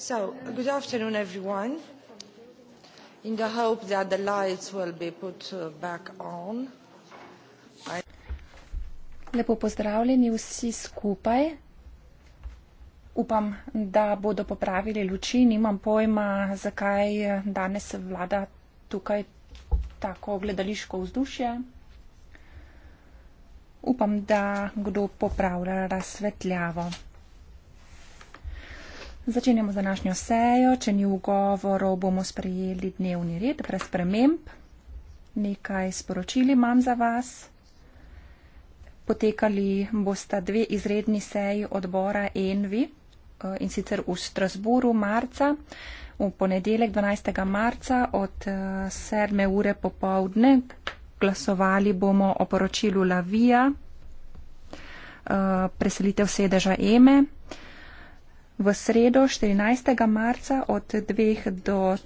So, good afternoon, everyone. In the hope that the lights will be put uh, back on. I... Lepo pozdravljeni vsi skupaj. Upam, da bodo popravili luči. Nimam pojma, zakaj danes vlada tukaj tako gledališko vzdušje. Upam, da kdo popravlja razsvetljavo. Začenjamo z današnjo sejo. Če ni ugovorov, bomo sprejeli dnevni red brez sprememb. Nekaj sporočili imam za vas. Potekali bosta dve izredni seji odbora Envi eh, in sicer v Strasburu marca, v ponedeljek 12. marca od 7. Eh, ure popovdne. Glasovali bomo o poročilu Lavija, eh, preselitev sedeža Eme v sredo 14. marca od 2 do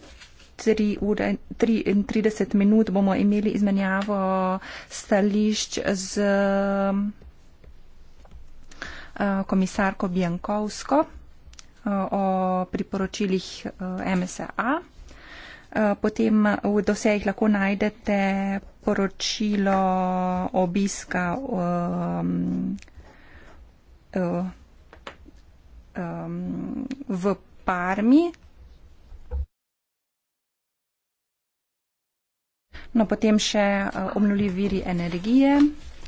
3 ure 33 minut bomo imeli izmenjavo stališč z eh, komisarko Bjankovsko eh, o priporočilih eh, MSA. Potem v dosejih lahko najdete poročilo obiska um, um, um, v Parmi. No, potem še uh, obnuli viri energije.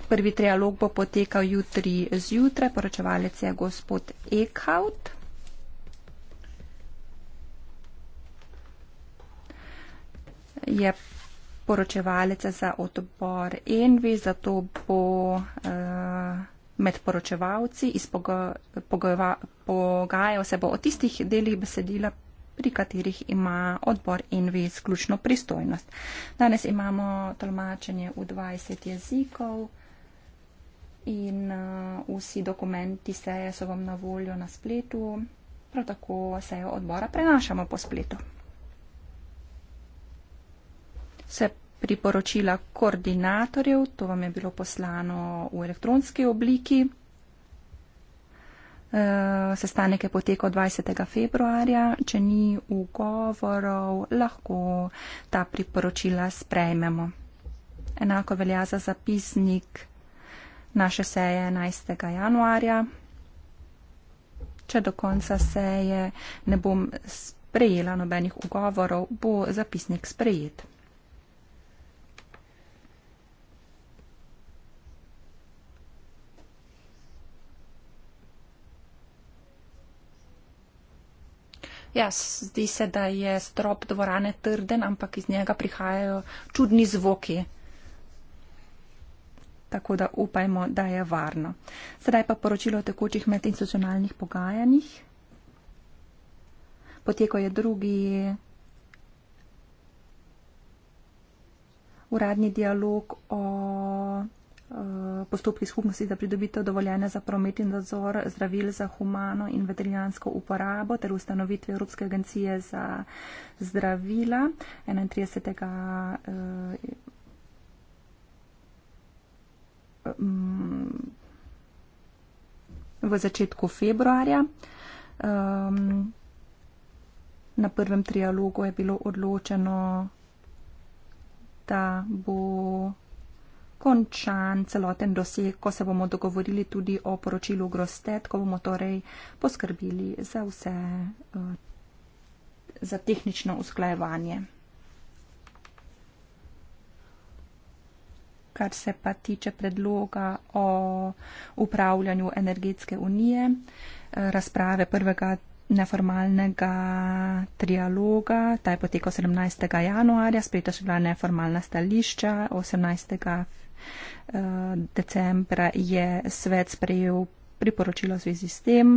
Prvi trialog bo potekal jutri zjutraj, poročevalec je gospod Ekaut. Je poročevalec za odbor Envi, zato bo. Uh, med poročevalci, pogajal se bo o tistih delih besedila, pri katerih ima odbor in ve izključno pristojnost. Danes imamo tolmačenje v 20 jezikov in uh, vsi dokumenti seje so vam na voljo na spletu, prav tako sejo odbora prenašamo po spletu. Se priporočila koordinatorjev, to vam je bilo poslano v elektronski obliki. E, sestanek je potekal 20. februarja. Če ni ugovorov, lahko ta priporočila sprejmemo. Enako velja za zapisnik naše seje 11. januarja. Če do konca seje ne bom sprejela nobenih ugovorov, bo zapisnik sprejet. Ja, zdi se, da je strop dvorane trden, ampak iz njega prihajajo čudni zvoki. Tako da upajmo, da je varno. Sedaj pa poročilo o tekočih medinstitucionalnih pogajanjih. Poteko je drugi uradni dialog o Eh, postopki skupnosti za pridobitev dovoljenja za promet in nadzor zdravil za humano in veterinarsko uporabo ter ustanovitve Evropske agencije za zdravila 31. Eh, v začetku februarja. Na prvem trialogu je bilo odločeno, da bo končan celoten dosek, ko se bomo dogovorili tudi o poročilu Grosted, ko bomo torej poskrbili za vse, eh, za tehnično usklajevanje. Kar se pa tiče predloga o upravljanju energetske unije, eh, razprave prvega neformalnega trialoga, ta je potekal 17. januarja, spet je šla neformalna stališča 18. februarja. Eh, decembra je svet sprejel priporočilo v zvezi s tem.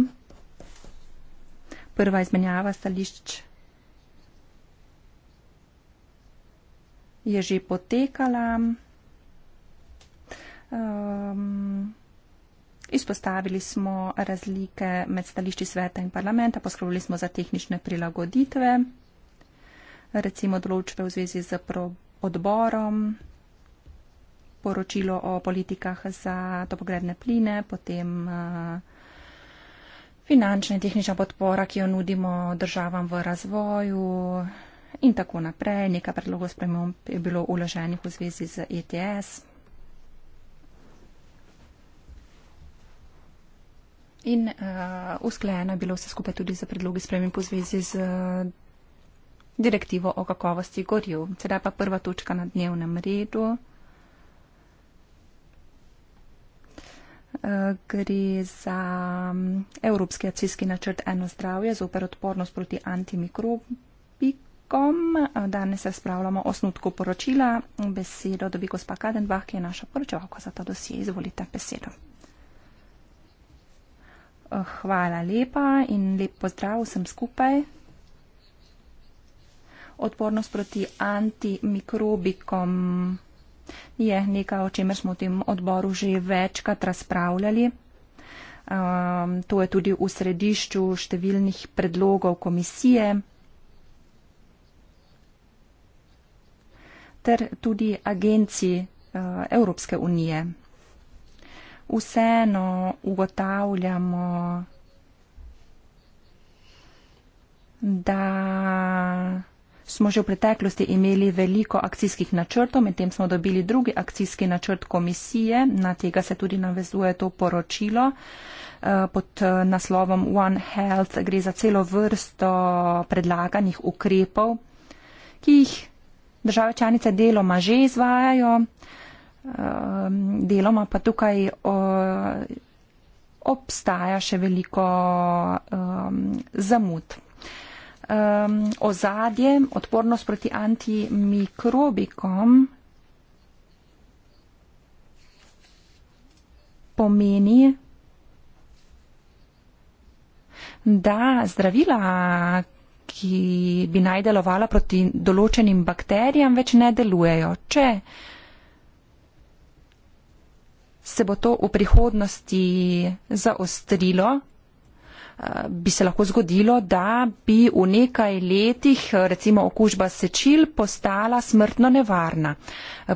Prva izmenjava stališč je že potekala. Um, izpostavili smo razlike med stališči sveta in parlamenta, poskrbeli smo za tehnične prilagoditve, recimo določbe v zvezi z odborom, poročilo o politikah za topogredne pline, potem eh, finančna in tehnična podpora, ki jo nudimo državam v razvoju in tako naprej. Nekaj predlogov sprememb je bilo uloženih v zvezi z ETS. In uh, usklajeno je bilo vse skupaj tudi za predlogi sprememb v zvezi z direktivo o kakovosti goril. Sedaj pa prva točka na dnevnem redu. gre za mm, Evropski acijski načrt eno zdravje z oper odpornost proti antimikrobikom. Danes razpravljamo o snutku poročila. Besedo dobi gospa Kadenbach, ki je naša poročevalka za ta dosje. Izvolite besedo. Hvala lepa in lep pozdrav vsem skupaj. Odpornost proti antimikrobikom je nekaj, o čemer smo v tem odboru že večkrat razpravljali. Um, to je tudi v središču številnih predlogov komisije. ter tudi agenciji eh, Evropske unije. Vseeno ugotavljamo, da smo že v preteklosti imeli veliko akcijskih načrtov, medtem smo dobili drugi akcijski načrt komisije, na tega se tudi navezuje to poročilo eh, pod eh, naslovom One Health. Gre za celo vrsto predlaganih ukrepov, ki jih države članice deloma že izvajajo, ehm, deloma pa tukaj obstaja še veliko ehm, zamud um, ozadje, odpornost proti antimikrobikom pomeni, da zdravila, ki bi naj delovala proti določenim bakterijam, več ne delujejo. Če se bo to v prihodnosti zaostrilo, bi se lahko zgodilo, da bi v nekaj letih recimo okužba sečil postala smrtno nevarna.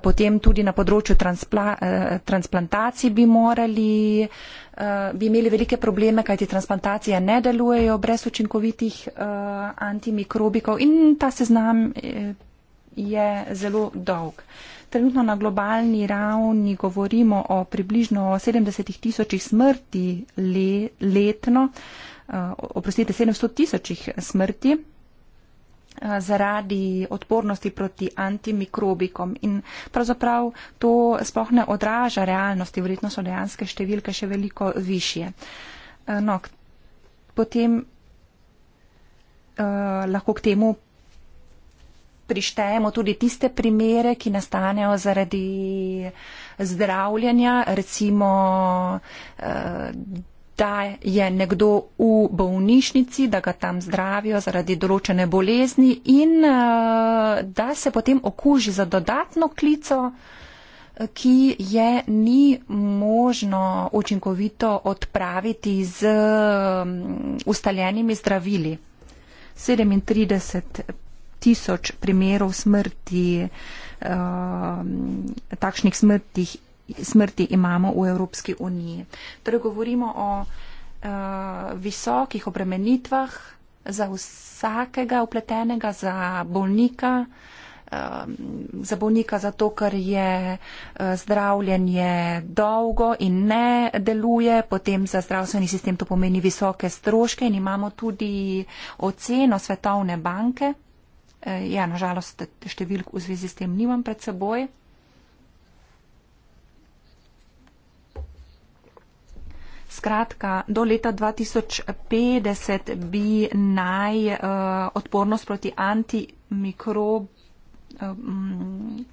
Potem tudi na področju transpla, eh, transplantacij bi morali, eh, bi imeli velike probleme, kajti transplantacije ne delujejo brez učinkovitih eh, antimikrobikov in ta seznam je zelo dolg. Trenutno na globalni ravni govorimo o približno 70 tisočih smrti le, letno. Uh, Eh, oprostite, 700 tisočih smrti eh, zaradi odpornosti proti antimikrobikom. In pravzaprav to sploh ne odraža realnosti, verjetno so dejanske številke še veliko višje. Eh, no, potem eh, lahko k temu prištejemo tudi tiste primere, ki nastanejo zaradi zdravljanja, recimo eh, da je nekdo v bolnišnici, da ga tam zdravijo zaradi določene bolezni in eh, da se potem okuži za dodatno klico, ki je ni možno učinkovito odpraviti z mm, ustaljenimi zdravili. 37 tisoč primerov smrti, eh, takšnih smrtih smrti imamo v Evropski uniji. Torej govorimo o uh, visokih obremenitvah za vsakega upletenega, za bolnika, uh, za bolnika zato, ker je uh, zdravljenje dolgo in ne deluje, potem za zdravstveni sistem to pomeni visoke stroške in imamo tudi oceno Svetovne banke. Ja, nažalost, številk v zvezi s tem nimam pred seboj. Skratka, do leta 2050 bi naj uh, odpornost proti antimikrob, um, eh,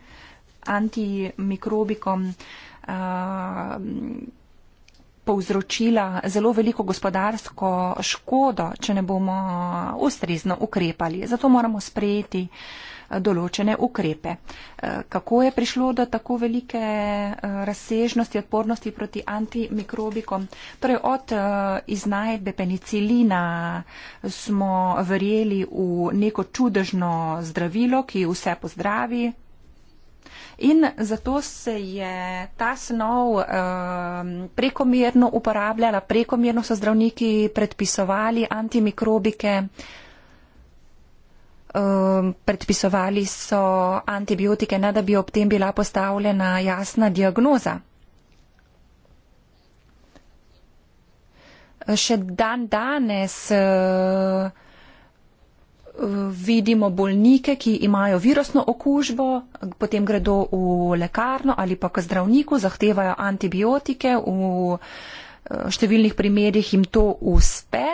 antimikrobikom uh, eh, povzročila zelo veliko gospodarsko škodo, če ne bomo ustrezno ukrepali. Zato moramo sprejeti uh, določene ukrepe. Eh, kako je prišlo do tako velike eh, razsežnosti odpornosti proti antimikrobikom? Torej od eh, iznajdbe penicilina smo verjeli v neko čudežno zdravilo, ki vse pozdravi. In zato se je ta snov um, prekomerno uporabljala, prekomerno so zdravniki predpisovali antimikrobike. Uh, um, predpisovali so antibiotike, ne da bi ob tem bila postavljena jasna diagnoza. Še dan danes uh, vidimo bolnike, ki imajo virusno okužbo, potem gredo v lekarno ali pa k zdravniku, zahtevajo antibiotike, v uh, številnih primerjih jim to uspe.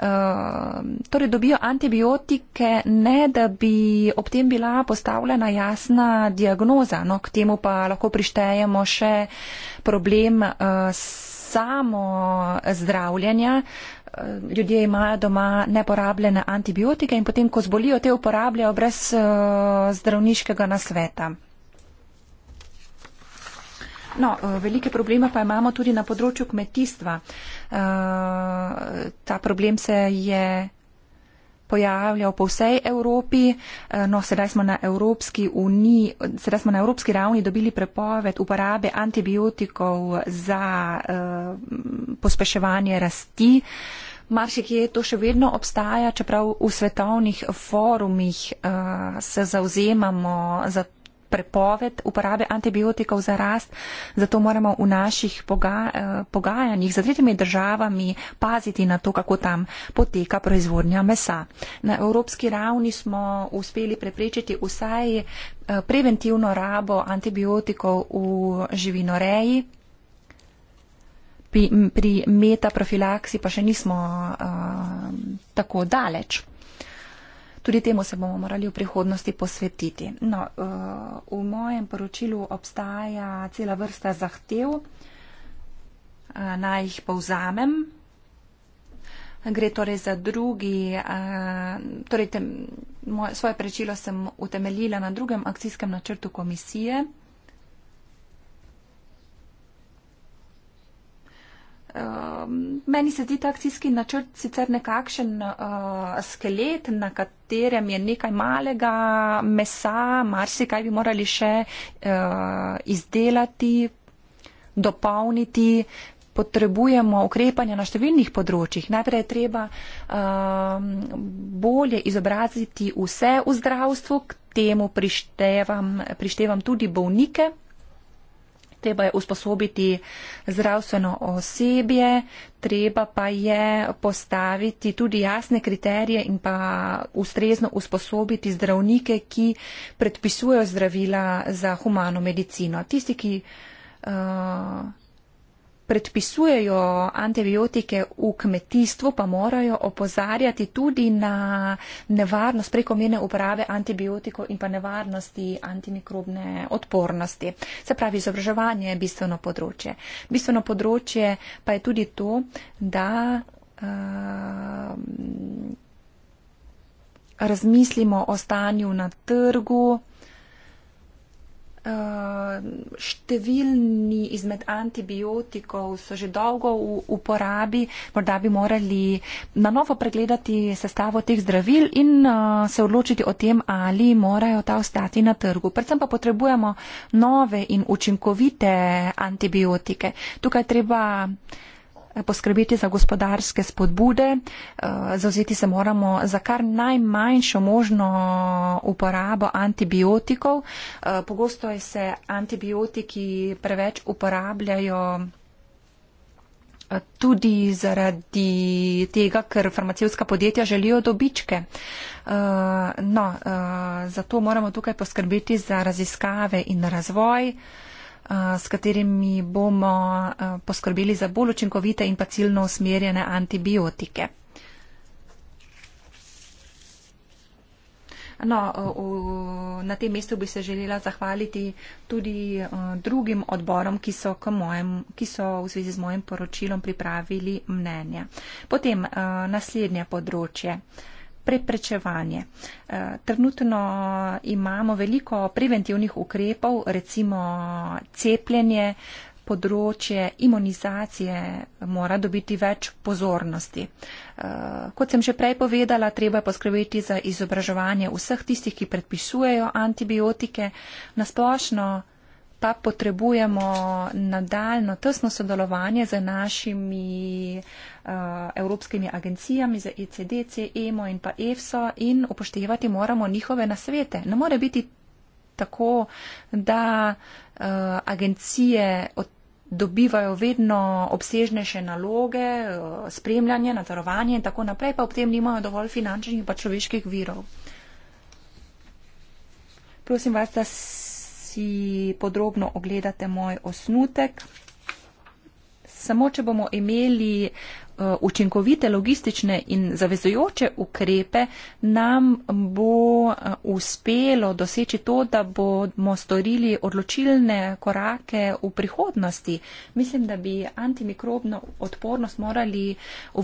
Ehm, torej dobijo antibiotike, ne da bi ob tem bila postavljena jasna diagnoza. No, k temu pa lahko prištejemo še problem eh, samo zdravljanja. Eh, ljudje imajo doma neporabljene antibiotike in potem, ko zbolijo, te uporabljajo brez eh, zdravniškega nasveta. No, eh, velike probleme pa imamo tudi na področju kmetijstva. Eh, ta problem se je pojavljal po vsej Evropi, eh, no sedaj smo na Evropski uniji, sedaj smo na Evropski ravni dobili prepoved uporabe antibiotikov za pospeševanje rasti. Maršikje to še vedno obstaja, čeprav v svetovnih forumih uh, se zauzemamo za prepoved uporabe antibiotikov za rast, zato moramo v naših poga, eh, pogajanjih z tretjimi državami paziti na to, kako tam poteka proizvodnja mesa. Na evropski ravni smo uspeli preprečiti vsaj eh, preventivno rabo antibiotikov v živinoreji. Pri, pri metaprofilaksi pa še nismo uh, tako daleč. Tudi temu se bomo morali v prihodnosti posvetiti. No, eh, v mojem poročilu obstaja cela vrsta zahtev. Eh, naj jih povzamem. Gre torej za drugi, eh, torej tem, moj, svoje prečilo sem utemeljila na drugem akcijskem načrtu komisije. Ehm, meni se zdi ta akcijski načrt sicer nekakšen uh, skelet, na katerem je nekaj malega mesa, marsikaj bi morali še uh, izdelati, dopolniti. Potrebujemo ukrepanja na številnih področjih. Najprej je treba um, bolje izobraziti vse v zdravstvu, k temu prištevam, prištevam tudi bolnike treba je usposobiti zdravstveno osebje, treba pa je postaviti tudi jasne kriterije in pa ustrezno usposobiti zdravnike, ki predpisujejo zdravila za humano medicino. Tisti, ki uh, predpisujejo antibiotike v kmetijstvu, pa morajo opozarjati tudi na nevarnost prekomerne uporabe antibiotikov in pa nevarnosti antimikrobne odpornosti. Se pravi, izobraževanje je bistveno področje. Bistveno področje pa je tudi to, da uh, razmislimo o stanju na trgu, Eh, številni izmed antibiotikov so že dolgo v uporabi, morda bi morali na novo pregledati sestavo teh zdravil in eh, se odločiti o tem, ali morajo ta ostati na trgu. Predvsem pa potrebujemo nove in učinkovite antibiotike. Tukaj treba poskrbeti za gospodarske spodbude, eh, zauzeti se moramo za kar najmanjšo možno uporabo antibiotikov. Eh, pogosto se antibiotiki preveč uporabljajo eh, tudi zaradi tega, ker farmacevska podjetja želijo dobičke. No, zato moramo tukaj poskrbeti za raziskave in razvoj s katerimi bomo poskrbeli za bolj učinkovite in pa ciljno usmerjene antibiotike. No, v, na tem mestu bi se želela zahvaliti tudi uh, drugim odborom, ki so, mojem, ki so v zvezi z mojim poročilom pripravili mnenja. Potem uh, naslednje področje. Uh, preprečevanje. Eh, trenutno imamo veliko preventivnih ukrepov, recimo cepljenje, področje imunizacije mora dobiti več pozornosti. Eh, kot sem že prej povedala, treba poskrbeti za izobraževanje vseh tistih, ki predpisujejo antibiotike. Nasplošno pa potrebujemo nadaljno tesno sodelovanje z našimi uh, evropskimi agencijami, za ECDC, EMO in pa EFSO in upoštevati moramo njihove nasvete. Ne more biti tako, da uh, agencije dobivajo vedno obsežnejše naloge, uh, spremljanje, nadzorovanje in tako naprej, pa ob tem nimajo dovolj finančnih in pa človeških virov. Prosim vas, da si podrobno ogledate moj osnutek. Samo, če bomo imeli eh, učinkovite logistične in zavezujoče ukrepe, nam bo eh, uspelo doseči to, da bomo storili odločilne korake v prihodnosti. Mislim, da bi antimikrobno odpornost morali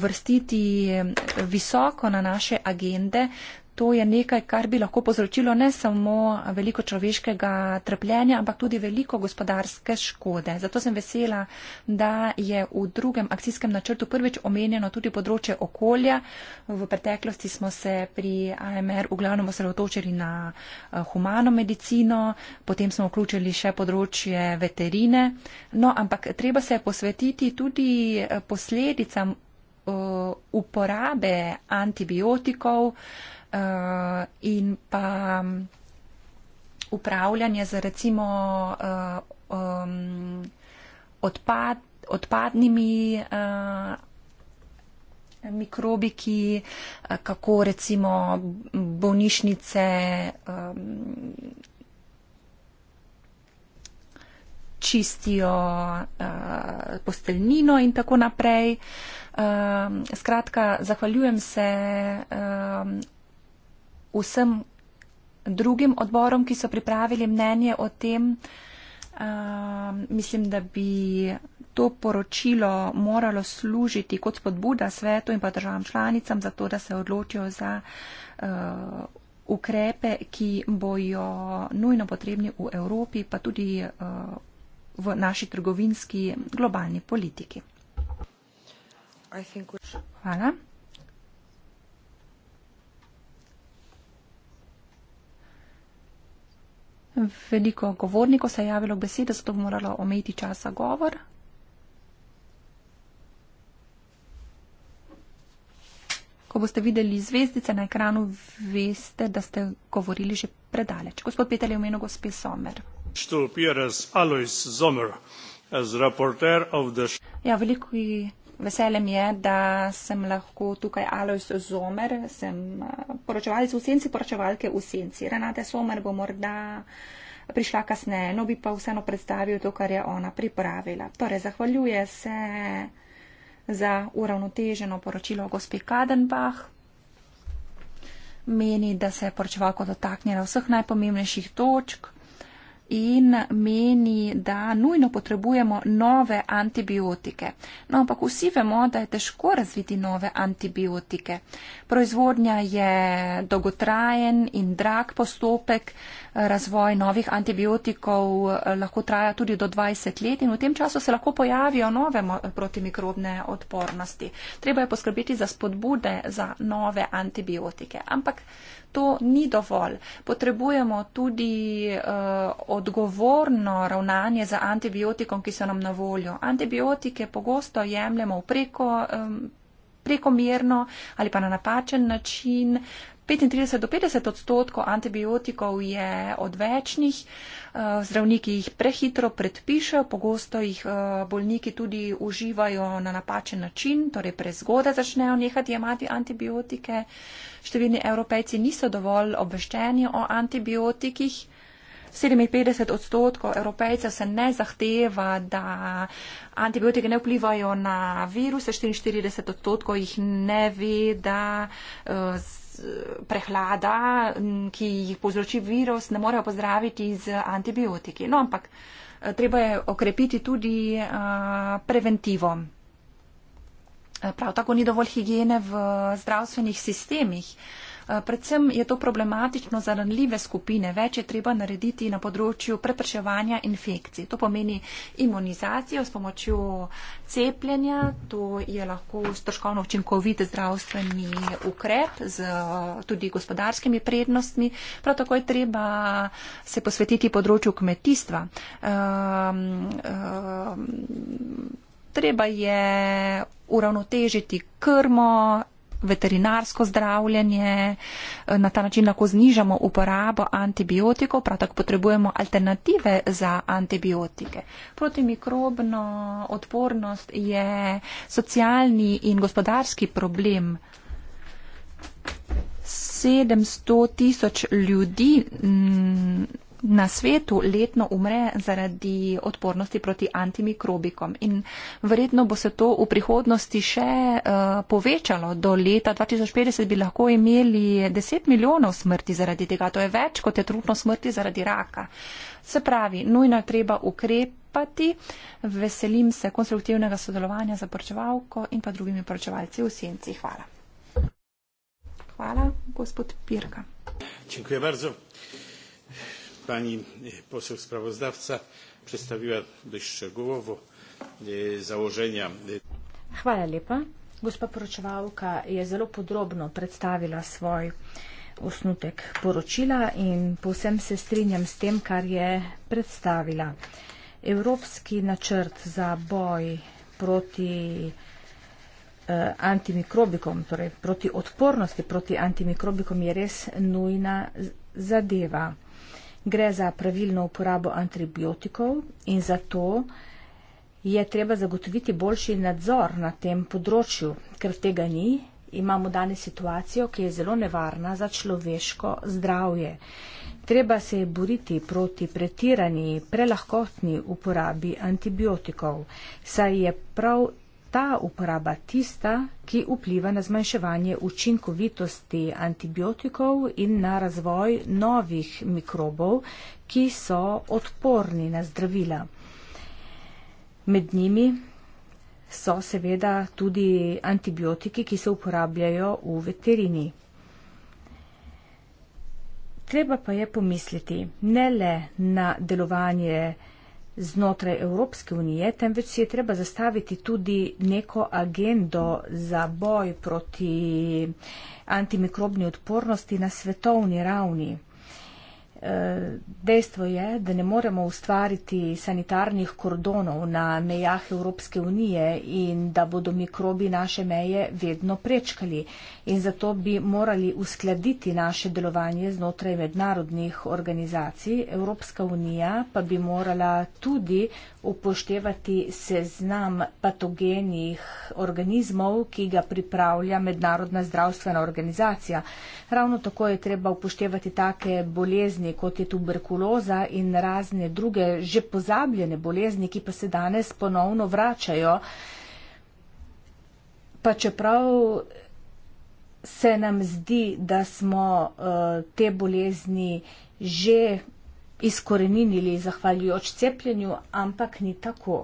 uvrstiti eh, visoko na naše agende, to je nekaj, kar bi lahko povzročilo ne samo veliko človeškega trpljenja, ampak tudi veliko gospodarske škode. Zato sem vesela, da je v drugem akcijskem načrtu prvič omenjeno tudi področje okolja. V preteklosti smo se pri AMR v glavnem osredotočili na eh, humano medicino, potem smo vključili še področje veterine. No, ampak treba se posvetiti tudi eh, posledicam eh, uporabe antibiotikov, uh, Eh, in pa mm, upravljanje z recimo eh, mm, odpad, odpadnimi eh, mikrobi, ki kako recimo bolnišnice čistijo posteljnino in tako naprej. Skratka, zahvaljujem se vsem drugim odborom, ki so pripravili mnenje o tem. Uh, mislim, da bi to poročilo moralo služiti kot spodbuda svetu in pa državam članicam za to, da se odločijo za uh, ukrepe, ki bojo nujno potrebni v Evropi, pa tudi uh, v naši trgovinski globalni politiki. Hvala. veliko govornikov se je javilo v besedo, zato bom morala omejiti čas za govor. Ko boste videli zvezdice na ekranu, veste, da ste govorili že predaleč. Gospod Petel je omenil gospe Somer. Ja, veliko veselim je, da sem lahko tukaj Alois Zomer, sem eh, poročevalec v senci, poročevalke v senci. Renate Somer bo morda prišla kasneje, no bi pa vseeno predstavil to, kar je ona pripravila. Torej, zahvaljuje se za uravnoteženo poročilo gospe Kadenbach. Meni, da se je poročevalko dotaknila vseh najpomembnejših točk in meni, da nujno potrebujemo nove antibiotike. No, ampak vsi vemo, da je težko razviti nove antibiotike. Proizvodnja je dolgotrajen in drag postopek, razvoj novih antibiotikov eh, lahko traja tudi do 20 let in v tem času se lahko pojavijo nove protimikrobne odpornosti. Treba je poskrbeti za spodbude za nove antibiotike. Ampak to ni dovolj. Potrebujemo tudi uh, odgovorno ravnanje z antibiotikom, ki so nam na voljo. Antibiotike pogosto jemljemo preko, um, prekomerno ali pa na napačen način. 35 do 50 odstotkov antibiotikov je odvečnih. Uh, Eh, zdravniki jih prehitro predpišejo, pogosto jih eh, bolniki tudi uživajo na napačen način, torej prezgoda začnejo nehati jemati antibiotike. Številni evropejci niso dovolj obveščeni o antibiotikih. 57 odstotkov evropejcev se ne zahteva, da antibiotike ne vplivajo na viruse, 44 odstotkov jih ne ve, da uh, prehlada, ki jih povzroči virus, ne morejo pozdraviti z antibiotiki. No, ampak eh, treba je okrepiti tudi eh, preventivo. Eh, prav tako ni dovolj higiene v zdravstvenih sistemih. Eh, predvsem je to problematično za ranljive skupine. Več je treba narediti na področju preprečevanja infekcij. To pomeni imunizacijo s pomočjo cepljenja. To je lahko stroškovno učinkovit zdravstveni ukrep z eh, tudi gospodarskimi prednostmi. Prav tako je treba se posvetiti področju kmetijstva. Um, um, Treba je uravnotežiti krmo veterinarsko zdravljenje, eh, na ta način lahko znižamo uporabo antibiotikov, prav tako potrebujemo alternative za antibiotike. Protimikrobno odpornost je socialni in gospodarski problem. 700 tisoč ljudi. Mm, na svetu letno umre zaradi odpornosti proti antimikrobikom. In verjetno bo se to v prihodnosti še uh, povečalo. Do leta 2050 bi lahko imeli 10 milijonov smrti zaradi tega. To je več, kot je trupno smrti zaradi raka. Se pravi, nujno je treba ukrepati. Veselim se konstruktivnega sodelovanja za poročevalko in pa drugimi poročevalci v senci. Hvala. Hvala, gospod Pirka. Čekaj, bardzo pani e, poseł sprawozdawca przedstawiła dość szczegółowo e, założenia. Hvala lepa. Gospa poročevalka je zelo podrobno predstavila svoj osnutek poročila in povsem se strinjam s tem, kar je predstavila. Evropski načrt za boj proti e, antimikrobikom, torej proti odpornosti proti antimikrobikom je res nujna zadeva gre za pravilno uporabo antibiotikov in zato je treba zagotoviti boljši nadzor na tem področju, ker tega ni. Imamo danes situacijo, ki je zelo nevarna za človeško zdravje. Treba se je boriti proti pretirani, prelahkotni uporabi antibiotikov, saj je prav ta uporaba tista, ki vpliva na zmanjševanje učinkovitosti antibiotikov in na razvoj novih mikrobov, ki so odporni na zdravila. Med njimi so seveda tudi antibiotiki, ki se uporabljajo v veterini. Treba pa je pomisliti ne le na delovanje antibiotikov, znotraj Evropske unije, temveč si je treba zastaviti tudi neko agendo za boj proti antimikrobni odpornosti na svetovni ravni dejstvo je, da ne moremo ustvariti sanitarnih kordonov na mejah Evropske unije in da bodo mikrobi naše meje vedno prečkali. In zato bi morali uskladiti naše delovanje znotraj mednarodnih organizacij. Evropska unija pa bi morala tudi upoštevati seznam patogenih organizmov, ki ga pripravlja Mednarodna zdravstvena organizacija. Ravno tako je treba upoštevati take bolezni, kot je tuberkuloza in razne druge že pozabljene bolezni, ki pa se danes ponovno vračajo, pa čeprav se nam zdi, da smo uh, te bolezni že izkoreninili zahvaljujoč cepljenju, ampak ni tako.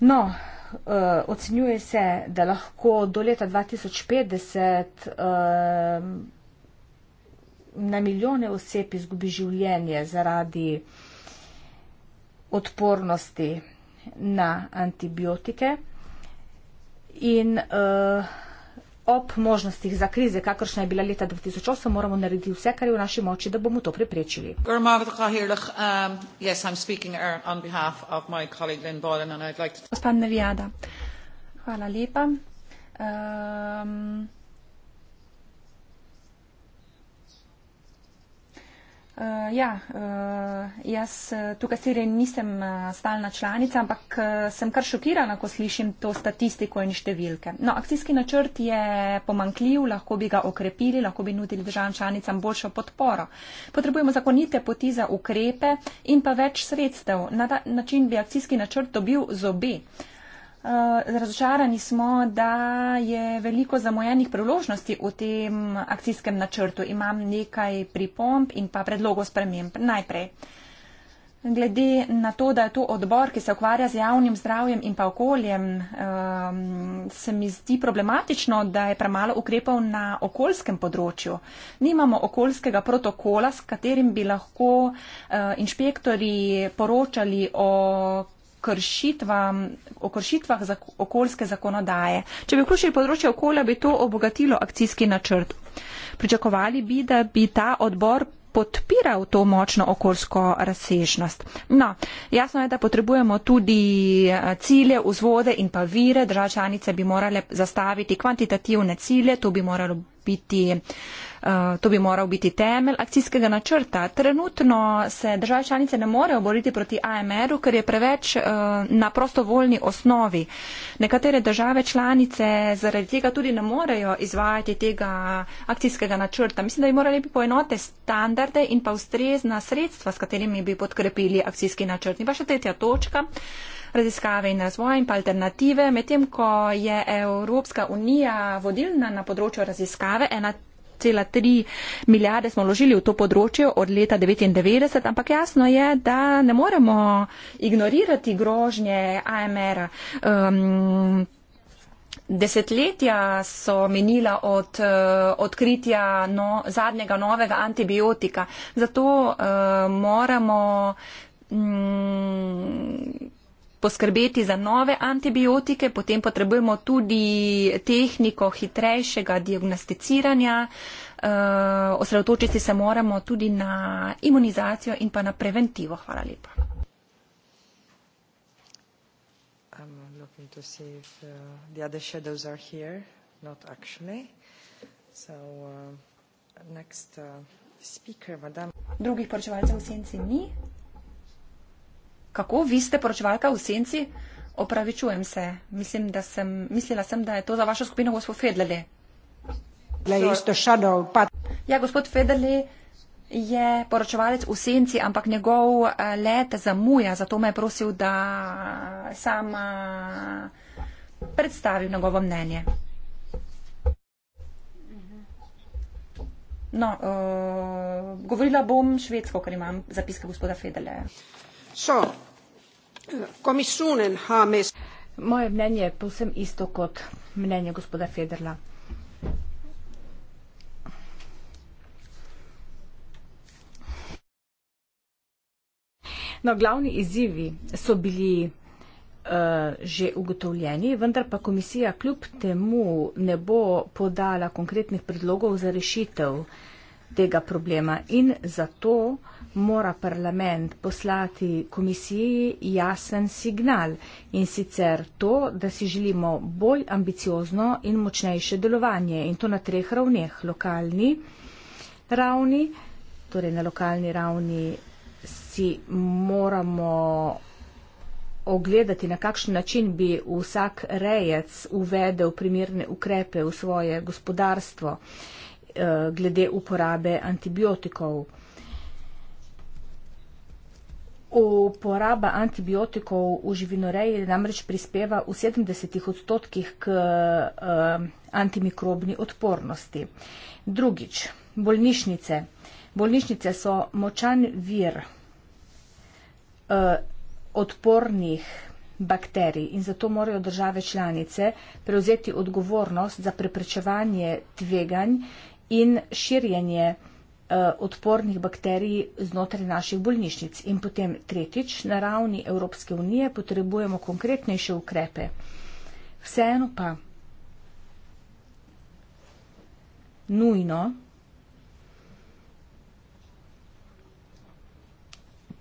No, uh, ocenjuje se, da lahko do leta 2050 uh, na milijone oseb izgubi življenje zaradi odpornosti na antibiotike in uh, ob možnostih za krize, kakršna je bila leta 2008, moramo narediti vse, kar je v naši moči, da bomo to preprečili. Uh, Gospod Nevijada, hvala lepa. Um, Uh, ja, uh, jaz eh, tukaj sirej nisem uh, stalna članica, ampak uh, sem kar šokirana, ko slišim to statistiko in številke. No, akcijski načrt je pomankljiv, lahko bi ga okrepili, lahko bi nudili državam članicam boljšo podporo. Potrebujemo zakonite poti za ukrepe in pa več sredstev. Na ta način bi akcijski načrt dobil zobe. Uh, Eh, razočarani smo, da je veliko zamojenih priložnosti v tem akcijskem načrtu. Imam nekaj pripomp in pa predlogov sprememb. Najprej, glede na to, da je to odbor, ki se ukvarja z javnim zdravjem in pa okoljem, ehm, se mi zdi problematično, da je premalo ukrepov na okoljskem področju. Nimamo okoljskega protokola, s katerim bi lahko eh, inšpektori poročali o kršitvam, o kršitvah zak okoljske zakonodaje. Če bi vključili področje okolja, bi to obogatilo akcijski načrt. Pričakovali bi, da bi ta odbor podpiral to močno okoljsko razsežnost. No, jasno je, da potrebujemo tudi eh, cilje, vzvode in pa vire. Država članica bi morale zastaviti kvantitativne cilje, to bi moralo biti uh, Eh, to bi moral biti temelj akcijskega načrta. Trenutno se države članice ne morejo boriti proti AMR-u, ker je preveč eh, na prostovoljni osnovi. Nekatere države članice zaradi tega tudi ne morejo izvajati tega akcijskega načrta. Mislim, da bi morali poenote standarde in pa ustrezna sredstva, s katerimi bi podkrepili akcijski načrt. In pa še tretja točka raziskave in razvoj in pa alternative, medtem ko je Evropska unija vodilna na področju raziskave, ena cela tri milijarde smo vložili v to področje od leta 1999, ampak jasno je, da ne moremo ignorirati grožnje AMR-a. Um, ehm, Desetletja so menila od uh, odkritja no, zadnjega novega antibiotika. Zato uh, moramo. Mm, poskrbeti za nove antibiotike, potem potrebujemo tudi tehniko hitrejšega diagnosticiranja. Eh, osredotočiti se moramo tudi na imunizacijo in pa na preventivo. Hvala lepa. To see if uh, the other shadows are here, not actually. So, uh, next uh, speaker, Madame. Drugih poročevalcev v senci ni kako vi ste poročevalka v senci? Opravičujem se. Mislim, da sem, mislila sem, da je to za vašo skupino gospod Fedele. So... Ja, gospod Fedele je poročevalec v senci, ampak njegov eh, let zamuja, zato me je prosil, da sam predstavim njegovo mnenje. No, uh, govorila bom švedsko, ker imam zapiske gospoda Fedeleja moje mnenje je povsem isto kot mnenje gospoda Federla. No, glavni izzivi so bili eh, že ugotovljeni, vendar pa komisija kljub temu ne bo podala konkretnih predlogov za rešitev tega problema in zato mora parlament poslati komisiji jasen signal in sicer to, da si želimo bolj ambiciozno in močnejše delovanje in to na treh ravneh. Lokalni ravni, torej na lokalni ravni si moramo ogledati, na kakšen način bi vsak rejec uvedel primerne ukrepe v svoje gospodarstvo eh, glede uporabe antibiotikov. Uporaba antibiotikov v živinoreji namreč prispeva v 70 odstotkih k uh, antimikrobni odpornosti. Drugič, bolnišnice. Bolnišnice so močan vir uh, odpornih bakterij in zato morajo države članice prevzeti odgovornost za preprečevanje tveganj in širjenje. Eh, odpornih bakterij znotraj naših bolnišnic. In potem tretjič, na ravni Evropske unije potrebujemo konkretnejše ukrepe. Vseeno pa nujno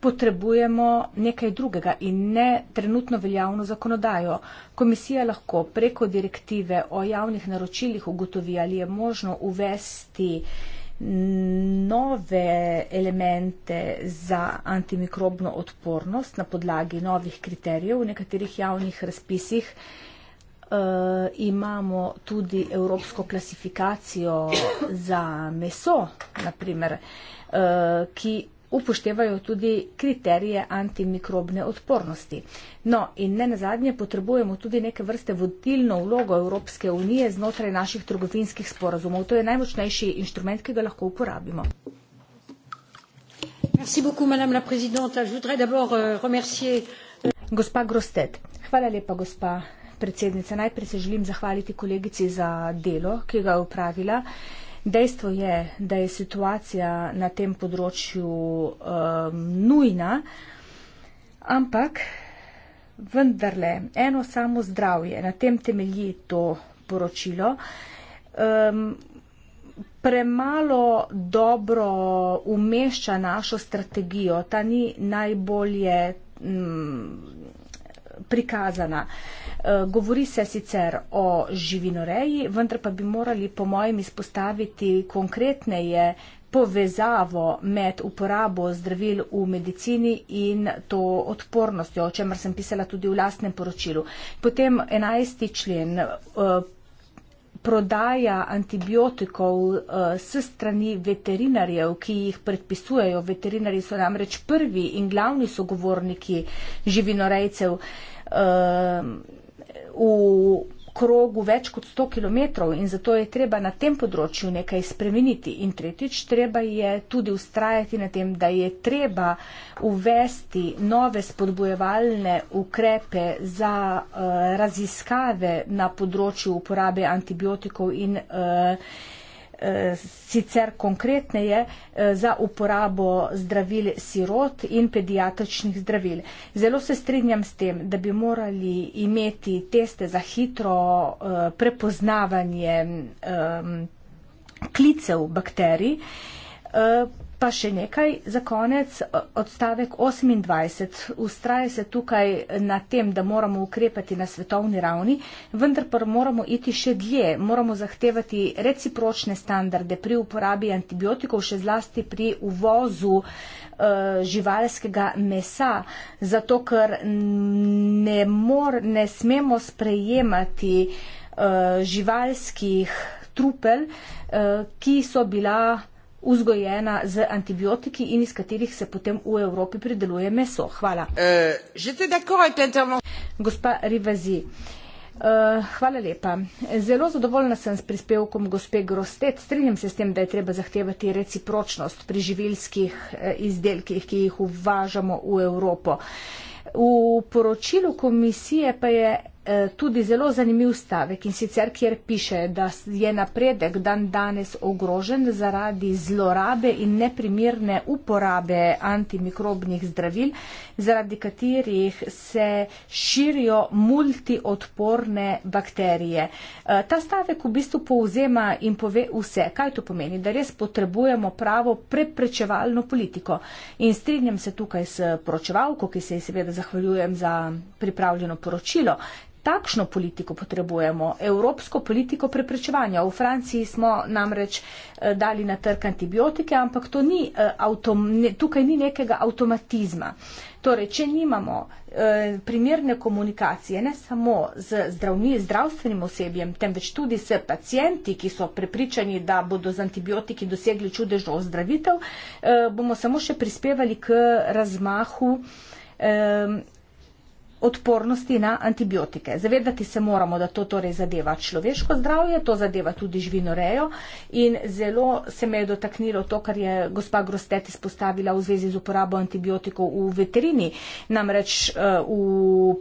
potrebujemo nekaj drugega in ne trenutno veljavno zakonodajo. Komisija lahko preko direktive o javnih naročilih ugotovi, ali je možno uvesti nove elemente za antimikrobno odpornost na podlagi novih kriterijev. V nekaterih javnih razpisih uh, imamo tudi evropsko klasifikacijo za meso, naprimer, uh, eh, ki upoštevajo tudi kriterije antimikrobne odpornosti. No in ne nazadnje potrebujemo tudi neke vrste vodilno vlogo Evropske unije znotraj naših trgovinskih sporazumov. To je najmočnejši inštrument, ki ga lahko uporabimo. Euh, euh, gospa Grostet, hvala lepa, gospa predsednica. Najprej se želim zahvaliti kolegici za delo, ki ga je upravila. Dejstvo je, da je situacija na tem področju um, nujna, ampak vendarle eno samo zdravje, na tem temelji to poročilo. Um, Premalo dobro umešča našo strategijo, ta ni najbolje mm, prikazana. Eh, govori se sicer o živinoreji, vendar pa bi morali po mojem izpostaviti konkretneje povezavo med uporabo zdravil v medicini in to odpornostjo, o čemer sem pisala tudi v lastnem poročilu. Potem 11. člen. Uh, prodaja antibiotikov eh, s strani veterinarjev, ki jih predpisujejo, veterinari so namreč prvi in glavni sogovorniki živinorejcev eh, v krogu več kot 100 km in zato je treba na tem področju nekaj spremeniti. In tretjič, treba je tudi ustrajati na tem, da je treba uvesti nove spodbojevalne ukrepe za uh, raziskave na področju uporabe antibiotikov in uh, sicer konkretneje eh, za uporabo zdravil sirot in pediatričnih zdravil. Zelo se strinjam s tem, da bi morali imeti teste za hitro eh, prepoznavanje klicev bakterij. Eh, Pa še nekaj za konec, odstavek 28. Ustraje se tukaj na tem, da moramo ukrepati na svetovni ravni, vendar pa moramo iti še dlje, moramo zahtevati recipročne standarde pri uporabi antibiotikov, še zlasti pri uvozu eh, živalskega mesa, zato ker ne, mor, ne smemo sprejemati uh, živalskih trupel, uh, ki so bila vzgojena z antibiotiki in iz katerih se potem v Evropi prideluje meso. Hvala. Eh, Gospa Rivazi. Eh, hvala lepa. Zelo zadovoljna sem s prispevkom gospe Grostet. Strinjam se s tem, da je treba zahtevati recipročnost pri živilskih eh, izdelkih, ki jih uvažamo v Evropo. V poročilu komisije pa je Eh, tudi zelo zanimiv stavek in sicer, kjer piše, da je napredek dan danes ogrožen zaradi zlorabe in neprimirne uporabe antimikrobnih zdravil, zaradi katerih se širijo multiodporne bakterije. Eh, ta stavek v bistvu povzema in pove vse, kaj to pomeni, da res potrebujemo pravo preprečevalno politiko. In strinjam se tukaj s poročevalko, ki se ji seveda zahvaljujem za pripravljeno poročilo. Takšno politiko potrebujemo, evropsko politiko preprečevanja. V Franciji smo namreč eh, dali na trg antibiotike, ampak ni, eh, avtom, ne, tukaj ni nekega avtomatizma. Torej, če nimamo eh, primerne komunikacije ne samo z zdravni, zdravstvenim osebjem, temveč tudi s pacijenti, ki so prepričani, da bodo z antibiotiki dosegli čudežno ozdravitev, eh, bomo samo še prispevali k razmahu. Eh, odpornosti na antibiotike. Zavedati se moramo, da to torej zadeva človeško zdravje, to zadeva tudi živinorejo in zelo se me je dotaknilo to, kar je gospa Grostet izpostavila v zvezi z uporabo antibiotikov v veterini. Namreč eh,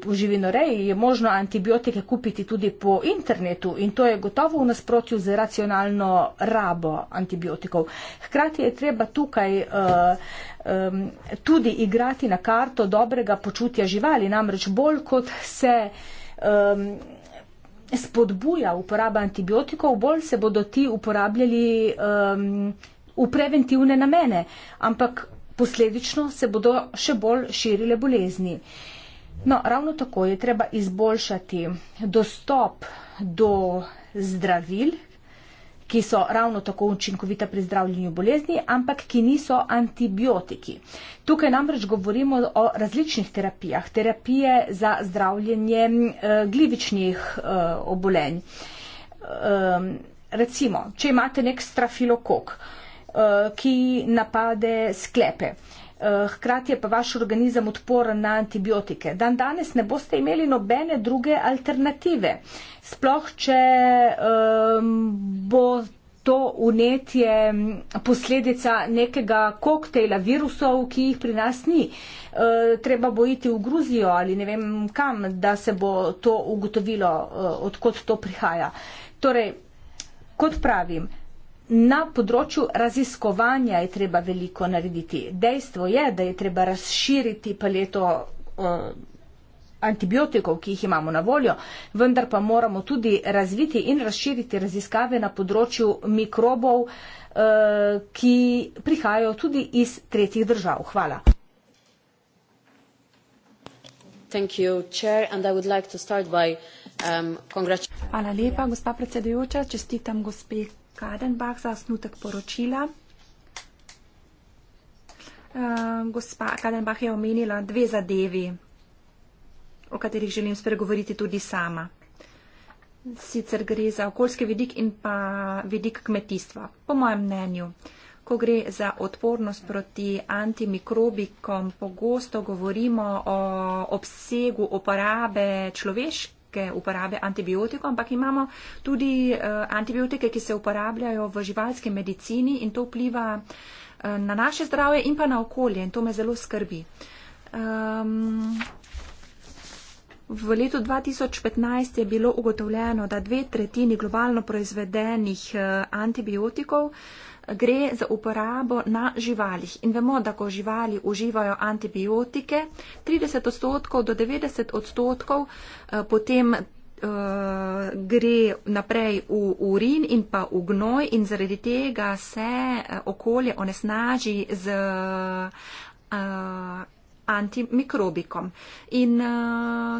v živinoreji je možno antibiotike kupiti tudi po internetu in to je gotovo v nasprotju z racionalno rabo antibiotikov. Hkrati je treba tukaj uh, um, tudi igrati na karto dobrega počutja živali. Namreč bolj kot se um, spodbuja uporaba antibiotikov, bolj se bodo ti uporabljali um, v preventivne namene, ampak posledično se bodo še bolj širile bolezni. No, ravno tako je treba izboljšati dostop do zdravil, ki so ravno tako učinkovita pri zdravljenju bolezni, ampak ki niso antibiotiki. Tukaj namreč govorimo o različnih terapijah, terapije za zdravljenje eh, glivičnih eh, obolenj. Ehm, recimo, če imate nek strafilokok, eh, ki napade sklepe. Eh, hkrati je pa vaš organizem odporen na antibiotike. Dan danes ne boste imeli nobene druge alternative. Sploh, če um, bo to unetje posledica nekega koktejla virusov, ki jih pri nas ni. E, treba bojiti v Gruzijo ali ne vem kam, da se bo to ugotovilo, eh, odkot to prihaja. Torej, kot pravim, Na področju raziskovanja je treba veliko narediti. Dejstvo je, da je treba razširiti paleto antibiotikov, ki jih imamo na voljo, vendar pa moramo tudi razviti in razširiti raziskave na področju mikrobov, e, ki prihajajo tudi iz tretjih držav. Hvala. Um, Hvala lepa, gospa predsedujoča. Čestitam gospe Kadenbach za snutek poročila. Eh, gospa Kadenbach je omenila dve zadevi, o katerih želim spregovoriti tudi sama. Sicer gre za okoljski vidik in pa vidik kmetijstva. Po mojem mnenju, ko gre za odpornost proti antimikrobikom, pogosto govorimo o obsegu uporabe človeške velike uporabe antibiotikov, ampak imamo tudi eh, antibiotike, ki se uporabljajo v živalski medicini in to vpliva eh, na naše zdravje in pa na okolje in to me zelo skrbi. Um, v letu 2015 je bilo ugotovljeno, da dve tretjini globalno proizvedenih eh, antibiotikov uh, gre za uporabo na živalih. In vemo, da ko živali uživajo antibiotike, 30 odstotkov do 90 odstotkov eh, potem eh, gre naprej v urin in pa v gnoj in zaradi tega se eh, okolje onesnaži z antimikrobikom. In uh,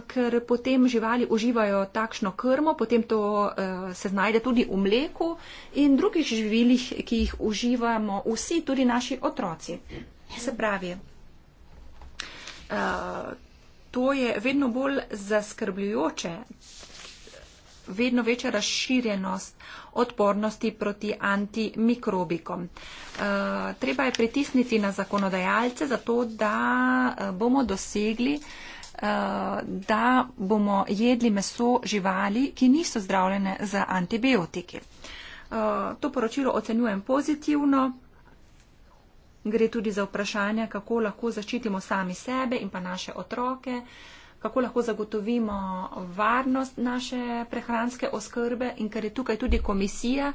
ker potem živali uživajo takšno krmo, potem to uh, se znajde tudi v mleku in drugih živilih, ki jih uživamo vsi, tudi naši otroci. Se pravi, uh, to je vedno bolj zaskrbljujoče vedno večja razširjenost odpornosti proti antimikrobikom. Eh, treba je pritisniti na zakonodajalce, zato da eh, bomo dosegli, eh, da bomo jedli meso živali, ki niso zdravljene z antibiotiki. To poročilo ocenjujem pozitivno. Gre tudi za vprašanje, kako lahko zaščitimo sami sebe in pa naše otroke. Uh, kako lahko zagotovimo varnost naše prehranske oskrbe in ker je tukaj tudi komisija,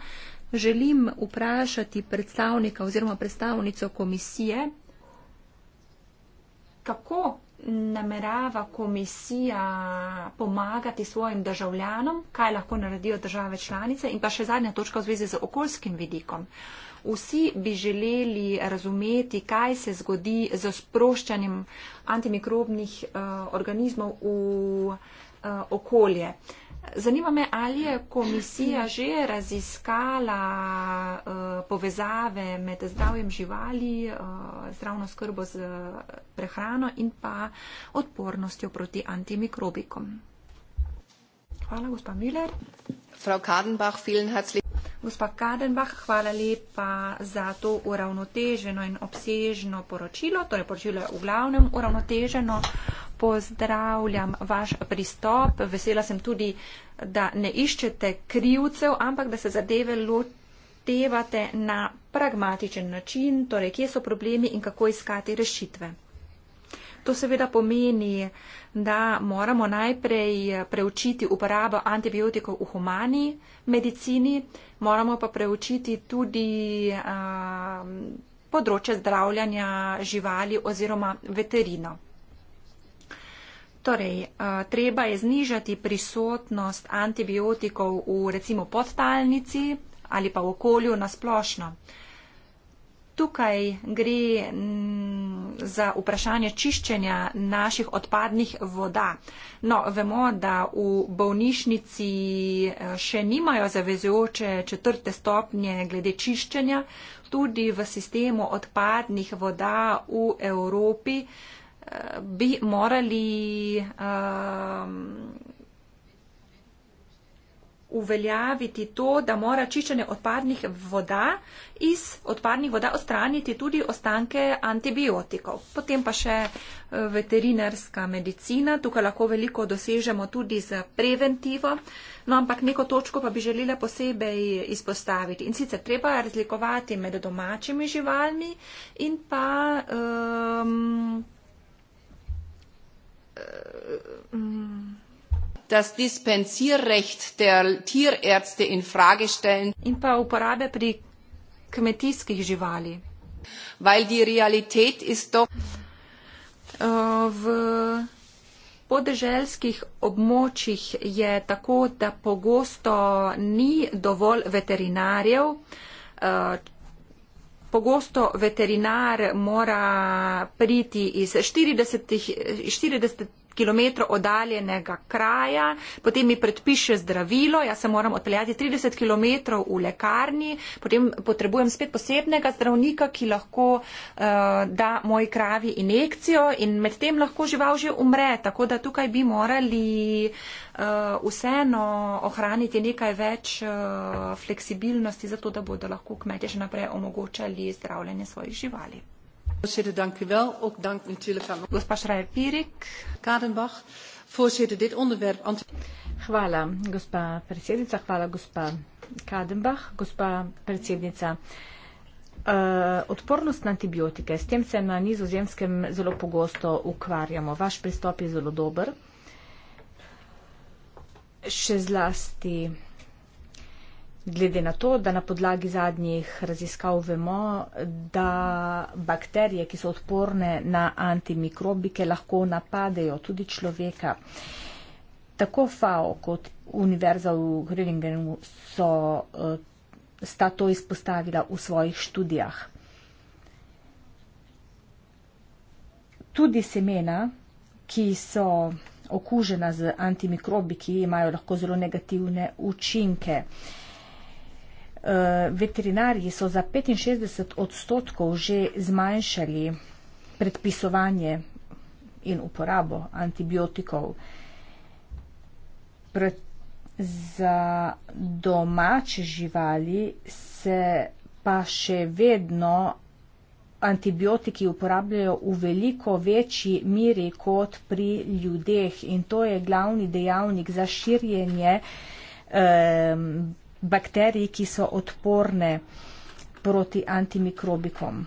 želim vprašati predstavnika oziroma predstavnico komisije, kako namerava komisija pomagati svojim državljanom, kaj lahko naredijo države članice in pa še zadnja točka v zvezi z okoljskim vidikom. Uh, Vsi bi želeli razumeti, kaj se zgodi z sproščanjem antimikrobnih uh, organizmov v uh, okolje. Zanima me, ali je komisija že raziskala uh, povezave med zdravjem živali, uh, zdravno skrbo z uh, prehrano in pa odpornostjo proti antimikrobikom. Hvala, gospod Miller. Gospa Kadenbach, hvala lepa za to uravnoteženo in obsežno poročilo. Torej, poročilo je v glavnem uravnoteženo. Pozdravljam vaš pristop. Vesela sem tudi, da ne iščete krivcev, ampak da se zadeve lotevate na pragmatičen način, torej kje so problemi in kako iskati rešitve. To seveda pomeni, da moramo najprej preučiti uporabo antibiotikov v humani medicini, moramo pa preučiti tudi a, um, področje zdravljanja živali oziroma veterino. Torej, a, uh, treba je znižati prisotnost antibiotikov v recimo podtalnici ali pa v okolju na splošno tukaj gre za vprašanje čiščenja naših odpadnih voda. No, vemo, da v bolnišnici eh, še nimajo zavezujoče četrte stopnje glede čiščenja. Tudi v sistemu odpadnih voda v Evropi eh, bi morali. Um, uveljaviti to, da mora čiščenje odpadnih voda iz odpadnih voda ostraniti tudi ostanke antibiotikov. Potem pa še eh, veterinarska medicina, tukaj lahko veliko dosežemo tudi z preventivo, no ampak neko točko pa bi želela posebej izpostaviti. In sicer treba razlikovati med domačimi živalmi in pa. Um, um, das Dispensierrecht der Tierärzte in Frage stellen. In pa pri Weil die Realität ist doch uh, Podeželskih območjih je tako, da pogosto ni dovolj veterinarjev. Äh, pogosto veterinar mora priti iz 40, 40 kilometrov oddaljenega kraja, potem mi predpiše zdravilo, jaz se moram odpeljati 30 kilometrov v lekarni, potem potrebujem spet posebnega zdravnika, ki lahko uh, da moji kravi injekcijo in medtem lahko žival že umre. Tako da tukaj bi morali uh, vseeno ohraniti nekaj več uh, fleksibilnosti, zato da bodo lahko kmetje še naprej omogočali zdravljenje svojih živali. Voorzitter, dank u wel. Ook dank natuurlijk aan mevrouw Schreier Pierik, Kadenbach. Voorzitter, dit onderwerp. Hvala, gospa predsjednica. Hvala, gospa Kadenbach. Gospa predsjednica, eh, odpornost na antibiotike, s tem se na nizozemskem zelo pogosto ukvarjamo. Vaš pristop je zelo dober. Še zlasti glede na to, da na podlagi zadnjih raziskav vemo, da bakterije, ki so odporne na antimikrobike, lahko napadejo tudi človeka. Tako FAO kot Univerza v Grillingenu so, eh, sta to izpostavila v svojih študijah. Tudi semena, ki so okužena z antimikrobiki, imajo lahko zelo negativne učinke. Uh, Eh, veterinarji so za 65 odstotkov že zmanjšali predpisovanje in uporabo antibiotikov. Pre, za domače živali se pa še vedno antibiotiki uporabljajo v veliko večji miri kot pri ljudeh in to je glavni dejavnik za širjenje eh, bakterij, ki so odporne proti antimikrobikom.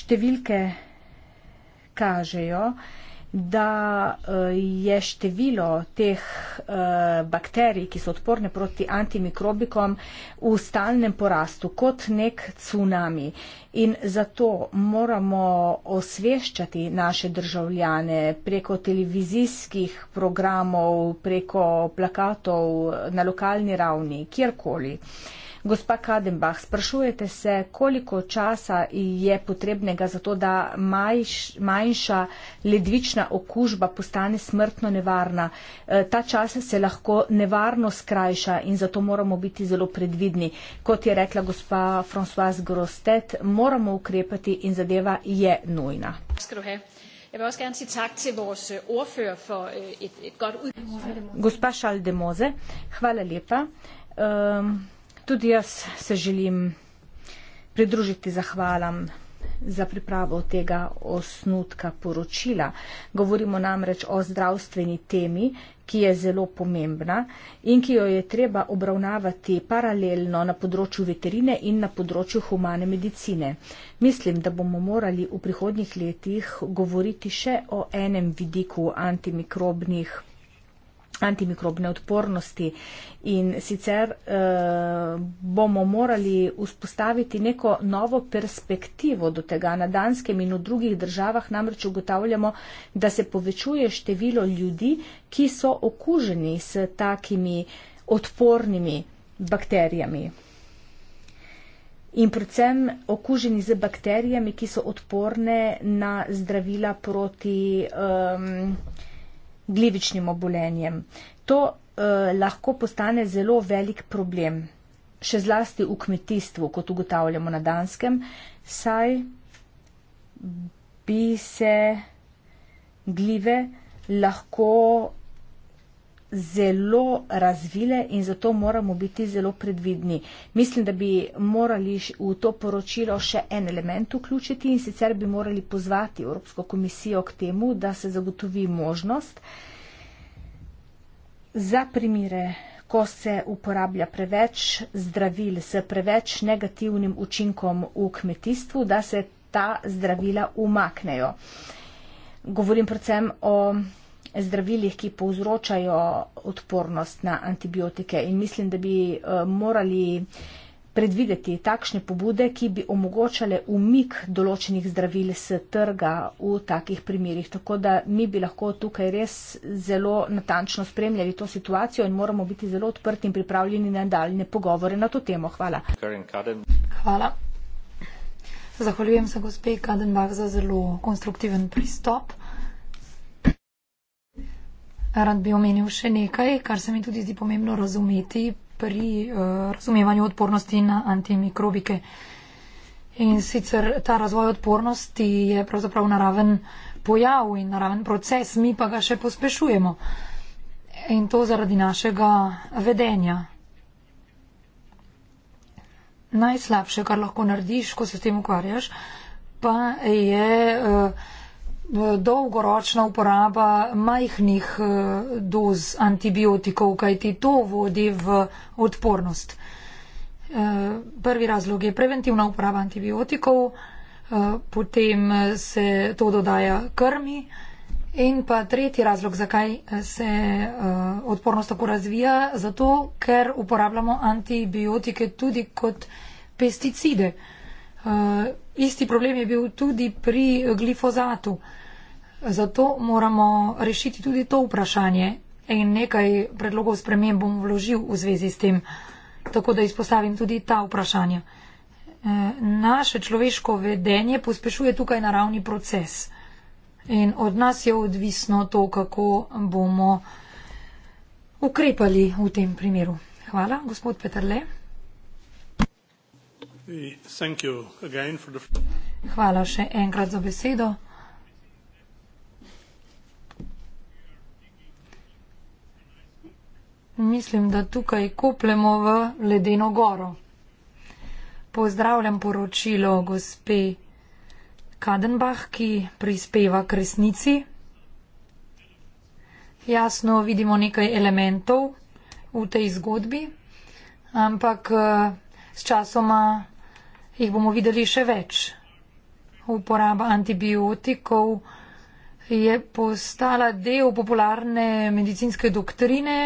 Številke kažejo, da eh, je število teh eh, bakterij, ki so odporne proti antimikrobikom, v stalnem porastu, kot nek cunami. In zato moramo osveščati naše državljane preko televizijskih programov, preko plakatov eh, na lokalni ravni, kjerkoli. Gospa Kadenbach, sprašujete se, koliko časa je potrebnega za to, da majš, manjša ledvična okužba postane smrtno nevarna. E, ta čas se lahko nevarno skrajša in zato moramo biti zelo predvidni. Kot je rekla gospa Françoise Grostet, moramo ukrepati in zadeva je nujna. Jaz bi tudi rad rekel tak za vaš orfer, za dobro. Gospa Šaldemoze, hvala lepa. Um, Tudi jaz se želim pridružiti zahvalam za pripravo tega osnutka poročila. Govorimo namreč o zdravstveni temi, ki je zelo pomembna in ki jo je treba obravnavati paralelno na področju veterine in na področju humane medicine. Mislim, da bomo morali v prihodnjih letih govoriti še o enem vidiku antimikrobnih antimikrobne odpornosti. In sicer eh, bomo morali vzpostaviti neko novo perspektivo do tega. Na Danskem in v drugih državah namreč ugotavljamo, da se povečuje število ljudi, ki so okuženi s takimi odpornimi bakterijami. In predvsem okuženi z bakterijami, ki so odporne na zdravila proti. Eh, glivičnim obolenjem. To eh, lahko postane zelo velik problem, še zlasti v kmetijstvu, kot ugotavljamo na Danskem, saj bi se glive lahko zelo razvile in zato moramo biti zelo predvidni. Mislim, da bi morali v to poročilo še en element vključiti in sicer bi morali pozvati Evropsko komisijo k temu, da se zagotovi možnost za primire, ko se uporablja preveč zdravil s preveč negativnim učinkom v kmetijstvu, da se ta zdravila umaknejo. Govorim predvsem o zdravilih, ki povzročajo odpornost na antibiotike. In mislim, da bi eh, morali predvideti takšne pobude, ki bi omogočale umik določenih zdravil s trga v takih primerjih. Tako da mi bi lahko tukaj res zelo natančno spremljali to situacijo in moramo biti zelo odprti in pripravljeni na daljne pogovore na to temo. Hvala. Hvala. Zahvaljujem se gospe Kadenbach za zelo konstruktiven pristop. Rad bi omenil še nekaj, kar se mi tudi zdi pomembno razumeti pri uh, razumevanju odpornosti na antimikrobike. In sicer ta razvoj odpornosti je pravzaprav naraven pojav in naraven proces, mi pa ga še pospešujemo. In to zaradi našega vedenja. Najslabše, kar lahko narediš, ko se s tem ukvarjaš, pa je. Uh, dolgoročna uporaba majhnih eh, doz antibiotikov, kajti to vodi v odpornost. Eh, prvi razlog je preventivna uporaba antibiotikov, eh, potem se to dodaja krmi in pa tretji razlog, zakaj se odpornost tako razvija, zato ker uporabljamo antibiotike tudi kot pesticide. Isti problem je bil tudi pri glifozatu. Zato moramo rešiti tudi to vprašanje in nekaj predlogov sprememb bom vložil v zvezi s tem, tako da izpostavim tudi ta vprašanja. E, naše človeško vedenje pospešuje tukaj naravni proces in od nas je odvisno to, kako bomo ukrepali v tem primeru. Hvala, gospod Petrle. Hvala še enkrat za besedo. Mislim, da tukaj kopljemo v ledeno goro. Pozdravljam poročilo gospe Kadenbach, ki prispeva k resnici. Jasno vidimo nekaj elementov v tej zgodbi, ampak eh, s časoma jih bomo videli še več. Uporaba antibiotikov je postala del popularne medicinske doktrine,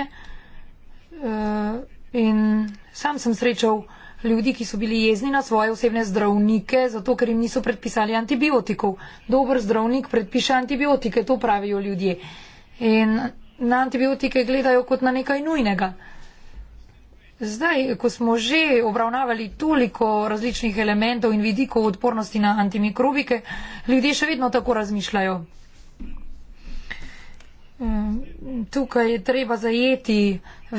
Eh, in sam sem srečal ljudi, ki so bili jezni na svoje osebne zdravnike, zato ker jim niso predpisali antibiotikov. Dober zdravnik predpiše antibiotike, to pravijo ljudje. In na antibiotike gledajo kot na nekaj nujnega. Zdaj, ko smo že obravnavali toliko različnih elementov in vidikov odpornosti na antimikrobike, ljudje še vedno tako razmišljajo. Mm, tukaj je treba zajeti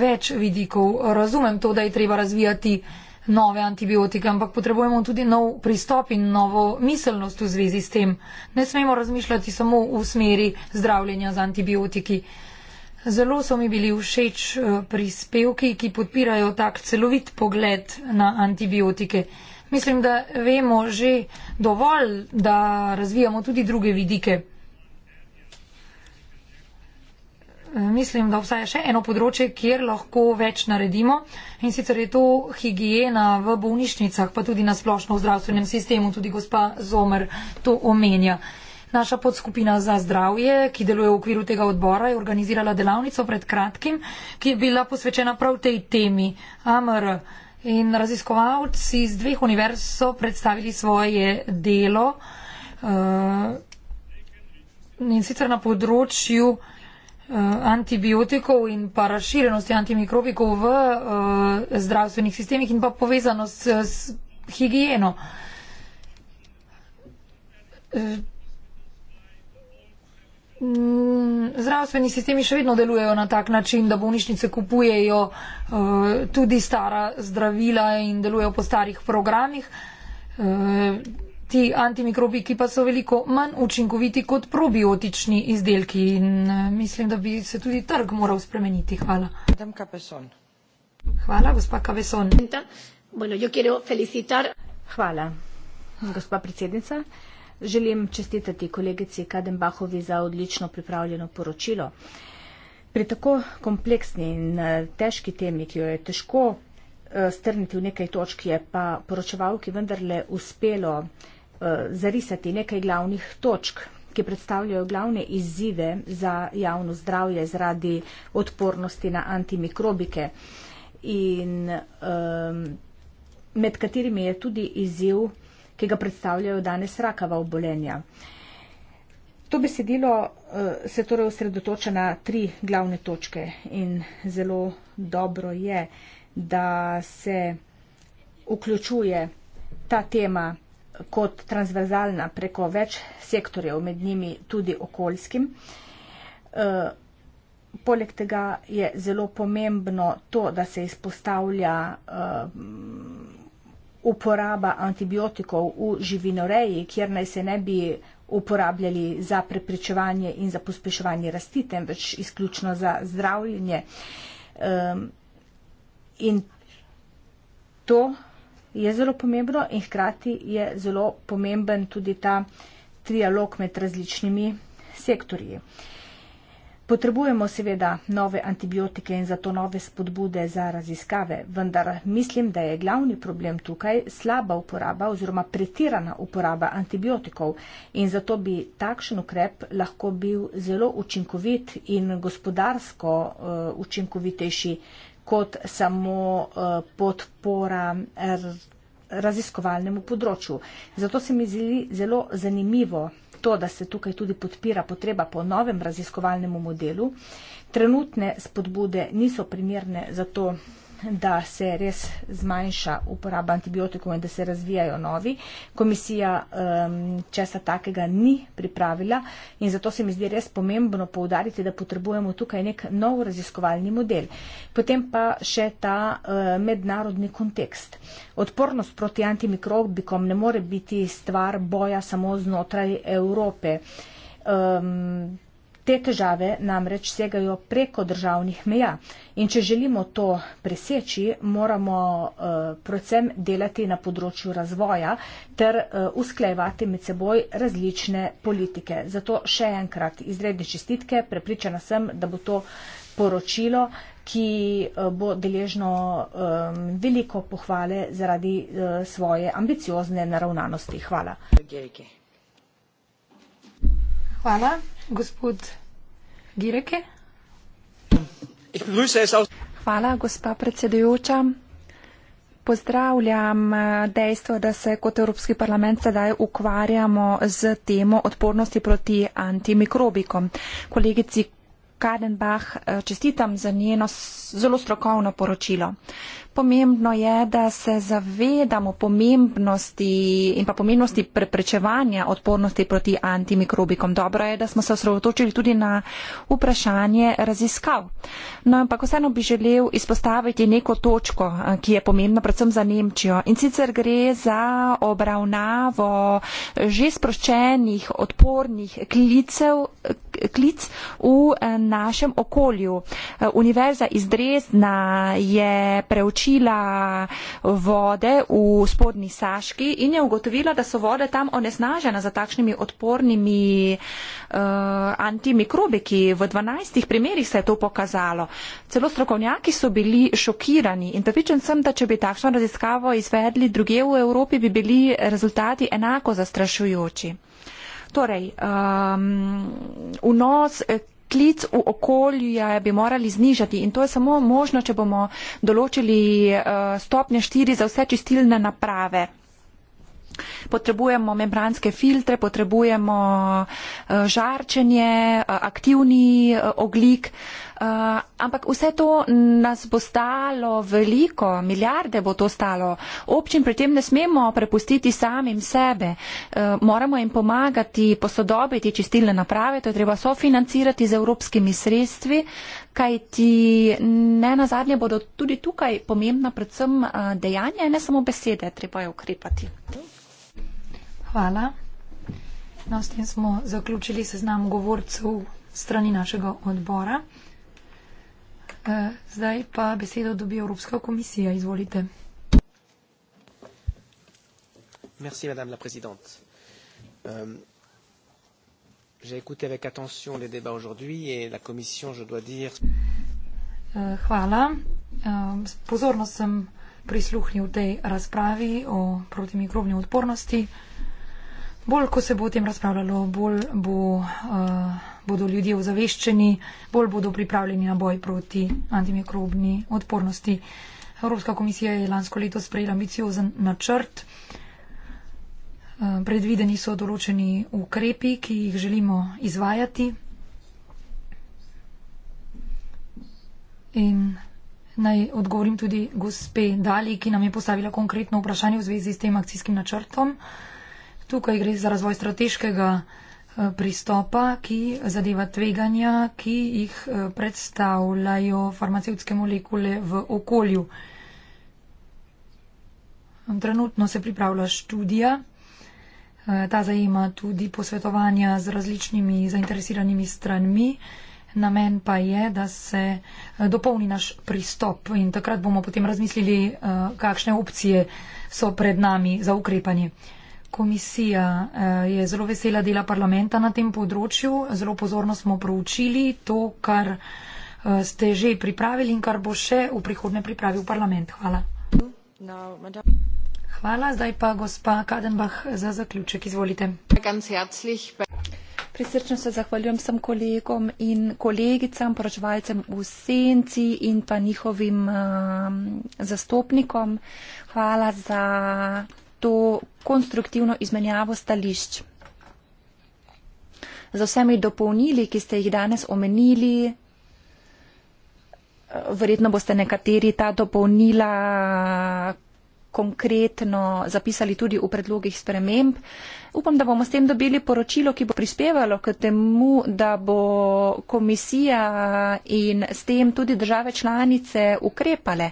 več vidikov. Razumem to, da je treba razvijati nove antibiotike, ampak potrebujemo tudi nov pristop in novo miselnost v zvezi s tem. Ne smemo razmišljati samo v smeri zdravljenja z antibiotiki. Zelo so mi bili všeč eh, prispevki, ki podpirajo tak celovit pogled na antibiotike. Mislim, da vemo že dovolj, da razvijamo tudi druge vidike. mislim, da obstaja še eno področje, kjer lahko več naredimo in sicer je to higiena v bolnišnicah, pa tudi na splošno v zdravstvenem sistemu, tudi gospa Zomer to omenja. Naša podskupina za zdravje, ki deluje v okviru tega odbora, je organizirala delavnico pred kratkim, ki je bila posvečena prav tej temi, AMR. In raziskovalci iz dveh univerz so predstavili svoje delo uh, in sicer na področju uh, Eh, antibiotikov in pa razširjenosti antimikrobikov v eh, zdravstvenih sistemih in pa povezanost s higieno. Eh, zdravstveni sistemi še vedno delujejo na tak način, da bolnišnice kupujejo tudi stara zdravila in delujejo po starih programih ti antimikrobi, ki pa so veliko manj učinkoviti kot probiotični izdelki. In eh, mislim, da bi se tudi trg moral spremeniti. Hvala. Hvala, gospa Kaveson. Hvala, gospa predsednica. Želim čestitati kolegici Kadenbachovi za odlično pripravljeno poročilo. Pri tako kompleksni in eh, težki temi, ki jo je težko eh, strniti v nekaj točk, je pa poročevalki vendarle uspelo Eh, zarisati nekaj glavnih točk, ki predstavljajo glavne izzive za javno zdravje zaradi odpornosti na antimikrobike in um, med katerimi je tudi izziv, ki ga predstavljajo danes rakava obolenja. To besedilo uh, se torej osredotoča na tri glavne točke in zelo dobro je, da se vključuje ta tema kot transverzalna preko več sektorjev, med njimi tudi okoljskim. E, poleg tega je zelo pomembno to, da se izpostavlja e, uporaba antibiotikov v živinoreji, kjer naj se ne bi uporabljali za preprečevanje in za pospeševanje rasti, temveč izključno za zdravljenje. E, in to je zelo pomembno in hkrati je zelo pomemben tudi ta trialog med različnimi sektorji. Potrebujemo seveda nove antibiotike in zato nove spodbude za raziskave, vendar mislim, da je glavni problem tukaj slaba uporaba oziroma pretirana uporaba antibiotikov in zato bi takšen ukrep lahko bil zelo učinkovit in gospodarsko uh, učinkovitejši, kot samo eh, podpora eh, raziskovalnemu področju. Zato se mi zdi zelo zanimivo to, da se tukaj tudi podpira potreba po novem raziskovalnemu modelu. Trenutne spodbude niso primerne za to, da se da se res zmanjša uporaba antibiotikov in da se razvijajo novi. Komisija um, česa takega ni pripravila in zato se mi zdi res pomembno poudariti, da potrebujemo tukaj nek nov raziskovalni model. Potem pa še ta uh, mednarodni kontekst. Odpornost proti antimikrobikom ne more biti stvar boja samo znotraj Evrope. Um, Te težave namreč segajo preko državnih meja in če želimo to preseči, moramo uh, predvsem delati na področju razvoja ter uh, eh, usklejevati med seboj različne politike. Zato še enkrat izredne čestitke, prepričana sem, da bo to poročilo, ki uh, bo deležno um, veliko pohvale zaradi uh, svoje ambiciozne naravnanosti. Hvala. Okay, okay. Hvala. Gospod Gireke. Hvala, gospa predsedujoča. Pozdravljam eh, dejstvo, da se kot Evropski parlament sedaj ukvarjamo z temo odpornosti proti antimikrobikom. Kolegici Kadenbach eh, čestitam za njeno zelo strokovno poročilo pomembno je, da se zavedamo pomembnosti in pa pomembnosti preprečevanja odpornosti proti antimikrobikom. Dobro je, da smo se osredotočili tudi na vprašanje raziskav. No, ampak vseeno bi želel izpostaviti neko točko, ki je pomembna predvsem za Nemčijo. In sicer gre za obravnavo že sproščenih odpornih klicev, klic v eh, našem okolju. Eh, univerza iz Dresdna je preučila izločila vode v spodnji Saški in je ugotovila, da so vode tam onesnažene za takšnimi odpornimi uh, eh, antimikrobiki. V 12 primerih se je to pokazalo. Celo strokovnjaki so bili šokirani in pripričan sem, da če bi takšno raziskavo izvedli druge v Evropi, bi bili rezultati enako zastrašujoči. Torej, um, vnos klic v okolje bi morali znižati in to je samo možno, če bomo določili eh, stopnje 4 za vse čistilne naprave potrebujemo membranske filtre, potrebujemo eh, žarčenje, eh, aktivni eh, oglik. Ampak vse to nas bo stalo veliko, milijarde bo to stalo. Občin pri tem ne smemo prepustiti samim sebe. Moramo jim pomagati posodobiti čistilne naprave, to je treba sofinancirati z evropskimi sredstvi, kajti ne na zadnje bodo tudi tukaj pomembna predvsem dejanja, ne samo besede, treba je ukrepati. Okay. Hvala. No, s tem smo zaključili seznam govorcev strani našega odbora. E, zdaj pa besedo dobi Evropska komisija. Izvolite. Merci, madame la présidente. Um, J'ai écouté avec attention les débats aujourd'hui et la commission, je dois dire. Uh, hvala. Um, pozorno sem prisluhnil tej razpravi o protimikrobni odpornosti. Uh, bolj ko se bo o tem razpravljalo, bolj bo, uh, bodo ljudje ozaveščeni, bolj bodo pripravljeni na boj proti antimikrobni odpornosti. Evropska komisija je lansko leto sprejela ambiciozen načrt. Eh, predvideni so določeni ukrepi, ki jih želimo izvajati. In naj odgovorim tudi gospe Dali, ki nam je postavila konkretno vprašanje v zvezi s tem akcijskim načrtom. Uh, Tukaj gre za razvoj strateškega eh, pristopa, ki zadeva tveganja, ki jih eh, predstavljajo farmacevtske molekule v okolju. Trenutno se pripravlja študija. Eh, ta zajema tudi posvetovanja z različnimi zainteresiranimi stranmi. Namen pa je, da se dopolni naš pristop in takrat bomo potem razmislili, kakšne opcije so pred nami za ukrepanje komisija eh, je zelo vesela dela parlamenta na tem področju. Zelo pozorno smo proučili to, kar eh, ste že pripravili in kar bo še v prihodnje pripravil parlament. Hvala. Hvala. Zdaj pa gospa Kadenbach za zaključek. Izvolite. Prisrčno se zahvaljujem vsem kolegom in kolegicam, poročevalcem v senci in pa njihovim uh, zastopnikom. Hvala za to konstruktivno izmenjavo stališč. Za vsemi dopolnili, ki ste jih danes omenili, eh, verjetno boste nekateri ta dopolnila konkretno zapisali tudi v predlogih sprememb. Upam, da bomo s tem dobili poročilo, ki bo prispevalo k temu, da bo komisija in s tem tudi države članice ukrepale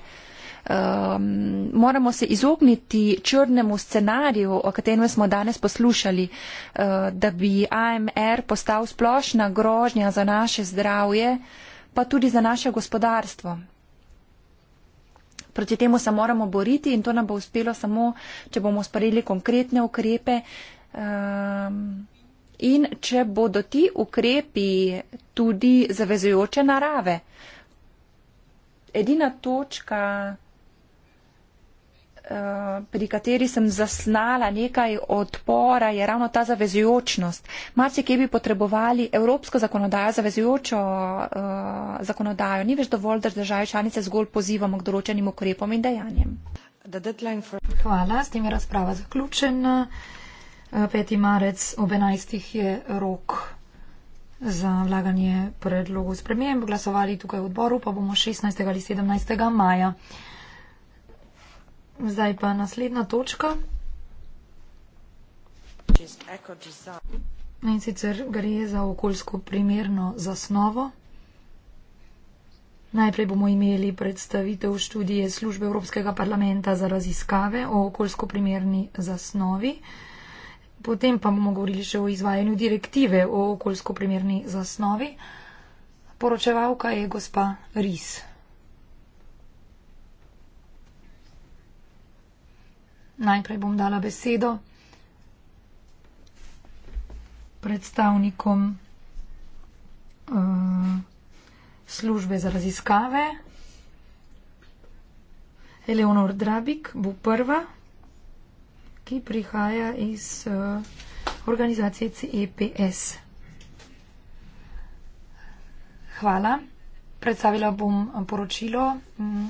um, moramo se izogniti črnemu scenariju, o katerem smo danes poslušali, uh, da bi AMR postal splošna grožnja za naše zdravje, pa tudi za naše gospodarstvo. Proti temu se moramo boriti in to nam bo uspelo samo, če bomo sprejeli konkretne ukrepe. Um, In če bodo ti ukrepi tudi zavezujoče narave. Edina točka, pri kateri sem zasnala nekaj odpora, je ravno ta zavezujočnost. Marci, ki bi potrebovali evropsko zakonodajo, zavezujočo eh, zakonodajo, ni več dovolj, da države članice zgolj pozivamo k določenim ukrepom in dejanjem. For... Hvala, s tem je razprava zaključena. 5. Eh, marec ob 11. je rok za vlaganje predlogov spremem. Glasovali tukaj v odboru, pa bomo 16. ali 17. maja. Zdaj pa naslednja točka. In sicer gre za okoljsko primerno zasnovo. Najprej bomo imeli predstavitev študije službe Evropskega parlamenta za raziskave o okoljsko primerni zasnovi. Potem pa bomo govorili še o izvajanju direktive o okoljsko primerni zasnovi. Poročevalka je gospa Ris. Najprej bom dala besedo predstavnikom uh, službe za raziskave. Eleonor Drabik bo prva, ki prihaja iz uh, organizacije CEPS. Hvala. Predstavila bom eh, poročilo. Um,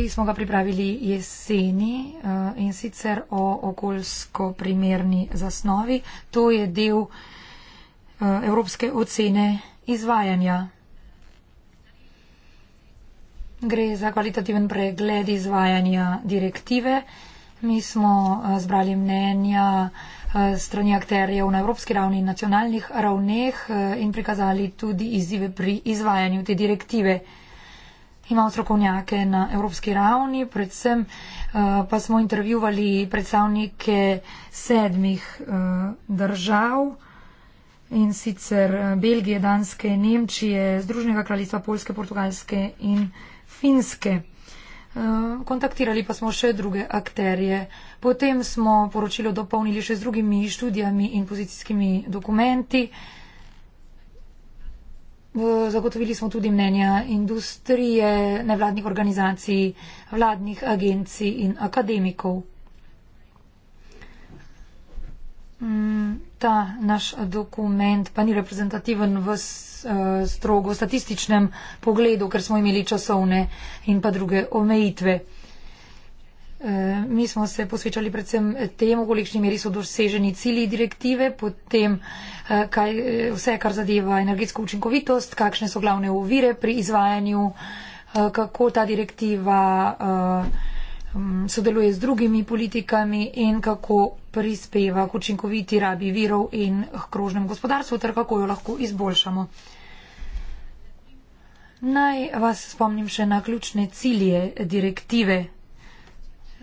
ki smo ga pripravili jeseni eh, in sicer o okoljsko primerni zasnovi. To je del eh, evropske ocene izvajanja. Gre za kvalitativen pregled izvajanja direktive. Mi smo eh, zbrali mnenja strani akterjev na evropski ravni in nacionalnih ravneh in prikazali tudi izzive pri izvajanju te direktive imamo strokovnjake na evropski ravni, predvsem eh, pa smo intervjuvali predstavnike sedmih eh, držav in sicer eh, Belgije, Danske, Nemčije, Združnega kraljestva Polske, Portugalske in Finske. Kontaktirali pa smo še druge akterje. Potem smo poročilo dopolnili še z drugimi študijami in pozicijskimi dokumenti. Eh, zagotovili smo tudi mnenja industrije, nevladnih organizacij, vladnih agencij in akademikov. Mm, ta naš dokument pa ni reprezentativen v eh, strogo statističnem pogledu, ker smo imeli časovne in pa druge omejitve. Eh, mi smo se posvečali predvsem temu, kolikšni meri so doseženi cilji direktive, potem eh, kaj, eh, vse, kar zadeva energetsko učinkovitost, kakšne so glavne ovire pri izvajanju, kako ta direktiva sodeluje z drugimi politikami in kako prispeva k učinkoviti rabi virov in krožnem gospodarstvu ter kako jo lahko izboljšamo. Naj vas spomnim še na ključne cilje direktive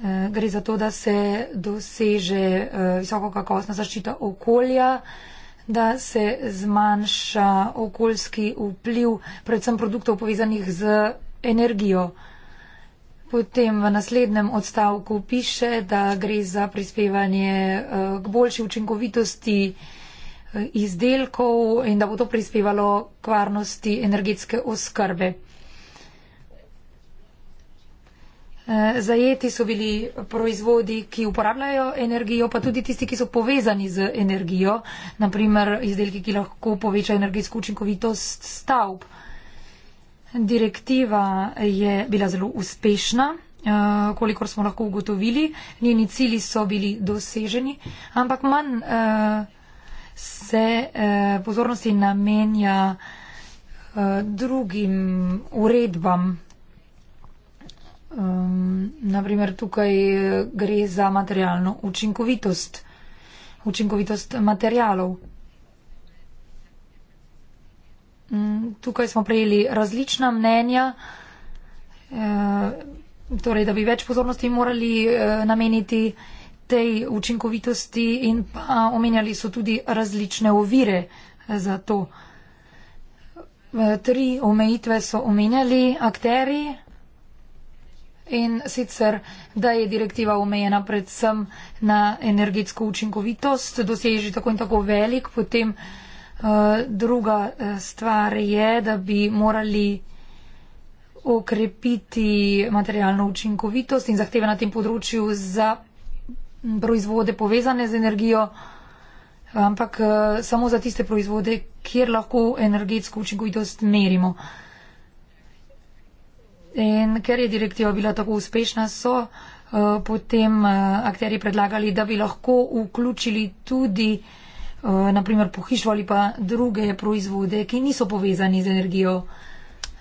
Eh, gre za to, da se doseže eh, visoko kakovostna zaščita okolja, da se zmanjša okoljski vpliv, predvsem produktov povezanih z energijo. Potem v naslednjem odstavku piše, da gre za prispevanje eh, k boljši učinkovitosti izdelkov in da bo to prispevalo k varnosti energetske oskrbe. Eh, zajeti so bili proizvodi, ki uporabljajo energijo, pa tudi tisti, ki so povezani z energijo, naprimer izdelki, ki lahko povečajo energetsko učinkovitost stavb. Direktiva je bila zelo uspešna. Uh, kolikor smo lahko ugotovili, njeni cili so bili doseženi, ampak manj uh, se uh, pozornosti namenja uh, drugim uredbam, Um, naprimer, tukaj eh, gre za materialno učinkovitost, učinkovitost materialov. Um, tukaj smo prejeli različna mnenja, um, torej, da bi več pozornosti morali um, nameniti tej učinkovitosti in pa omenjali so tudi različne ovire za to. Tri omejitve so omenjali akteri, in sicer, da je direktiva omejena predvsem na energetsko učinkovitost, doseži tako in tako velik, potem uh, druga eh, stvar je, da bi morali okrepiti materialno učinkovitost in zahteve na tem področju za proizvode povezane z energijo, ampak uh, samo za tiste proizvode, kjer lahko energetsko učinkovitost merimo. Uh, In ker je direktiva bila tako uspešna, so uh, potem uh, eh, akteri predlagali, da bi lahko vključili tudi uh, eh, naprimer pohištvo ali pa druge proizvode, ki niso povezani z energijo.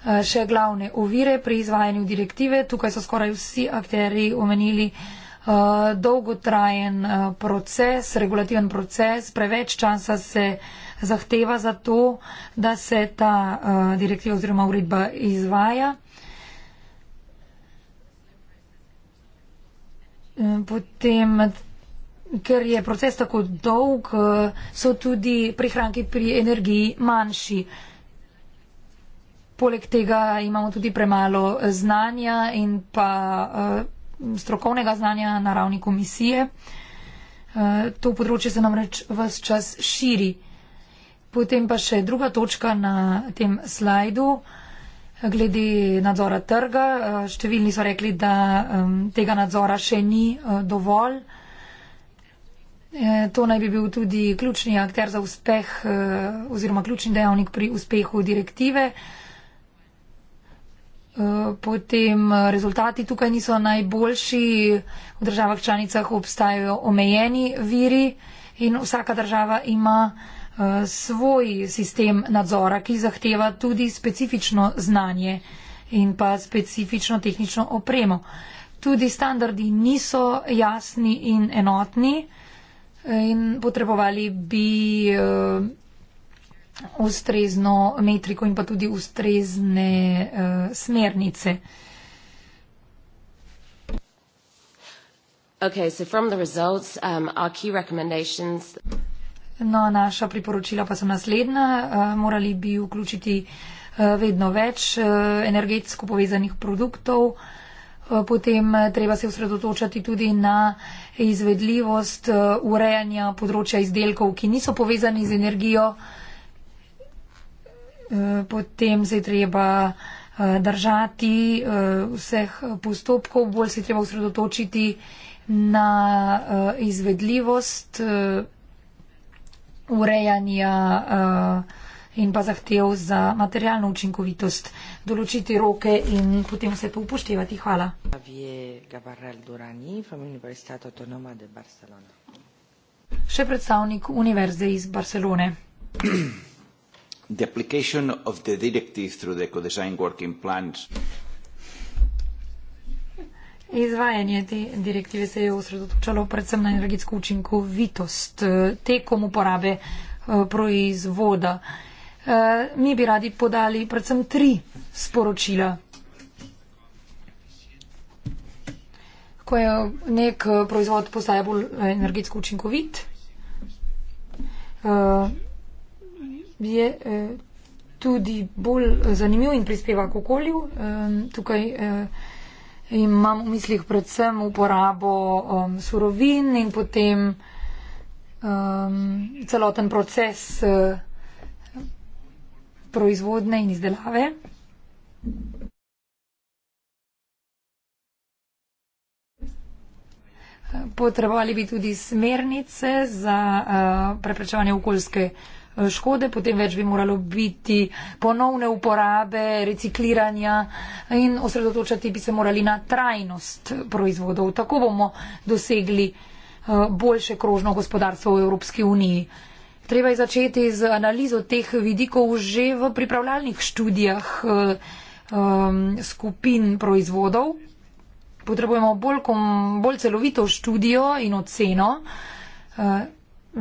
Uh, še glavne ovire pri izvajanju direktive, tukaj so skoraj vsi akteri omenili uh, dolgotrajen uh, proces, regulativen proces, preveč časa se zahteva za to, da se ta uh, direktiva oziroma uredba izvaja. Mm, potem, ker je proces tako dolg, so tudi prihranki pri energiji manjši. Poleg tega imamo tudi premalo znanja in pa eh, strokovnega znanja na ravni komisije. Eh, to področje se namreč vse čas širi. Potem pa še druga točka na tem slajdu glede nadzora trga. Eh, številni so rekli, da tega nadzora še ni eh, dovolj. Eh, to naj bi bil tudi ključni akter za uspeh oziroma ključni dejavnik pri uspehu direktive. Potem rezultati tukaj niso najboljši. V državah članicah obstajajo omejeni viri in vsaka država ima Eh, svoj sistem nadzora, ki zahteva tudi specifično znanje in pa specifično tehnično opremo. Tudi standardi niso jasni in enotni in potrebovali bi eh, ustrezno metriko in pa tudi ustrezne eh, smernice. Okay, so um, No, naša priporočila pa so naslednja. Eh, morali bi vključiti eh, vedno več eh, energetsko povezanih produktov. Potem treba se osredotočati tudi na izvedljivost urejanja področja izdelkov, ki niso povezani z energijo. Potem se je treba držati vseh postopkov, bolj se je treba osredotočiti na izvedljivost urejanja eh, in pa zahtev za materialno učinkovitost, določiti roke in potem vse to upoštevati. Hvala. Še predstavnik Univerze iz Barcelone. The application of the directive through the co-design working plans Izvajanje te direktive se je osredotočalo predvsem na energetsko učinkovitost eh, tekom uporabe eh, proizvoda. Eh, mi bi radi podali predvsem tri sporočila. Ko je nek proizvod postaja bolj energetsko učinkovit, je tudi bolj zanimiv in prispeva k okolju. Tukaj imam v mislih predvsem uporabo um, surovin in potem um, celoten proces uh, proizvodne in izdelave. Potrebovali bi tudi smernice za uh, preprečevanje okoljske uh, škode, potem več bi moralo biti ponovne uporabe, recikliranja in osredotočati bi se morali na trajnost proizvodov. Tako bomo dosegli eh, boljše krožno gospodarstvo v Evropski uniji. Treba je začeti z analizo teh vidikov že v pripravljalnih študijah um, skupin proizvodov. Potrebujemo bolj, kom, bolj celovito študijo in oceno. Uh,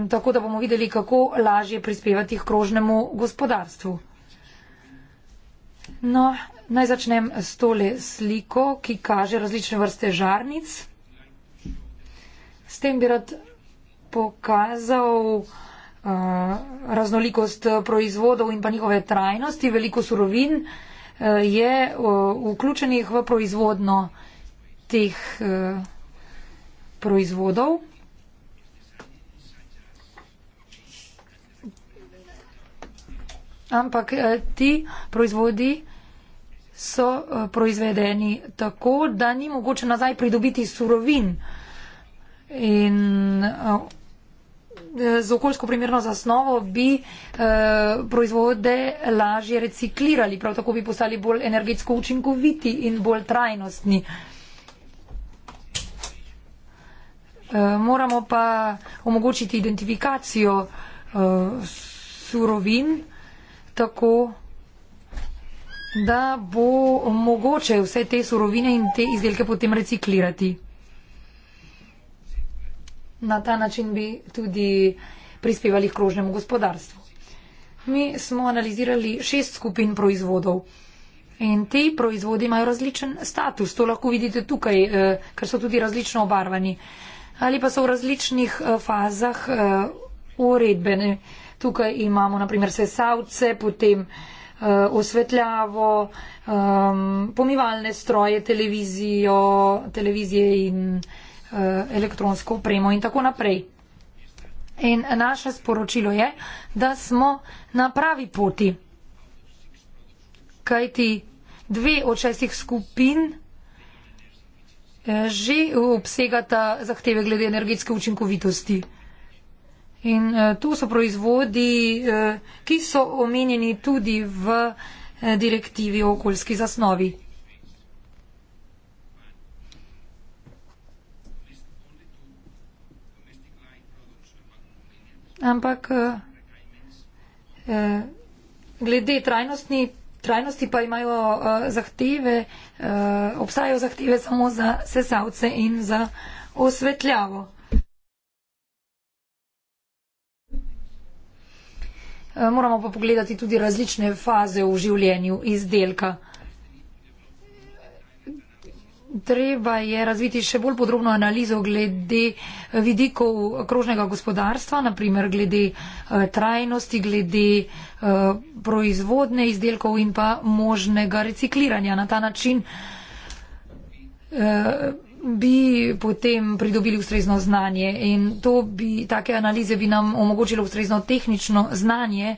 tako da bomo videli, kako lažje prispevati k krožnemu gospodarstvu. No, naj začnem s tole sliko, ki kaže različne vrste žarnic. S tem bi rad pokazal uh, raznolikost proizvodov in pa njihove trajnosti. Veliko surovin uh, je uh, vključenih v proizvodno teh uh, proizvodov. Ampak eh, ti proizvodi so eh, proizvedeni tako, da ni mogoče nazaj pridobiti surovin in eh, z okoljsko primerno zasnovo bi proizvode lažje reciklirali, prav tako bi postali bolj energetsko učinkoviti in bolj trajnostni. Moramo pa omogočiti identifikacijo surovin, tako, da bo mogoče vse te surovine in te izdelke potem reciklirati. Na ta način bi tudi prispevali k krožnemu gospodarstvu. Mi smo analizirali šest skupin proizvodov in ti proizvodi imajo različen status. To lahko vidite tukaj, eh, ker so tudi različno obarvani ali pa so v različnih eh, fazah eh, uredbene. Uh, Tukaj imamo naprimer sesavce, potem uh, osvetljavo, um, pomivalne stroje, televizijo, televizije in uh, elektronsko opremo in tako naprej. In naše sporočilo je, da smo na pravi poti. Kaj ti dve od šestih skupin eh, že obsegata zahteve glede energetske učinkovitosti? In uh, eh, to so proizvodi, uh, ki so omenjeni tudi v uh, direktivi o okoljski zasnovi. Ampak uh, uh, glede trajnostni, trajnosti pa imajo uh, zahteve, uh, obstajajo zahteve samo za sesavce in za osvetljavo. Eh, moramo pa pogledati tudi različne faze v življenju izdelka. Treba je razviti še bolj podrobno analizo glede vidikov krožnega gospodarstva, naprimer glede eh, trajnosti, glede eh, proizvodne izdelkov in pa možnega recikliranja. Na ta način bi potem pridobili ustrezno znanje in to bi, take analize bi nam omogočilo ustrezno tehnično znanje,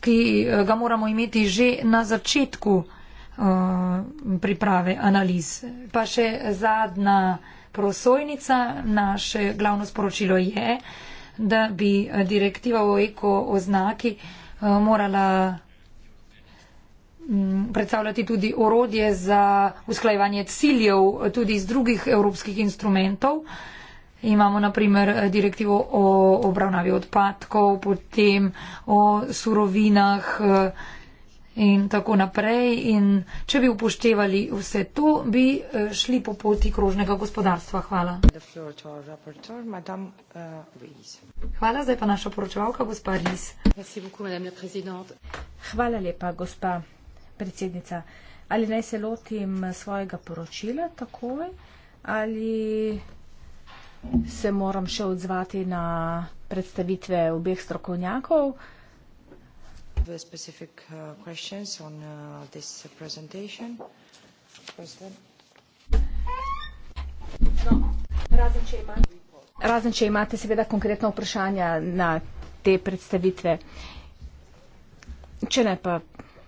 ki eh, ga moramo imeti že na začetku uh, priprave analiz. Pa še zadnja prosojnica, naše glavno sporočilo je, da bi eh, direktiva o ekooznaki uh, morala predstavljati tudi orodje za usklajevanje ciljev tudi iz drugih evropskih instrumentov. Imamo naprimer eh, direktivo o obravnavi odpadkov, potem o surovinah eh, in tako naprej. In če bi upoštevali vse to, bi eh, šli po poti krožnega gospodarstva. Hvala. Hvala, zdaj pa naša poročevalka, gospa Riz. Hvala lepa, gospa predsednica, ali naj se lotim svojega poročila takoj, ali se moram še odzvati na predstavitve obeh strokovnjakov. The specific uh, questions on uh, this uh, presentation. President. No, razen, če imate, razen, če imate seveda konkretno vprašanja na te predstavitve, če ne pa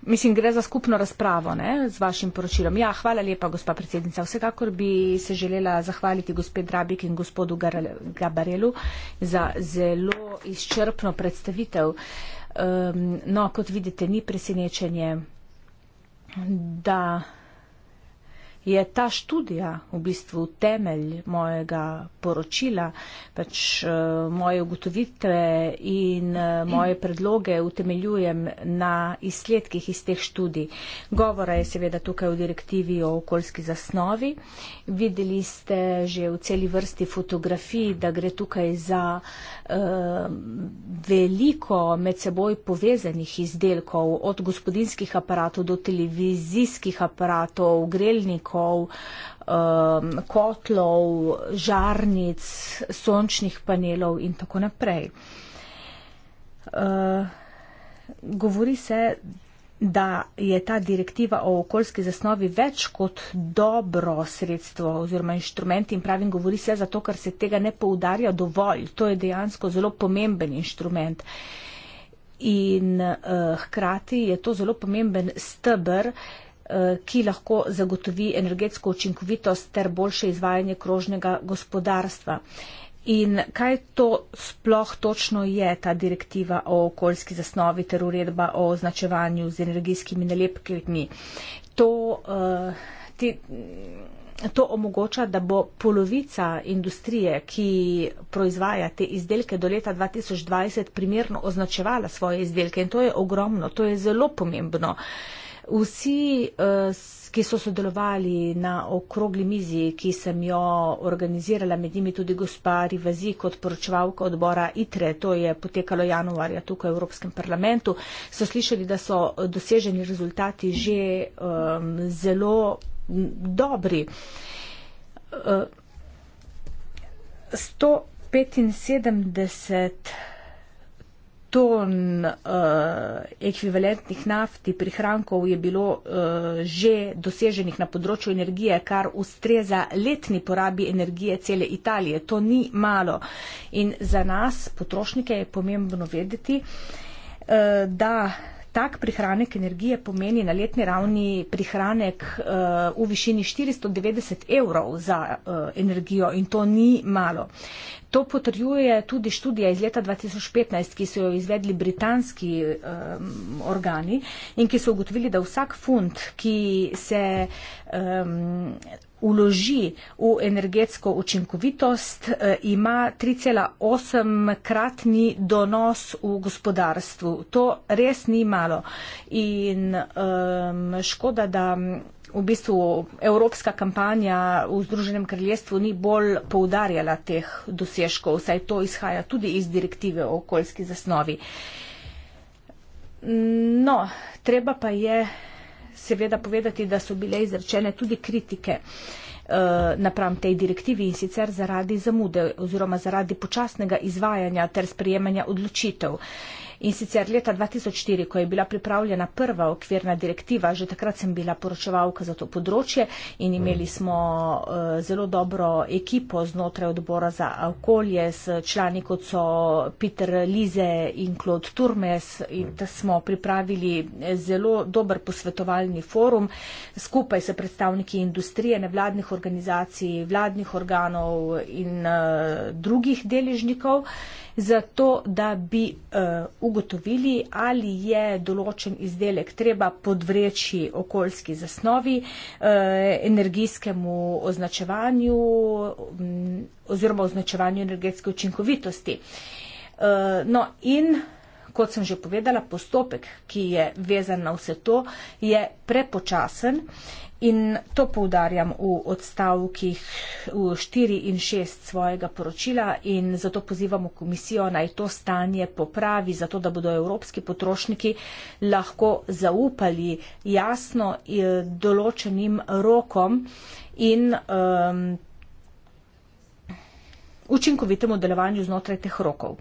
Mislim, gre za skupno razpravo ne, z vašim poročilom. Ja, hvala lepa, gospa predsednica. Vsekakor bi se želela zahvaliti gospe Drabik in gospodu Gabarelu za zelo izčrpno predstavitev. Um, no, kot vidite, ni presenečenje, da je ta študija v bistvu temelj mojega poročila, pač eh, moje ugotovitve in eh, moje predloge utemeljujem na izsledkih iz teh študij. Govora je seveda tukaj v direktivi o okoljski zasnovi. Videli ste že v celi vrsti fotografij, da gre tukaj za eh, veliko med seboj povezanih izdelkov, od gospodinskih aparatov do televizijskih aparatov, grelnikov, blokov, um, kotlov, žarnic, sončnih panelov in tako naprej. Uh, govori se, da je ta direktiva o okoljski zasnovi več kot dobro sredstvo oziroma inštrument in pravim, govori se zato, ker se tega ne poudarja dovolj. To je dejansko zelo pomemben inštrument. In uh, hkrati je to zelo pomemben stebr, uh, Eh, ki lahko zagotovi energetsko učinkovitost ter boljše izvajanje krožnega gospodarstva. In kaj to sploh točno je, ta direktiva o okoljski zasnovi ter uredba o označevanju z energijskimi nalepkami? To, eh, to omogoča, da bo polovica industrije, ki proizvaja te izdelke do leta 2020, primerno označevala svoje izdelke. In to je ogromno, to je zelo pomembno. Uh, Vsi, eh, ki so sodelovali na okrogli mizi, ki sem jo organizirala, med njimi tudi gospa Rivazi kot poročevalka odbora ITRE, to je potekalo januarja tukaj v Evropskem parlamentu, so slišali, da so doseženi rezultati že um, zelo dobri. Uh, eh, 175 ton uh, ekvivalentnih nafti prihrankov je bilo uh, že doseženih na področju energije, kar ustreza letni porabi energije cele Italije. To ni malo. In za nas, potrošnike, je pomembno vedeti, uh, da tak prihranek energije pomeni na letni ravni prihranek eh, v višini 490 evrov za eh, energijo in to ni malo. To potrjuje tudi študija iz leta 2015, ki so jo izvedli britanski um, organi in ki so ugotovili, da vsak funt, ki se um, vloži v energetsko učinkovitost, eh, ima 3,8-kratni donos v gospodarstvu. To res ni malo. In um, škoda, da. V bistvu evropska kampanja v Združenem kraljestvu ni bolj poudarjala teh dosežkov, saj to izhaja tudi iz direktive o okoljski zasnovi. No, treba pa je seveda povedati, da so bile izrečene tudi kritike eh, napram tej direktivi in sicer zaradi zamude oziroma zaradi počasnega izvajanja ter sprejemanja odločitev. In sicer leta 2004, ko je bila pripravljena prva okvirna direktiva, že takrat sem bila poročevalka za to področje in imeli mhm. smo eh, zelo dobro ekipo znotraj odbora za okolje s člani kot so Peter Lize in Claude Turmes in da mhm. smo pripravili eh, zelo dober posvetovalni forum skupaj s predstavniki industrije, nevladnih organizacij, vladnih organov in eh, drugih deležnikov zato da bi eh, ugotovili, ali je določen izdelek treba podvreči okoljski zasnovi, eh, energijskemu označevanju mm, oziroma označevanju energetske učinkovitosti. Eh, no in kot sem že povedala, postopek, ki je vezan na vse to, je prepočasen. In to poudarjam v odstavkih 4 in 6 svojega poročila in zato pozivamo komisijo naj to stanje popravi, zato da bodo evropski potrošniki lahko zaupali jasno eh, določenim rokom in um, učinkovitemu delovanju znotraj teh rokov. Uh,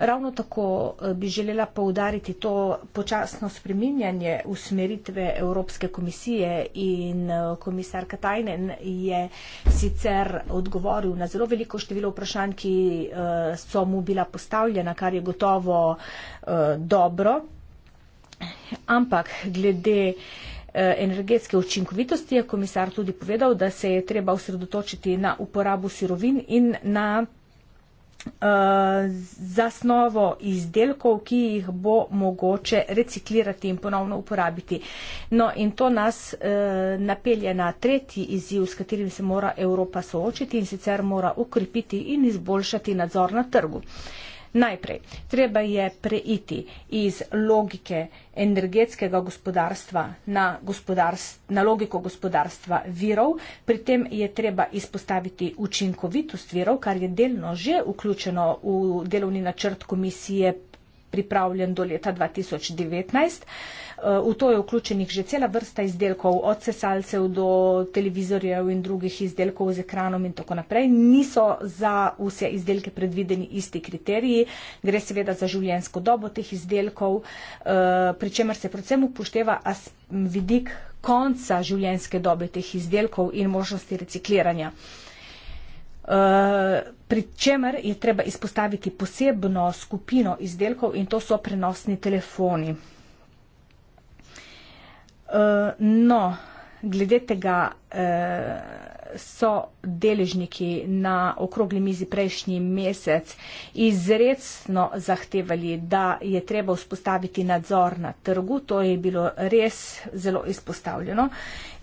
Ravno tako eh, bi želela poudariti to počasno spreminjanje usmeritve Evropske komisije in eh, komisar Katajnen je sicer odgovoril na zelo veliko število vprašanj, ki eh, so mu bila postavljena, kar je gotovo dobro. Ampak glede energetske učinkovitosti je komisar tudi povedal, da se je treba osredotočiti na uporabo sirovin in na Eh, zasnovo izdelkov, ki jih bo mogoče reciklirati in ponovno uporabiti. No in to nas uh, napelje na tretji izziv, s katerim se mora Evropa soočiti in sicer mora ukrepiti in izboljšati nadzor na trgu. Uh, Najprej, treba je preiti iz logike energetskega gospodarstva na, gospodarst, na logiko gospodarstva virov. Pri tem je treba izpostaviti učinkovitost virov, kar je delno že vključeno v delovni načrt komisije pripravljen do leta 2019. Eh, v to je vključenih že cela vrsta izdelkov, od sesalcev do televizorjev in drugih izdelkov z ekranom in tako naprej. Niso za vse izdelke predvideni isti kriteriji, gre seveda za življensko dobo teh izdelkov, eh, pri čemer se predvsem upošteva vidik konca življenske dobe teh izdelkov in možnosti recikliranja. Uh, pri čemer je treba izpostaviti posebno skupino izdelkov in to so prenosni telefoni. Eh, no, glede tega uh, so deležniki na okrogli mizi prejšnji mesec izredno zahtevali, da je treba vzpostaviti nadzor na trgu. To je bilo res zelo izpostavljeno.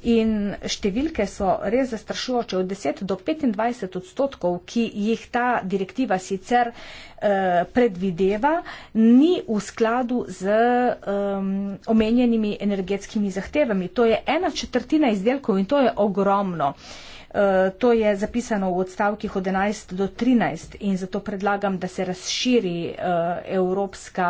In številke so res zastrašujoče. Od 10 do 25 odstotkov, ki jih ta direktiva sicer eh, predvideva, ni v skladu z um, omenjenimi energetskimi zahtevami. To je ena četrtina izdelkov in to je ogromno. Uh, to je zapisano v odstavkih od 11 do 13 in zato predlagam, da se razširi uh, evropska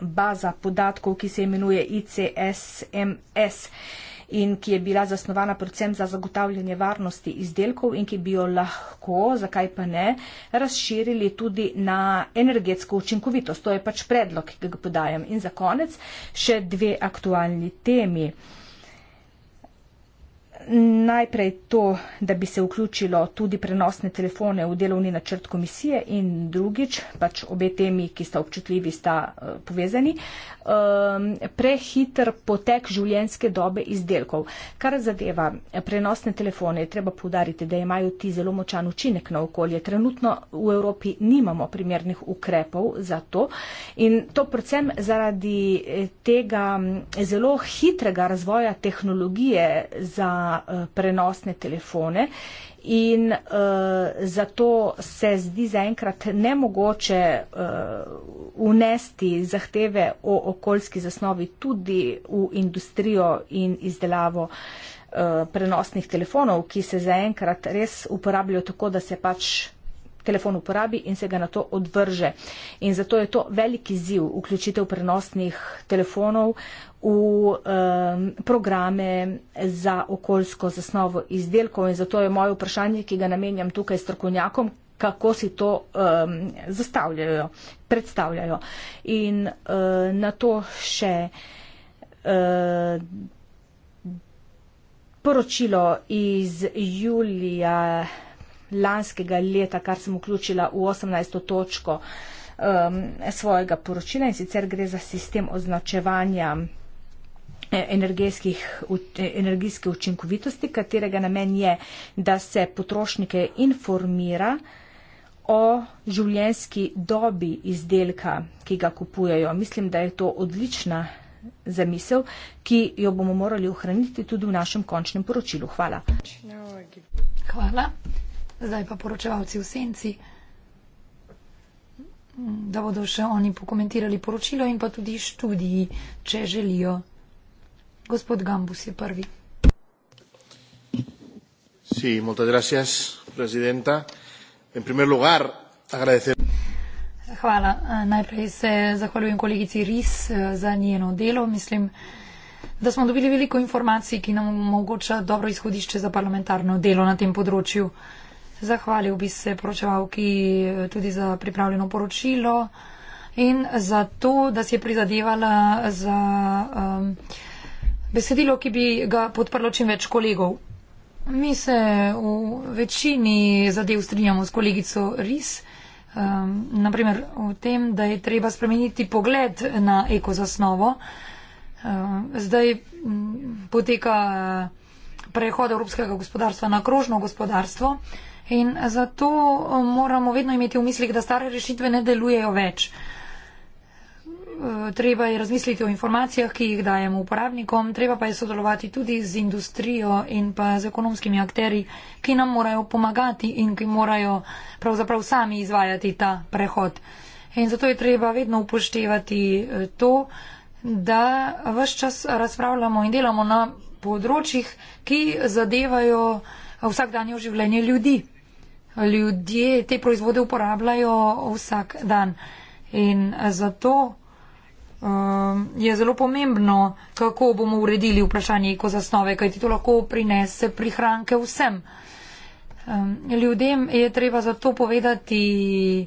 baza podatkov, ki se imenuje ICSMS. Uh, in ki je bila zasnovana predvsem za zagotavljanje varnosti izdelkov in ki bi jo lahko, zakaj pa ne, razširili tudi na energetsko učinkovitost. To je pač predlog, ki ga podajam. In za konec še dve aktualni temi najprej to, da bi se vključilo tudi prenosne telefone v delovni načrt komisije in drugič, pač obe temi, ki sta občutljivi, sta eh, povezani, ehm, prehiter potek življenjske dobe izdelkov. Kar zadeva eh, prenosne telefone, je treba povdariti, da imajo ti zelo močan učinek na okolje. Trenutno v Evropi nimamo primernih ukrepov za to in to predvsem zaradi eh, tega mm, zelo hitrega razvoja tehnologije za Eh, prenosne telefone. In uh, zato se zdi zaenkrat nemogoče uh, unesti zahteve o okoljski zasnovi tudi v industrijo in izdelavo uh, prenosnih telefonov, ki se zaenkrat res uporabljajo tako, da se pač telefon uporabi in se ga na to odvrže. In zato je to veliki ziv vključitev prenosnih telefonov v um, programe za okoljsko zasnovo izdelkov. In zato je moje vprašanje, ki ga namenjam tukaj strokovnjakom, kako si to um, zastavljajo, predstavljajo. In uh, na to še. Uh, Poročilo iz julija lanskega leta, kar sem vključila v 18. točko um, svojega poročila in sicer gre za sistem označevanja eh, eh, energijske učinkovitosti, katerega namen je, da se potrošnike informira o življenski dobi izdelka, ki ga kupujejo. Mislim, da je to odlična zamisel, ki jo bomo morali ohraniti tudi v našem končnem poročilu. Hvala. Hvala zdaj pa poročevalci v senci, da bodo še oni pokomentirali poročilo in pa tudi študiji, če želijo. Gospod Gambus je prvi. Sí, muchas gracias, presidenta. En primer lugar, agradecer. Hvala. Najprej se zahvaljujem kolegici Ris eh, za njeno delo. Mislim, da smo dobili veliko informacij, ki nam omogoča dobro izhodišče za parlamentarno delo na tem področju. Zahvalil bi se poročevalki eh, tudi za pripravljeno poročilo in za to, da si je prizadevala za um, besedilo, ki bi ga podprlo čim več kolegov. Mi se v večini zadev strinjamo s kolegico Ris, um, ehm, naprimer v tem, da je treba spremeniti pogled na ekozasnovo. Um, ehm, zdaj m, poteka eh, prehod evropskega gospodarstva na krožno gospodarstvo. In zato eh, moramo vedno imeti v mislih, da stare rešitve ne delujejo več. Eh, treba je razmisliti o informacijah, ki jih dajemo uporabnikom, treba pa je sodelovati tudi z industrijo in pa z ekonomskimi akteri, ki nam morajo pomagati in ki morajo pravzaprav sami izvajati ta prehod. In zato je treba vedno upoštevati eh, to, da vse čas razpravljamo in delamo na področjih, ki zadevajo vsakdanje življenje ljudi ljudje te proizvode uporabljajo vsak dan. In zato um, je zelo pomembno, kako bomo uredili vprašanje ekozasnove, kajti to lahko prinese prihranke vsem. Um, ljudem je treba zato povedati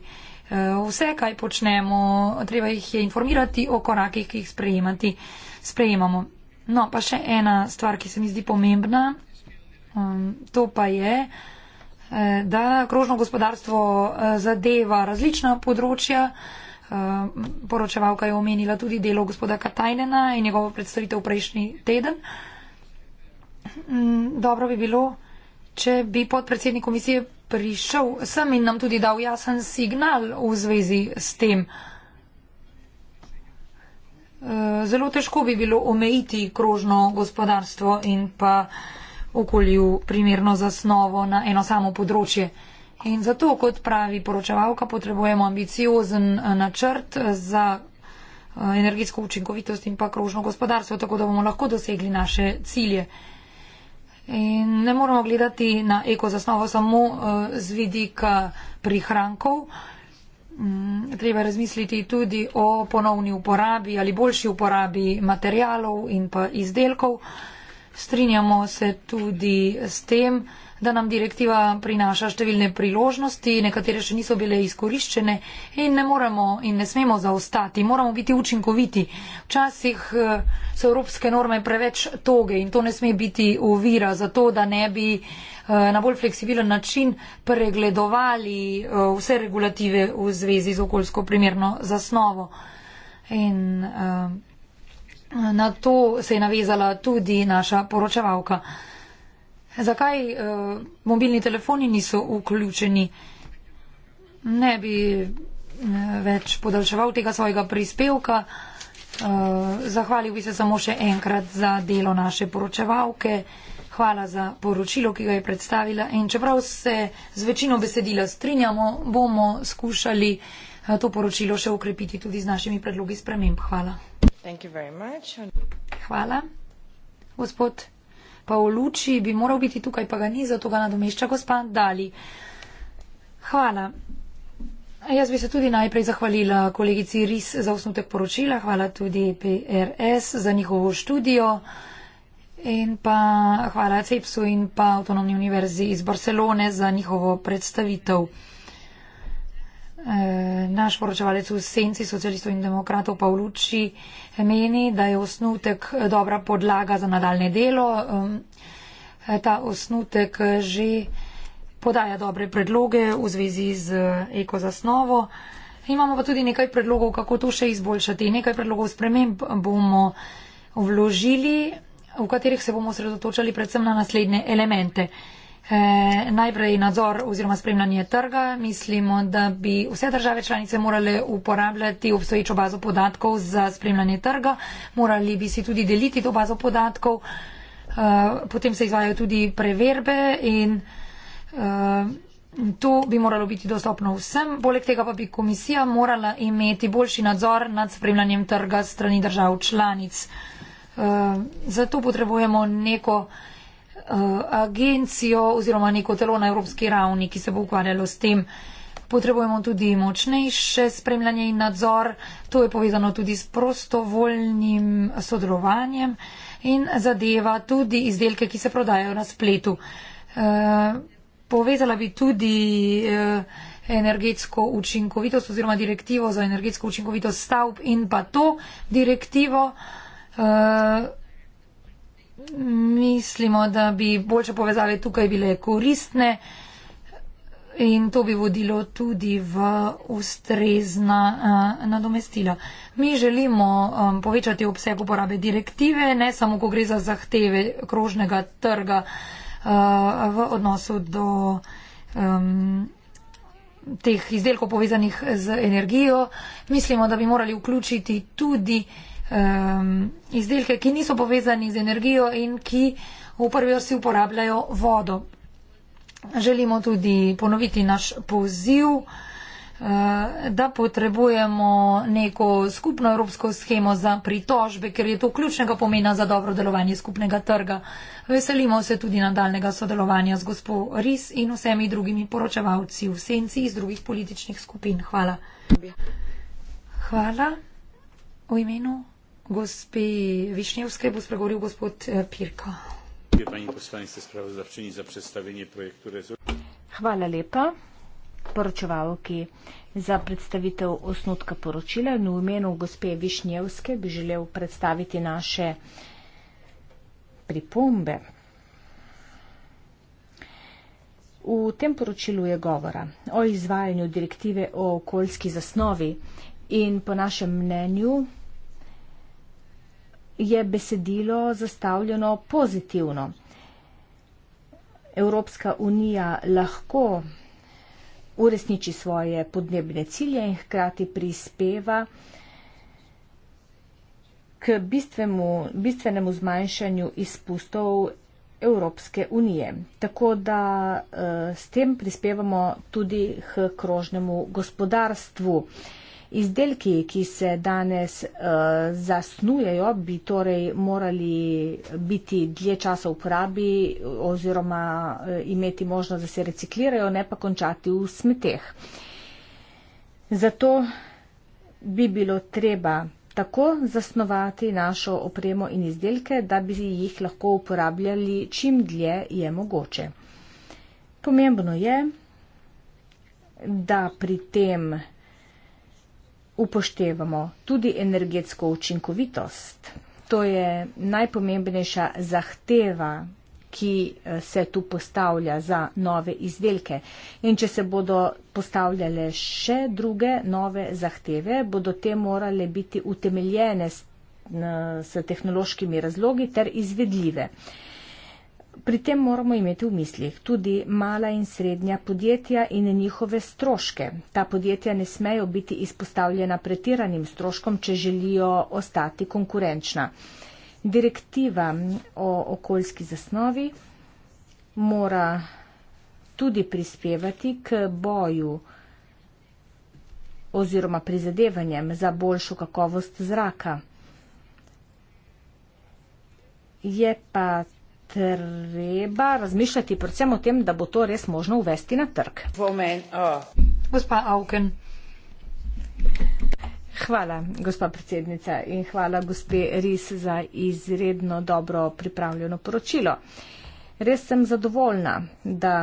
um, vse, kaj počnemo, treba jih je informirati o korakih, ki jih sprejemati, sprejemamo. No, pa še ena stvar, ki se mi zdi pomembna, um, to pa je, Eh, da krožno gospodarstvo eh, zadeva različna področja. Eh, poročevalka je omenila tudi delo gospoda Katajnena in njegovo predstavitev prejšnji teden. Mm, dobro bi bilo, če bi podpredsednik komisije prišel sem in nam tudi dal jasen signal v zvezi s tem. Zelo težko bi bilo omejiti krožno gospodarstvo in pa uh, okolju primerno zasnovo na eno samo področje. In zato, kot pravi poročevalka, potrebujemo ambiciozen eh, načrt eh, za eh, energetsko učinkovitost in pa krožno gospodarstvo, tako da bomo lahko dosegli naše cilje. In ne moramo gledati na eko zasnovo samo z vidika prihrankov. Mm, treba razmisliti tudi o ponovni uporabi ali boljši uporabi materialov in pa izdelkov. Strinjamo se tudi s tem, da nam direktiva prinaša številne priložnosti, nekatere še niso bile izkoriščene in ne moramo in ne smemo zaostati, moramo biti učinkoviti. Včasih eh, so evropske norme preveč toge in to ne sme biti uvira za to, da ne bi eh, na bolj fleksibilen način pregledovali eh, vse regulative v zvezi z okoljsko primerno zasnovo. In, uh, Na to se je navezala tudi naša poročevalka. Zakaj uh, mobilni telefoni niso vključeni? Ne bi uh, več podaljševal tega svojega prispevka. Uh, zahvalil bi se samo še enkrat za delo naše poročevalke. Hvala za poročilo, ki ga je predstavila. In čeprav se z večino besedila strinjamo, bomo skušali uh, to poročilo še ukrepiti tudi z našimi predlogi sprememb. Hvala. Thank you very much. Hvala. Gospod Paoluči bi moral biti tukaj, pa ga ni, zato ga nadomešča gospa Dali. Hvala. Jaz bi se tudi najprej zahvalila kolegici Ris za osnutek poročila, hvala tudi PRS za njihovo študijo in pa hvala CEPSU in pa Autonomni univerzi iz Barcelone za njihovo predstavitev. Eh, naš poročevalec v senci socialistov in demokratov Pavluči meni, da je osnutek dobra podlaga za nadaljne delo. Eh, ta osnutek že podaja dobre predloge v zvezi z eh, ekozasnovo. Imamo pa tudi nekaj predlogov, kako to še izboljšati. Nekaj predlogov sprememb bomo vložili, v katerih se bomo sredotočali predvsem na naslednje elemente. Eh, najprej nadzor oziroma spremljanje trga. Mislimo, da bi vse države članice morale uporabljati obstoječo bazo podatkov za spremljanje trga. Morali bi si tudi deliti to bazo podatkov. Eh, potem se izvajajo tudi preverbe in eh, to bi moralo biti dostopno vsem. Poleg tega pa bi komisija morala imeti boljši nadzor nad spremljanjem trga strani držav članic. Zato potrebujemo neko Eh, agencijo oziroma neko telo na evropski ravni, ki se bo ukvarjalo s tem. Potrebujemo tudi močnejše spremljanje in nadzor, to je povezano tudi s prostovoljnim sodelovanjem in zadeva tudi izdelke, ki se prodajajo na spletu. E, povezala bi tudi e, energetsko učinkovitost oziroma direktivo za energetsko učinkovitost stavb in pa to direktivo. E, mislimo, da bi boljše povezave tukaj bile koristne in to bi vodilo tudi v ustrezna uh, nadomestila. Mi želimo um, povečati obseg uporabe direktive, ne samo, ko gre za zahteve krožnega trga uh, v odnosu do um, teh izdelkov povezanih z energijo. Mislimo, da bi morali vključiti tudi uh, um, izdelke, ki niso povezani z energijo in ki v prvi vrsti uporabljajo vodo. Želimo tudi ponoviti naš poziv, eh, da potrebujemo neko skupno evropsko schemo za pritožbe, ker je to ključnega pomena za dobro delovanje skupnega trga. Veselimo se tudi nadaljnega sodelovanja z gospo Ris in vsemi drugimi poročevalci v senci iz drugih političnih skupin. Hvala. Hvala. V imenu Gospi Wiśniewskiej, bo spregovoril gospod eh, Pirka. Hvala lepa poročevalki za predstavitev osnutka poročila in no, v imenu gospe Višnjevske bi želel predstaviti naše pripombe. V tem poročilu je govora o izvajanju direktive o okoljski zasnovi in po našem mnenju je besedilo zastavljeno pozitivno. Evropska unija lahko uresniči svoje podnebne cilje in hkrati prispeva k bistvenemu, bistvenemu zmanjšanju izpustov Evropske unije. Tako da eh, s tem prispevamo tudi k krožnemu gospodarstvu. Izdelki, ki se danes uh, zasnujejo, bi torej morali biti dlje časa v uporabi oziroma uh, imeti možnost, da se reciklirajo, ne pa končati v smeteh. Zato bi bilo treba tako zasnovati našo opremo in izdelke, da bi jih lahko uporabljali čim dlje je mogoče. Pomembno je, da pri tem upoštevamo tudi energetsko učinkovitost. To je najpomembnejša zahteva, ki eh, se tu postavlja za nove izdelke. In če se bodo postavljale še druge nove zahteve, bodo te morale biti utemeljene s, s tehnološkimi razlogi ter izvedljive. Uh, pri tem moramo imeti v mislih tudi mala in srednja podjetja in njihove stroške. Ta podjetja ne smejo biti izpostavljena pretiranim stroškom, če želijo ostati konkurenčna. Direktiva o okoljski zasnovi mora tudi prispevati k boju oziroma prizadevanjem za boljšo kakovost zraka. Je pa treba razmišljati predvsem o tem, da bo to res možno uvesti na trg. Gospa Auken. Hvala, gospa predsednica, in hvala, gospe Ris, za izredno dobro pripravljeno poročilo. Res sem zadovoljna, da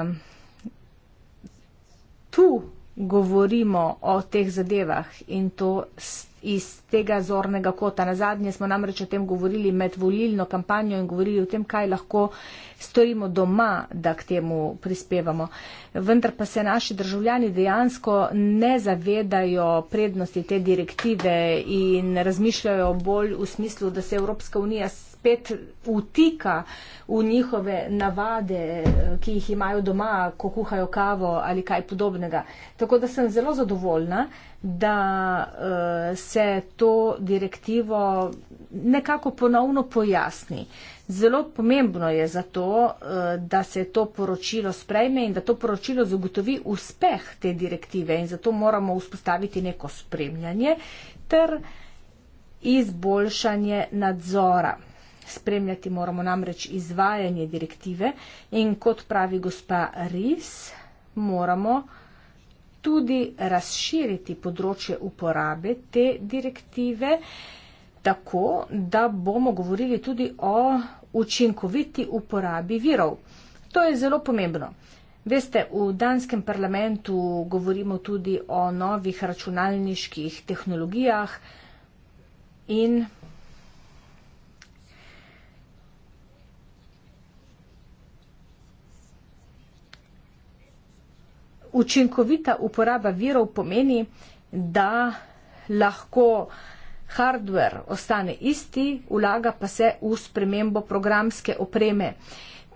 tu govorimo o teh zadevah in to s iz tega zornega kota. Na zadnje smo namreč o tem govorili med volilno kampanjo in govorili o tem, kaj lahko storimo doma, da k temu prispevamo. Vendar pa se naši državljani dejansko ne zavedajo prednosti te direktive in razmišljajo bolj v smislu, da se Evropska unija spet utika v njihove navade, ki jih imajo doma, ko kuhajo kavo ali kaj podobnega. Tako da sem zelo zadovoljna, da eh, se to direktivo nekako ponovno pojasni. Zelo pomembno je zato, eh, da se to poročilo sprejme in da to poročilo zagotovi uspeh te direktive in zato moramo vzpostaviti neko spremljanje ter izboljšanje nadzora. Spremljati moramo namreč izvajanje direktive in kot pravi gospa Ris, moramo tudi razširiti področje uporabe te direktive tako, da bomo govorili tudi o učinkoviti uporabi virov. To je zelo pomembno. Veste, v danskem parlamentu govorimo tudi o novih računalniških tehnologijah in učinkovita uporaba virov pomeni, da lahko hardver ostane isti, vlaga pa se v spremembo programske opreme.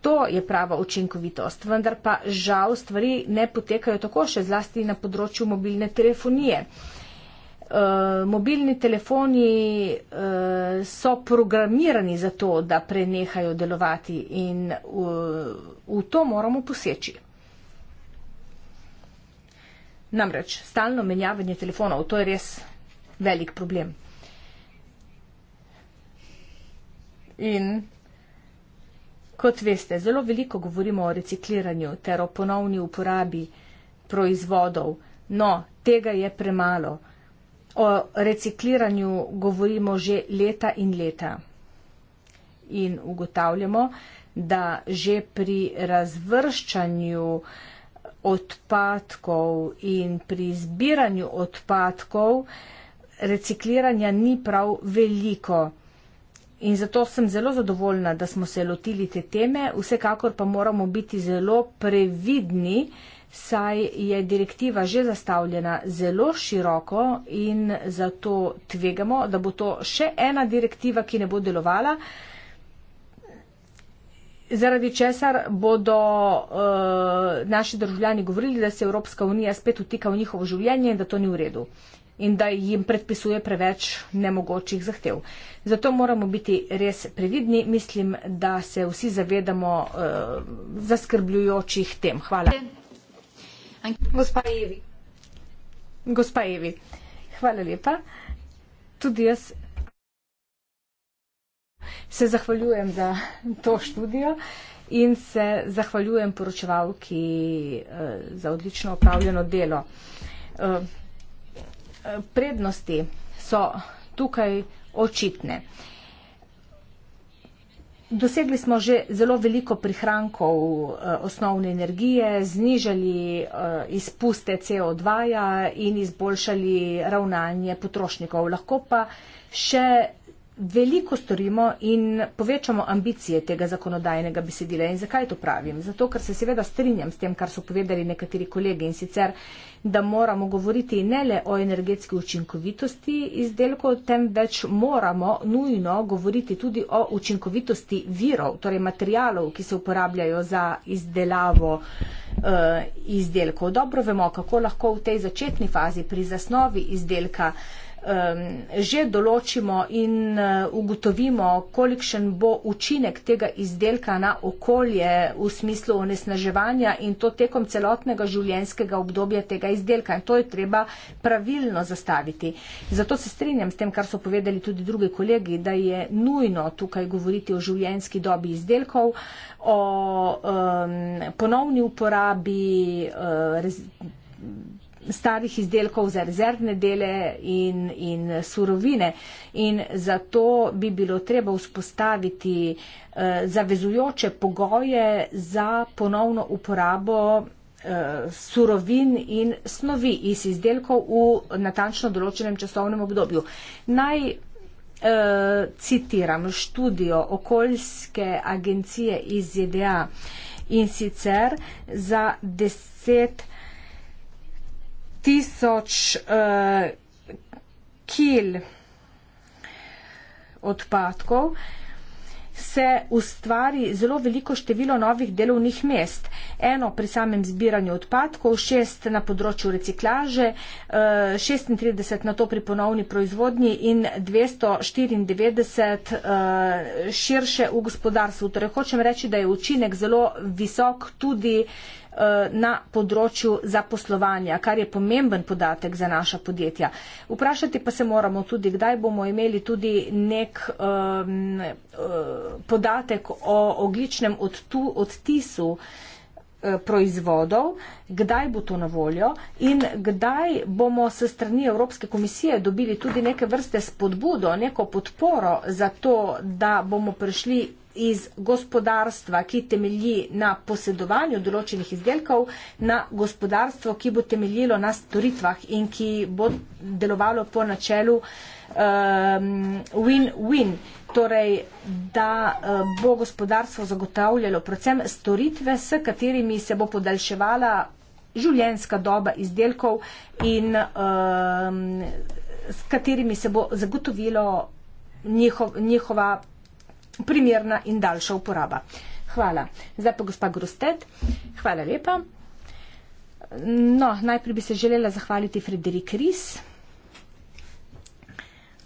To je prava učinkovitost, vendar pa žal stvari ne potekajo tako še zlasti na področju mobilne telefonije. E, mobilni telefoni e, so programirani za to, da prenehajo delovati in v, eh, v to moramo poseči. Namreč stalno menjavanje telefonov, to je res velik problem. In kot veste, zelo veliko govorimo o recikliranju ter o ponovni uporabi proizvodov, no, tega je premalo. O recikliranju govorimo že leta in leta. In ugotavljamo, da že pri razvrščanju uh, odpadkov in pri zbiranju odpadkov recikliranja ni prav veliko. In zato sem zelo zadovoljna, da smo se lotili te teme. Vsekakor pa moramo biti zelo previdni, saj je direktiva že zastavljena zelo široko in zato tvegamo, da bo to še ena direktiva, ki ne bo delovala zaradi česar bodo uh, naši državljani govorili, da se Evropska unija spet utika v njihovo življenje in da to ni v redu in da jim predpisuje preveč nemogočih zahtev. Zato moramo biti res previdni. Mislim, da se vsi zavedamo uh, zaskrbljujočih tem. Hvala. Gospa Evi. Gospa Evi, hvala lepa. Tudi jaz Se zahvaljujem za to študijo in se zahvaljujem poročevalki eh, za odlično opravljeno delo. Eh, eh, prednosti so tukaj očitne. Dosegli smo že zelo veliko prihrankov osnovne energije, znižali izpuste CO2-ja in izboljšali ravnanje potrošnikov. Lahko pa še veliko storimo in povečamo ambicije tega zakonodajnega besedila. In zakaj to pravim? Zato, ker se seveda strinjam s tem, kar so povedali nekateri kolegi in sicer, da moramo govoriti ne le o energetski učinkovitosti izdelkov, temveč moramo nujno govoriti tudi o učinkovitosti virov, torej materijalov, ki se uporabljajo za izdelavo eh, izdelkov. Dobro vemo, kako lahko v tej začetni fazi pri zasnovi izdelka um, že določimo in uh, ugotovimo, kolikšen bo učinek tega izdelka na okolje v smislu onesnaževanja in to tekom celotnega življenjskega obdobja tega izdelka. In to je treba pravilno zastaviti. Zato se strinjam s tem, kar so povedali tudi drugi kolegi, da je nujno tukaj govoriti o življenjski dobi izdelkov, o um, ponovni uporabi. Uh, starih izdelkov za rezervne dele in, in surovine. In zato bi bilo treba vzpostaviti eh, zavezujoče pogoje za ponovno uporabo eh, surovin in snovi iz izdelkov v natančno določenem časovnem obdobju. Naj eh, citiram študijo okoljske agencije iz ZDA in sicer za deset tisoč uh, kil odpadkov, se ustvari zelo veliko število novih delovnih mest. Eno pri samem zbiranju odpadkov, šest na področju reciklaže, 36 na to pri ponovni proizvodnji in 294 eh, širše v gospodarstvu. Torej, hočem reči, da je učinek zelo visok tudi Eh, na področju zaposlovanja, kar je pomemben podatek za naša podjetja. Vprašati pa se moramo tudi, kdaj bomo imeli tudi nek um, podatek o ogličnem odtu, odtisu eh, proizvodov, kdaj bo to na voljo in kdaj bomo se strani Evropske komisije dobili tudi neke vrste spodbudo, neko podporo za to, da bomo prišli iz gospodarstva, ki temelji na posedovanju določenih izdelkov, na gospodarstvo, ki bo temeljilo na storitvah in ki bo delovalo po načelu ehm, win-win. Um, torej, da eh, bo gospodarstvo zagotavljalo predvsem storitve, s katerimi se bo podaljševala življenska doba izdelkov in um, s katerimi se bo zagotovilo njihov, njihova primerna in daljša uporaba. Hvala. Zdaj pa gospa Grosted. Hvala lepa. No, najprej bi se želela zahvaliti Frederik Ris.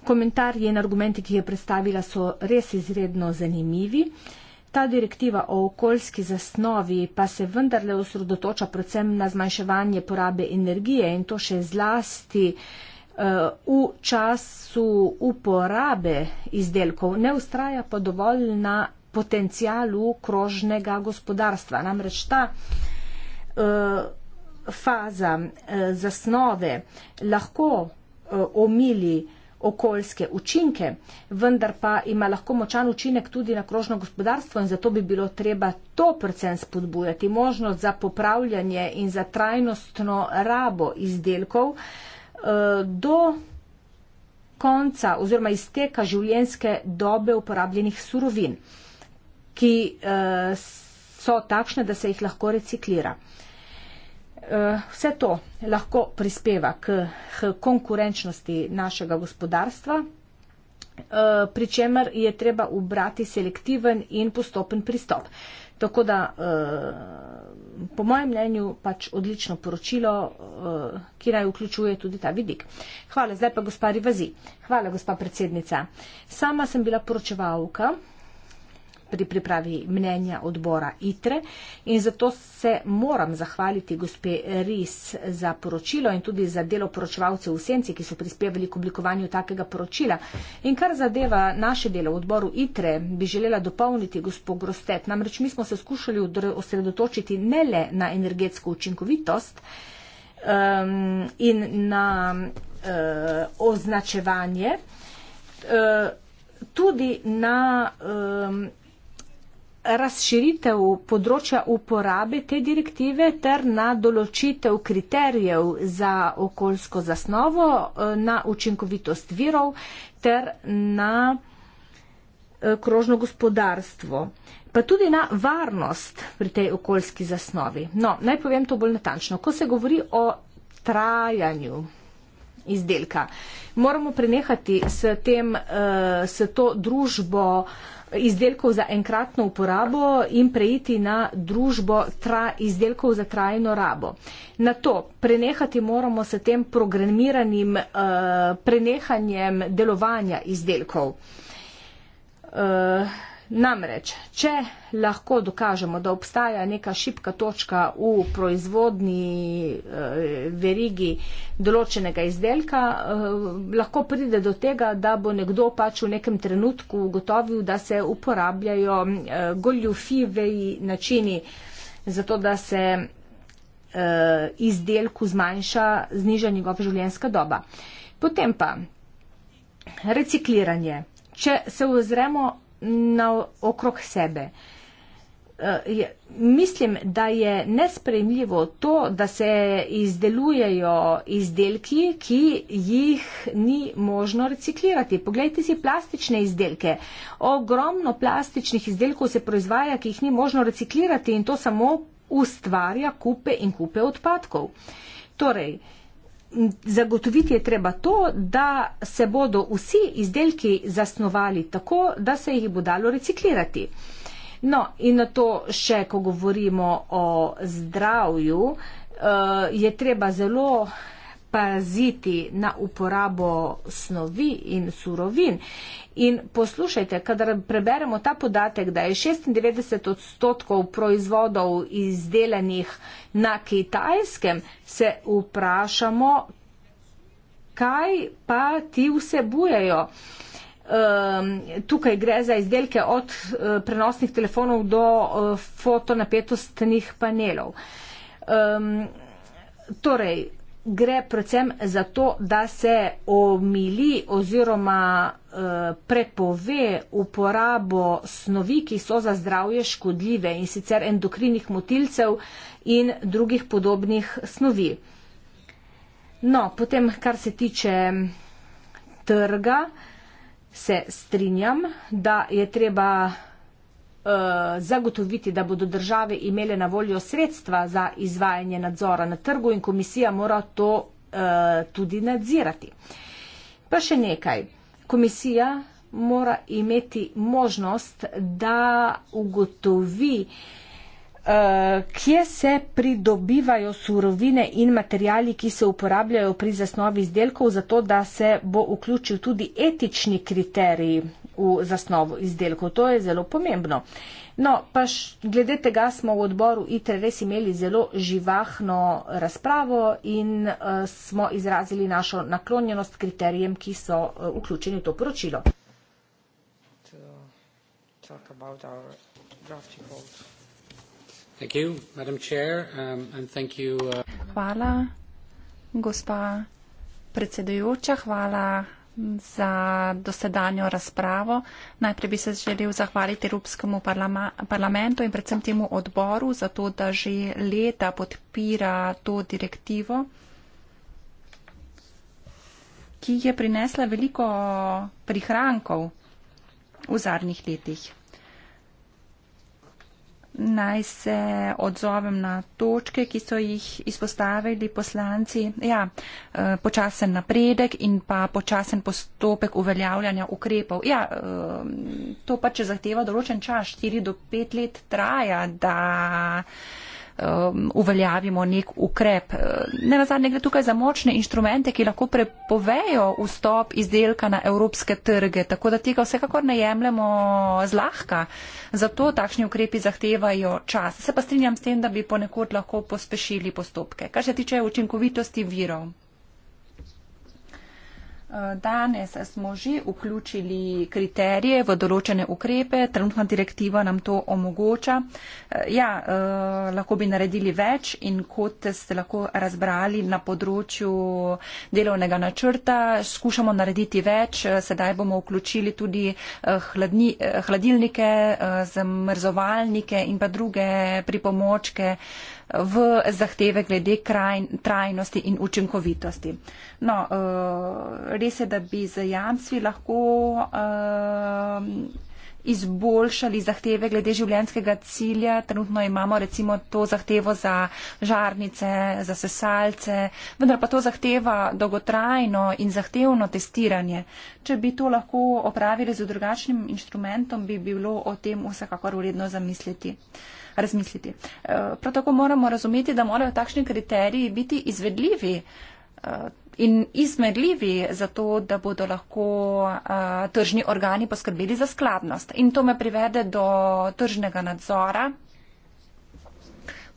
Komentarji in argumenti, ki jih je predstavila, so res izredno zanimivi. Ta direktiva o okoljski zasnovi pa se vendarle osredotoča predvsem na zmanjševanje porabe energije in to še zlasti eh, Eh, v času uporabe izdelkov ne ustraja pa dovolj na potencijalu krožnega gospodarstva. Namreč ta eh, faza eh, zasnove lahko omili okoljske učinke, vendar pa ima lahko močan učinek tudi na krožno gospodarstvo in zato bi bilo treba to predvsem spodbujati, možnost za popravljanje in za trajnostno rabo izdelkov, uh, Eh, do konca oziroma izteka življenjske dobe uporabljenih surovin, ki eh, so takšne, da se jih lahko reciklira. Eh, vse to lahko prispeva k konkurenčnosti našega gospodarstva, pri čemer je treba ubrati selektiven in postopen pristop. Tako da, eh, po mojem mnenju, pač odlično poročilo, eh, ki naj vključuje tudi ta vidik. Hvala, zdaj pa gospa Rivazi. Hvala, gospa predsednica. Sama sem bila poročevalka pri pripravi mnenja odbora ITRE in zato se moram zahvaliti gospe RIS za poročilo in tudi za delo poročevalcev v Senci, ki so prispevali k oblikovanju takega poročila. In kar zadeva naše delo v odboru ITRE, bi želela dopolniti gospo Grostet. Namreč mi smo se skušali osredotočiti ne le na energetsko učinkovitost um, in na uh, označevanje, uh, tudi na um, razširitev področja uporabe te direktive ter na določitev kriterijev za okoljsko zasnovo, eh, na učinkovitost virov ter na eh, krožno gospodarstvo, pa tudi na varnost pri tej okoljski zasnovi. No, naj povem to bolj natančno. Ko se govori o trajanju izdelka. Moramo prenehati s, tem, eh, s to družbo izdelkov za enkratno uporabo in preiti na družbo tra, izdelkov za trajno rabo. Na to prenehati moramo s tem programiranim uh, eh, prenehanjem delovanja izdelkov. Uh, Namreč, če lahko dokažemo, da obstaja neka šipka točka v proizvodni eh, verigi določenega izdelka, eh, lahko pride do tega, da bo nekdo pač v nekem trenutku ugotovil, da se uporabljajo eh, goljufiveji načini za to, da se izdelku zmanjša, zniža njegova življenjska doba. Potem pa recikliranje. Če se ozremo na okrog sebe. Eh, mislim, da je nespremljivo to, da se izdelujejo izdelki, ki jih ni možno reciklirati. Poglejte si plastične izdelke. Ogromno plastičnih izdelkov se proizvaja, ki jih ni možno reciklirati in to samo ustvarja kupe in kupe odpadkov. Torej, zagotoviti je treba to, da se bodo vsi izdelki zasnovali tako, da se jih bo dalo reciklirati. No, in na to še, ko govorimo o zdravju, eh, je treba zelo paziti na uporabo snovi in surovin. In poslušajte, kadar preberemo ta podatek, da je 96 odstotkov proizvodov izdelanih na kitajskem, se vprašamo, kaj pa ti vsebujejo. Um, tukaj gre za izdelke od uh, prenosnih telefonov do uh, fotonapetostnih panelov. Um, torej, gre predvsem za to, da se omili oziroma eh, prepove uporabo snovi, ki so za zdravje škodljive in sicer endokrinih motilcev in drugih podobnih snovi. No, potem, kar se tiče trga, se strinjam, da je treba Eh, zagotoviti, da bodo države imele na voljo sredstva za izvajanje nadzora na trgu in komisija mora to eh, tudi nadzirati. Pa še nekaj. Komisija mora imeti možnost, da ugotovi, eh, kje se pridobivajo surovine in materijali, ki se uporabljajo pri zasnovi izdelkov, zato da se bo vključil tudi etični kriterij v zasnovo izdelkov. To je zelo pomembno. No, pa š, glede tega smo v odboru ITRE res imeli zelo živahno razpravo in uh, smo izrazili našo naklonjenost kriterijem, ki so uh, vključeni v to poročilo. Thank you, chair, um, thank you, uh... Hvala, gospa predsedujoča. Hvala za dosedanjo razpravo. Najprej bi se želel zahvaliti Evropskemu parlama, parlamentu in predvsem temu odboru za to, da že leta podpira to direktivo, ki je prinesla veliko prihrankov v zadnjih letih. Naj se odzovem na točke, ki so jih izpostavili poslanci. Ja, eh, počasen napredek in pa počasen postopek uveljavljanja ukrepov. Ja, eh, to pač zahteva določen čas, 4 do 5 let traja, da um, uveljavimo nek ukrep. Uh, ne nazadnje gre tukaj za močne inštrumente, ki lahko prepovejo vstop izdelka na evropske trge, tako da tega vsekakor ne jemljemo zlahka. Zato takšni ukrepi zahtevajo čas. Se pa strinjam s tem, da bi ponekod lahko pospešili postopke. Kar se tiče učinkovitosti virov. Danes smo že vključili kriterije v določene ukrepe, trenutna direktiva nam to omogoča. Ja, eh, lahko bi naredili več in kot ste lahko razbrali na področju delovnega načrta, skušamo narediti več. Sedaj bomo vključili tudi eh, hladni, eh, hladilnike, zamrzovalnike in pa druge pripomočke v zahteve glede kraj, trajnosti in učinkovitosti. No, eh, res je, da bi z jamstvi lahko eh, izboljšali zahteve glede življenskega cilja. Trenutno imamo recimo to zahtevo za žarnice, za sesalce, vendar pa to zahteva dolgotrajno in zahtevno testiranje. Če bi to lahko opravili z drugačnim inštrumentom, bi bilo o tem vsekakor uredno zamisliti. Uh, razmisliti. Eh, prav tako moramo razumeti, da morajo takšni kriteriji biti izvedljivi eh, in izmedljivi za to, da bodo lahko eh, tržni organi poskrbeli za skladnost. In to me privede do tržnega nadzora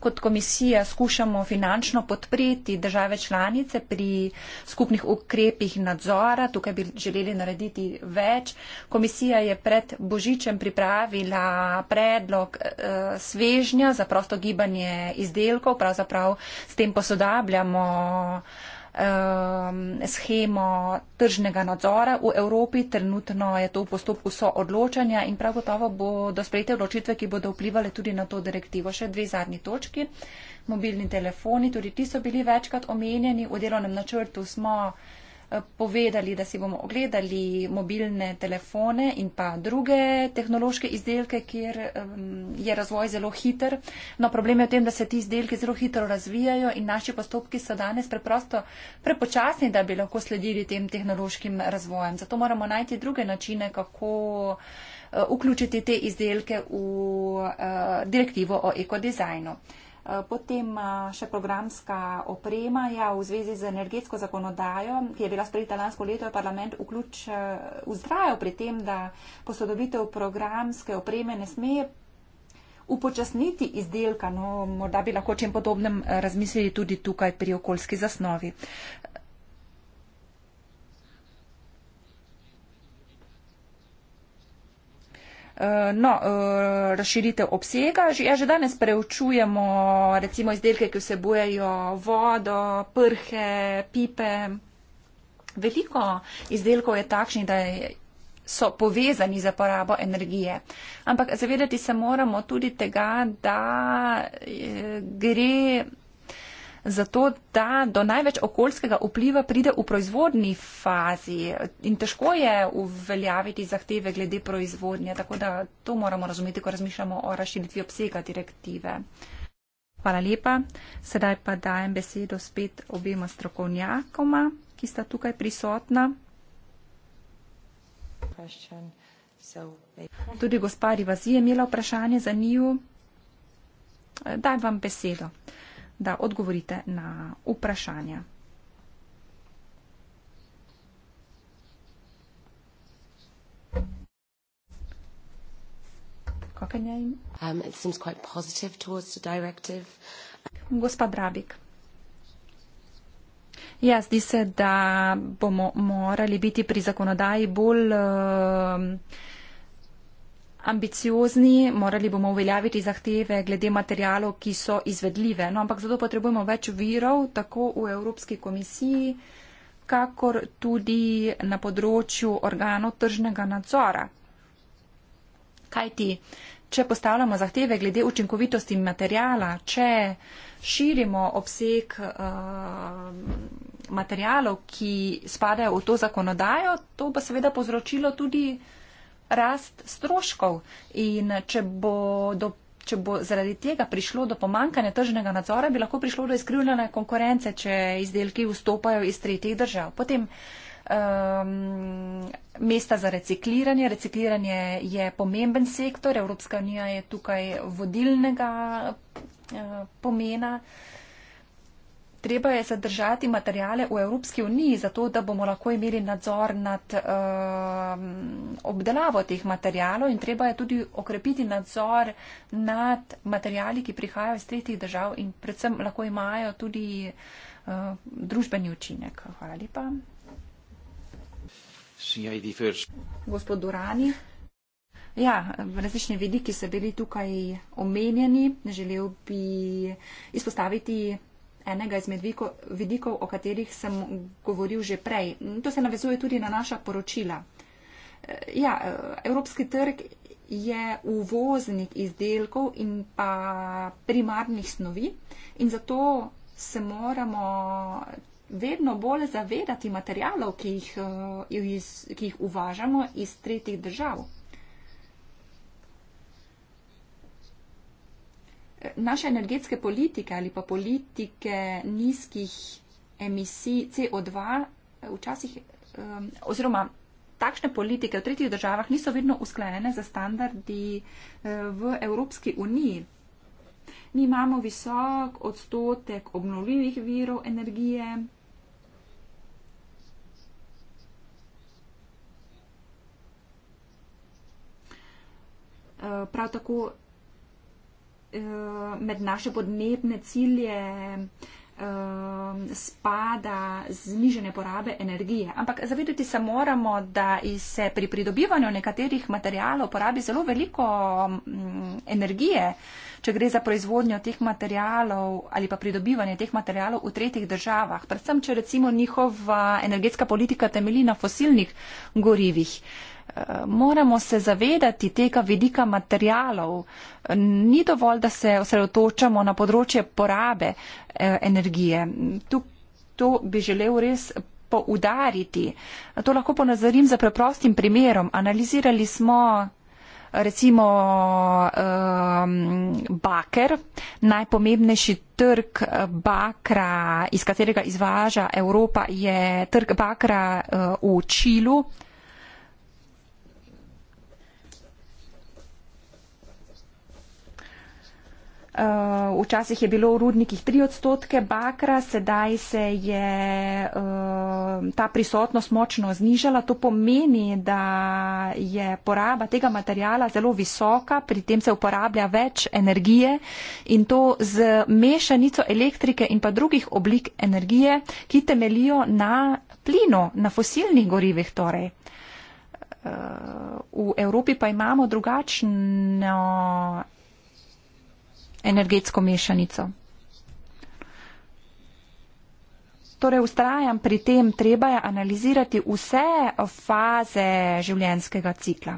kot komisija skušamo finančno podpreti države članice pri skupnih ukrepih nadzora. Tukaj bi želeli narediti več. Komisija je pred Božičem pripravila predlog eh, svežnja za prosto gibanje izdelkov, pravzaprav s tem posodabljamo. Um, schemo tržnega nadzora v Evropi. Trenutno je to v postopku soodločanja in prav gotovo bo do sprejete odločitve, ki bodo vplivali tudi na to direktivo. Še dve zadnji točki. Mobilni telefoni, tudi ti so bili večkrat omenjeni. V delovnem načrtu smo povedali, da si bomo ogledali mobilne telefone in pa druge tehnološke izdelke, kjer je razvoj zelo hiter. No, problem je v tem, da se ti izdelki zelo hitro razvijajo in naši postopki so danes preprosto prepočasni, da bi lahko sledili tem tehnološkim razvojem. Zato moramo najti druge načine, kako eh, vključiti te izdelke v eh, direktivo o ekodizajnu. Potem še programska oprema ja, v zvezi z energetsko zakonodajo, ki je bila sprejeta lansko leto, je parlament vključ vzdrajal pri tem, da posodobitev programske opreme ne sme upočasniti izdelka. No, morda bi lahko čem podobnem razmislili tudi tukaj pri okoljski zasnovi. Eh, no, eh, razširitev obsega. Ja, že danes preučujemo recimo izdelke, ki vsebujejo vodo, prhe, pipe. Veliko izdelkov je takšnih, da so povezani za porabo energije. Ampak zavedati se moramo tudi tega, da eh, gre zato da do največ okoljskega vpliva pride v proizvodni fazi in težko je uveljaviti zahteve glede proizvodnje, tako da to moramo razumeti, ko razmišljamo o rašilitvi obsega direktive. Hvala lepa. Sedaj pa dajem besedo spet obema strokovnjakoma, ki sta tukaj prisotna. Tudi gospa Rivazi je imela vprašanje za njiju. Daj vam besedo. Uh, da odgovorite na vprašanja. Um, it seems quite positive towards the directive. Gospa Drabik. Ja, zdi se, da bomo morali biti pri zakonodaji bolj uh, ambiciozni, morali bomo uveljaviti zahteve glede materijalov, ki so izvedljive. No, ampak zato potrebujemo več virov, tako v Evropski komisiji, kakor tudi na področju organov tržnega nadzora. Kaj ti? Če postavljamo zahteve glede učinkovitosti materijala, če širimo obseg uh, eh, materijalov, ki spadajo v to zakonodajo, to pa seveda povzročilo tudi rast stroškov in če bo do. Če bo zaradi tega prišlo do pomankanja tržnega nadzora, bi lahko prišlo do izkrivljene konkurence, če izdelki vstopajo iz tretjih držav. Potem um, mesta za recikliranje. Recikliranje je pomemben sektor. Evropska unija je tukaj vodilnega uh, pomena. Uh, Treba je zadržati materijale v Evropski uniji, zato da bomo lahko imeli nadzor nad uh, obdelavo teh materijalov in treba je tudi okrepiti nadzor nad materijali, ki prihajajo iz tretjih držav in predvsem lahko imajo tudi uh, družbeni učinek. Hvala lepa. Gospod Durani. Ja, različni vidiki so bili tukaj omenjeni. Želel bi izpostaviti enega izmed vidikov, o katerih sem govoril že prej. To se navezuje tudi na naša poročila. Eh, ja, eh, evropski trg je uvoznik izdelkov in pa primarnih snovi in zato se moramo vedno bolj zavedati materijalov, ki jih, eh, ki jih uvažamo iz tretjih držav. naše energetske politike ali pa politike nizkih emisij CO2 eh, včasih oziroma takšne politike v tretjih državah niso vedno usklajene za standardi eh, v Evropski uniji. Mi imamo visok odstotek obnovljivih virov energije. Eh, prav tako Eh, med naše podnebne cilje eh, spada znižene porabe energije. Ampak zavedati se moramo, da se pri pridobivanju nekaterih materijalov porabi zelo veliko mm, energije, če gre za proizvodnjo teh materijalov ali pa pridobivanje teh materijalov v tretjih državah. Predvsem, če recimo njihova energetska politika temeli na fosilnih gorivih. Uh, moramo se zavedati tega vidika materialov. Ni dovolj, da se osredotočamo na področje porabe eh, energije. Tu, to bi želel res poudariti. To lahko ponazorim za preprostim primerom. Analizirali smo recimo um, baker, najpomembnejši trg eh, bakra, iz katerega izvaža Evropa, je trg bakra uh, v Čilu, uh, Eh, včasih je bilo v rudnikih 3 odstotke bakra, sedaj se je eh, ta prisotnost močno znižala. To pomeni, da je poraba tega materijala zelo visoka, pri tem se uporablja več energije in to z mešanico elektrike in pa drugih oblik energije, ki temelijo na plinu, na fosilnih gorivih torej. Eh, v Evropi pa imamo drugačno energetsko mešanico. Torej, ustrajam pri tem, treba je analizirati vse faze življenjskega cikla.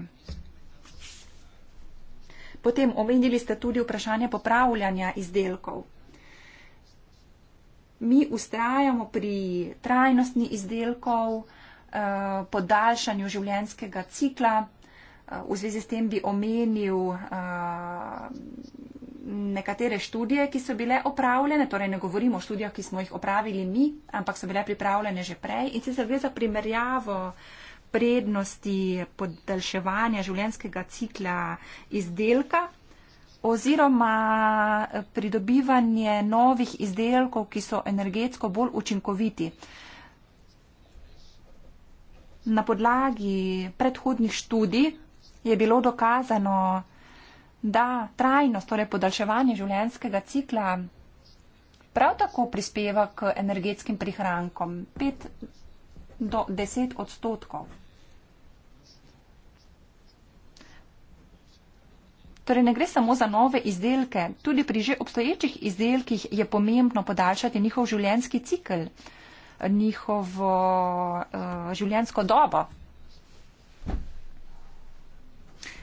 Potem omenili ste tudi vprašanje popravljanja izdelkov. Mi ustrajamo pri trajnostni izdelkov, eh, podaljšanju življenjskega cikla. V zvezi s tem bi omenil nekatere študije, ki so bile opravljene, torej ne govorimo o študijah, ki smo jih opravili mi, ampak so bile pripravljene že prej in se zaveza primerjavo prednosti podaljševanja življenskega cikla izdelka oziroma pridobivanje novih izdelkov, ki so energetsko bolj učinkoviti. Na podlagi predhodnih študij je bilo dokazano, da trajnost, torej podaljševanje življenjskega cikla, prav tako prispeva k energetskim prihrankom 5 do 10 odstotkov. Torej ne gre samo za nove izdelke, tudi pri že obstoječih izdelkih je pomembno podaljšati njihov življenjski cikl, njihovo uh, življenjsko dobo.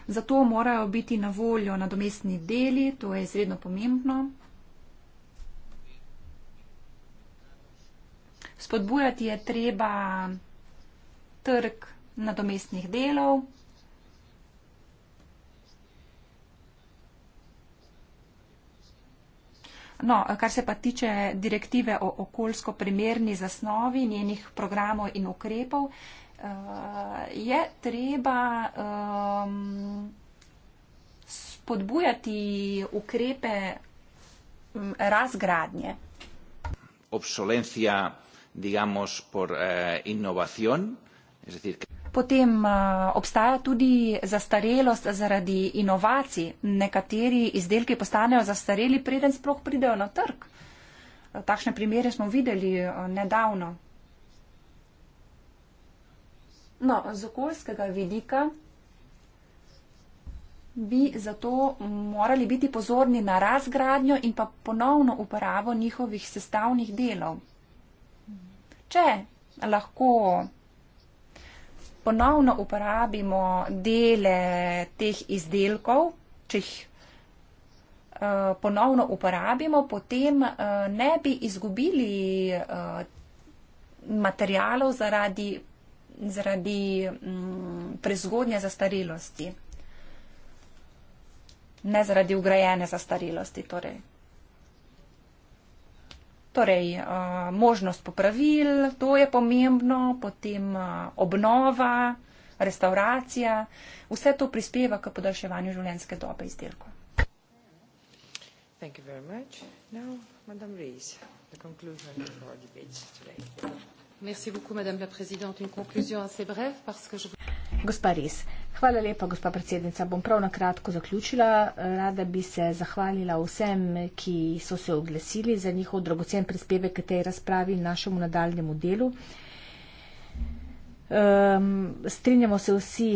Zato morajo biti na voljo nadomestni deli, to je izredno pomembno. Spodbujati je treba trg nadomestnih delov. No, kar se pa tiče direktive o okoljsko primerni zasnovi, njenih programov in ukrepov, uh, je treba um, spodbujati ukrepe um, razgradnje. Obsolencija, digamos, por uh, eh, inovacijon. Potem uh, obstaja tudi zastarelost zaradi inovacij. Nekateri izdelki postanejo zastareli, preden sploh pridejo na trg. Takšne primere smo videli uh, nedavno. No, z okoljskega vidika bi zato morali biti pozorni na razgradnjo in pa ponovno uporabo njihovih sestavnih delov. Če lahko ponovno uporabimo dele teh izdelkov, če jih eh, ponovno uporabimo, potem eh, ne bi izgubili eh, materijalov zaradi zaradi mm, prezgodnje zastarelosti, ne zaradi ugrajene zastarelosti. Torej. Torej, eh, možnost popravil, to je pomembno, potem eh, obnova, restauracija, vse to prispeva k podaljševanju življenjske dobe izdelkov. Thank you very much. Now, Madam Rees, the conclusion of our debates today. Gospa Res, hvala lepa, gospa predsednica. Bom prav na kratko zaključila. Rada bi se zahvalila vsem, ki so se oglasili za njihov dragocen prispevek k tej razpravi in našemu nadaljemu delu. Um, strinjamo se vsi,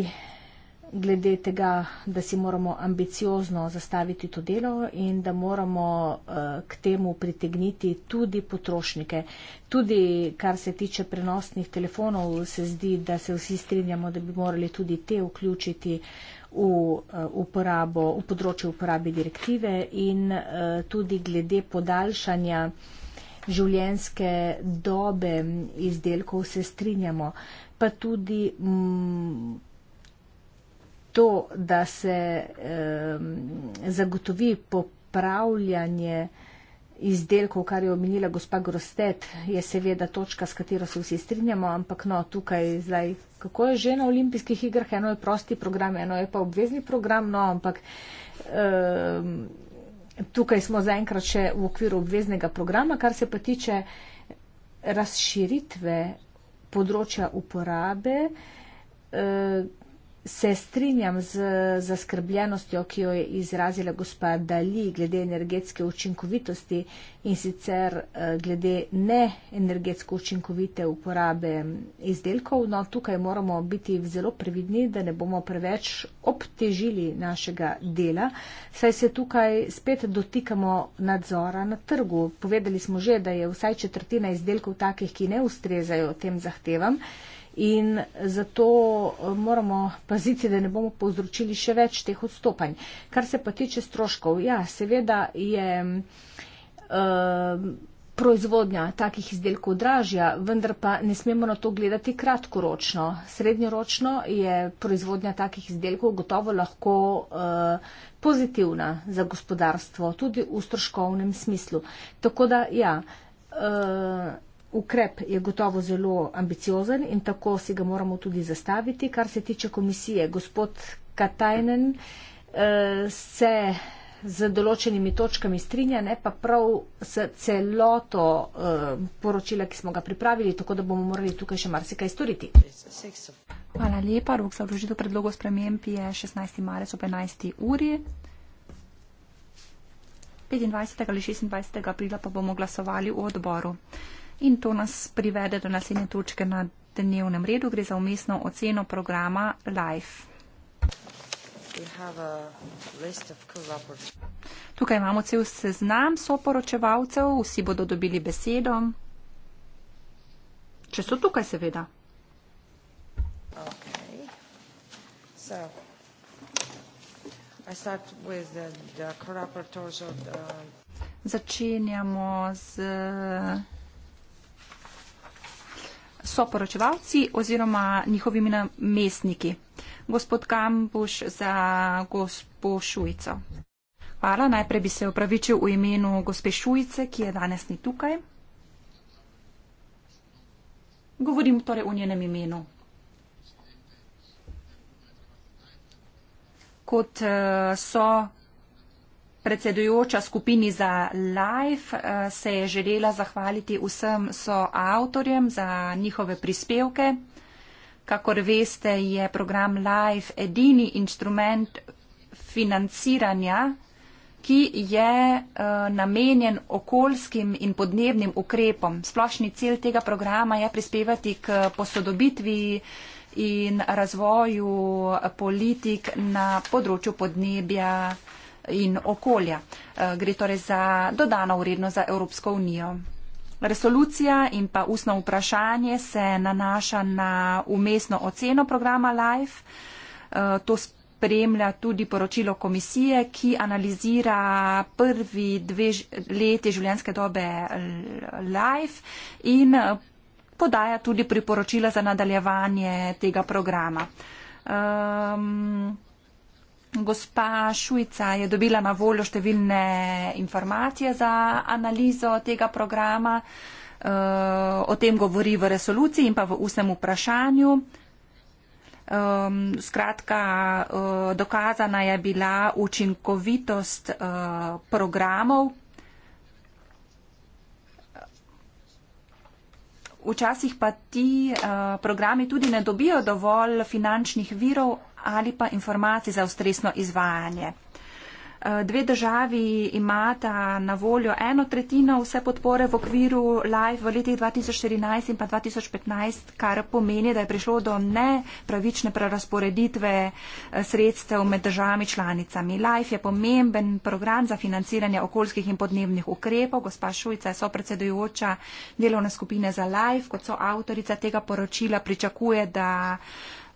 glede tega, da si moramo ambiciozno zastaviti to delo in da moramo eh, k temu pritegniti tudi potrošnike. Tudi kar se tiče prenosnih telefonov, se zdi, da se vsi strinjamo, da bi morali tudi te vključiti v, eh, uporabo, v področje uporabe direktive in eh, tudi glede podaljšanja življenske dobe izdelkov se strinjamo, pa tudi m, mm, to, da se um, zagotovi popravljanje izdelkov, kar je omenila gospa Grostet, je seveda točka, s katero se vsi strinjamo, ampak no, tukaj zdaj, kako je že na olimpijskih igrah, eno je prosti program, eno je pa obvezni program, no, ampak um, tukaj smo zaenkrat še v okviru obveznega programa, kar se pa tiče razširitve področja uporabe. Um, Se strinjam z zaskrbljenostjo, ki jo je izrazila gospa Dali glede energetske učinkovitosti in sicer eh, glede neenergetsko učinkovite uporabe izdelkov. No, tukaj moramo biti zelo previdni, da ne bomo preveč obtežili našega dela, saj se tukaj spet dotikamo nadzora na trgu. Povedali smo že, da je vsaj četrtina izdelkov takih, ki ne ustrezajo tem zahtevam in zato eh, moramo paziti, da ne bomo povzročili še več teh odstopanj. Kar se pa tiče stroškov, ja, seveda je um, proizvodnja takih izdelkov dražja, vendar pa ne smemo na to gledati kratkoročno. Srednjeročno je proizvodnja takih izdelkov gotovo lahko uh, pozitivna za gospodarstvo, tudi v stroškovnem smislu. Tako da, ja. Uh, Ukrep je gotovo zelo ambiciozen in tako si ga moramo tudi zastaviti. Kar se tiče komisije, gospod Katajnen eh, se z določenimi točkami strinja, ne pa prav s celoto eh, poročila, ki smo ga pripravili, tako da bomo morali tukaj še marsikaj storiti. Hvala lepa. Rok za vložitev predlogo sprememb je 16. marec ob 11. uri. 25. ali 26. aprila pa bomo glasovali v odboru. In to nas privede do naslednje točke na dnevnem redu. Gre za umestno oceno programa LIFE. Tukaj imamo cel seznam soporočevalcev, vsi bodo dobili besedo. Če so tukaj, seveda. Okay. So. The, the Začenjamo z so poročevalci oziroma njihovimi namestniki. Gospod Kambuš za gospo Šujico. Hvala, najprej bi se opravičil v imenu gospe Šujice, ki je danes ni tukaj. Govorim torej o njenem imenu. Kot eh, so Predsedujoča skupini za Life eh, se je želela zahvaliti vsem soavtorjem za njihove prispevke. Kakor veste, je program Life edini instrument financiranja, ki je eh, namenjen okoljskim in podnebnim ukrepom. Splošni cilj tega programa je prispevati k posodobitvi in razvoju politik na področju podnebja in okolja. Eh, gre torej za dodano vrednost za Evropsko unijo. Resolucija in pa ustno vprašanje se nanaša na umestno oceno programa LIFE. Eh, to spremlja tudi poročilo komisije, ki analizira prvi dve leti življenjske dobe LIFE in eh, podaja tudi priporočila za nadaljevanje tega programa. Um, Gospa Šujca je dobila na voljo številne informacije za analizo tega programa. Eh, o tem govori v resoluciji in pa v usnem vprašanju. Skratka, eh, dokazana je bila učinkovitost eh, programov. Včasih pa ti programi tudi ne dobijo dovolj finančnih virov ali pa informacij za ustresno izvajanje. Eh, dve državi imata na voljo eno tretjino vse podpore v okviru LIFE v letih 2014 in pa 2015, kar pomeni, da je prišlo do nepravične prerasporeditve eh, sredstev med državami članicami. LIFE je pomemben program za financiranje okoljskih in podnebnih ukrepov. Gospa Šujca je sopredsedujoča delovne skupine za LIFE, kot so avtorica tega poročila, pričakuje, da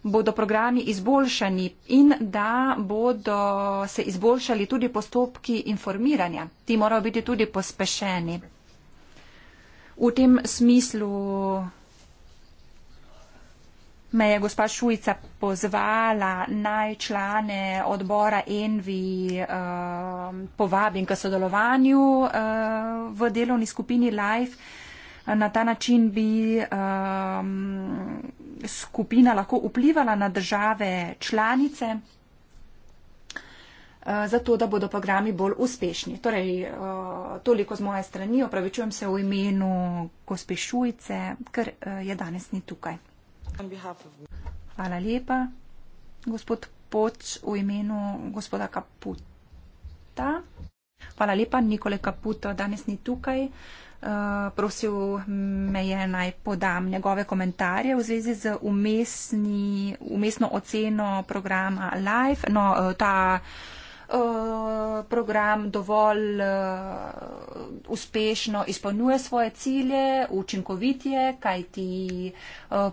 bodo programi izboljšani in da bodo se izboljšali tudi postopki informiranja. Ti morajo biti tudi pospešeni. V tem smislu me je gospa Šujica pozvala naj člane odbora Envi eh, povabim k sodelovanju eh, v delovni skupini Life. Na ta način bi um, skupina lahko vplivala na države članice, eh, zato da bodo programi bolj uspešni. Torej, eh, toliko z moje strani, opravičujem se v imenu gospe Šujce, ker eh, je danes ni tukaj. Hvala lepa, gospod Poč, v imenu gospoda Kaputa. Hvala lepa, Nikole Kaputa, danes ni tukaj. Eh, prosil me je naj podam njegove komentarje v zvezi z umestni, umestno oceno programa Life. No, eh, ta eh, program dovolj uspešno izpolnjuje svoje cilje, učinkovit je, kaj ti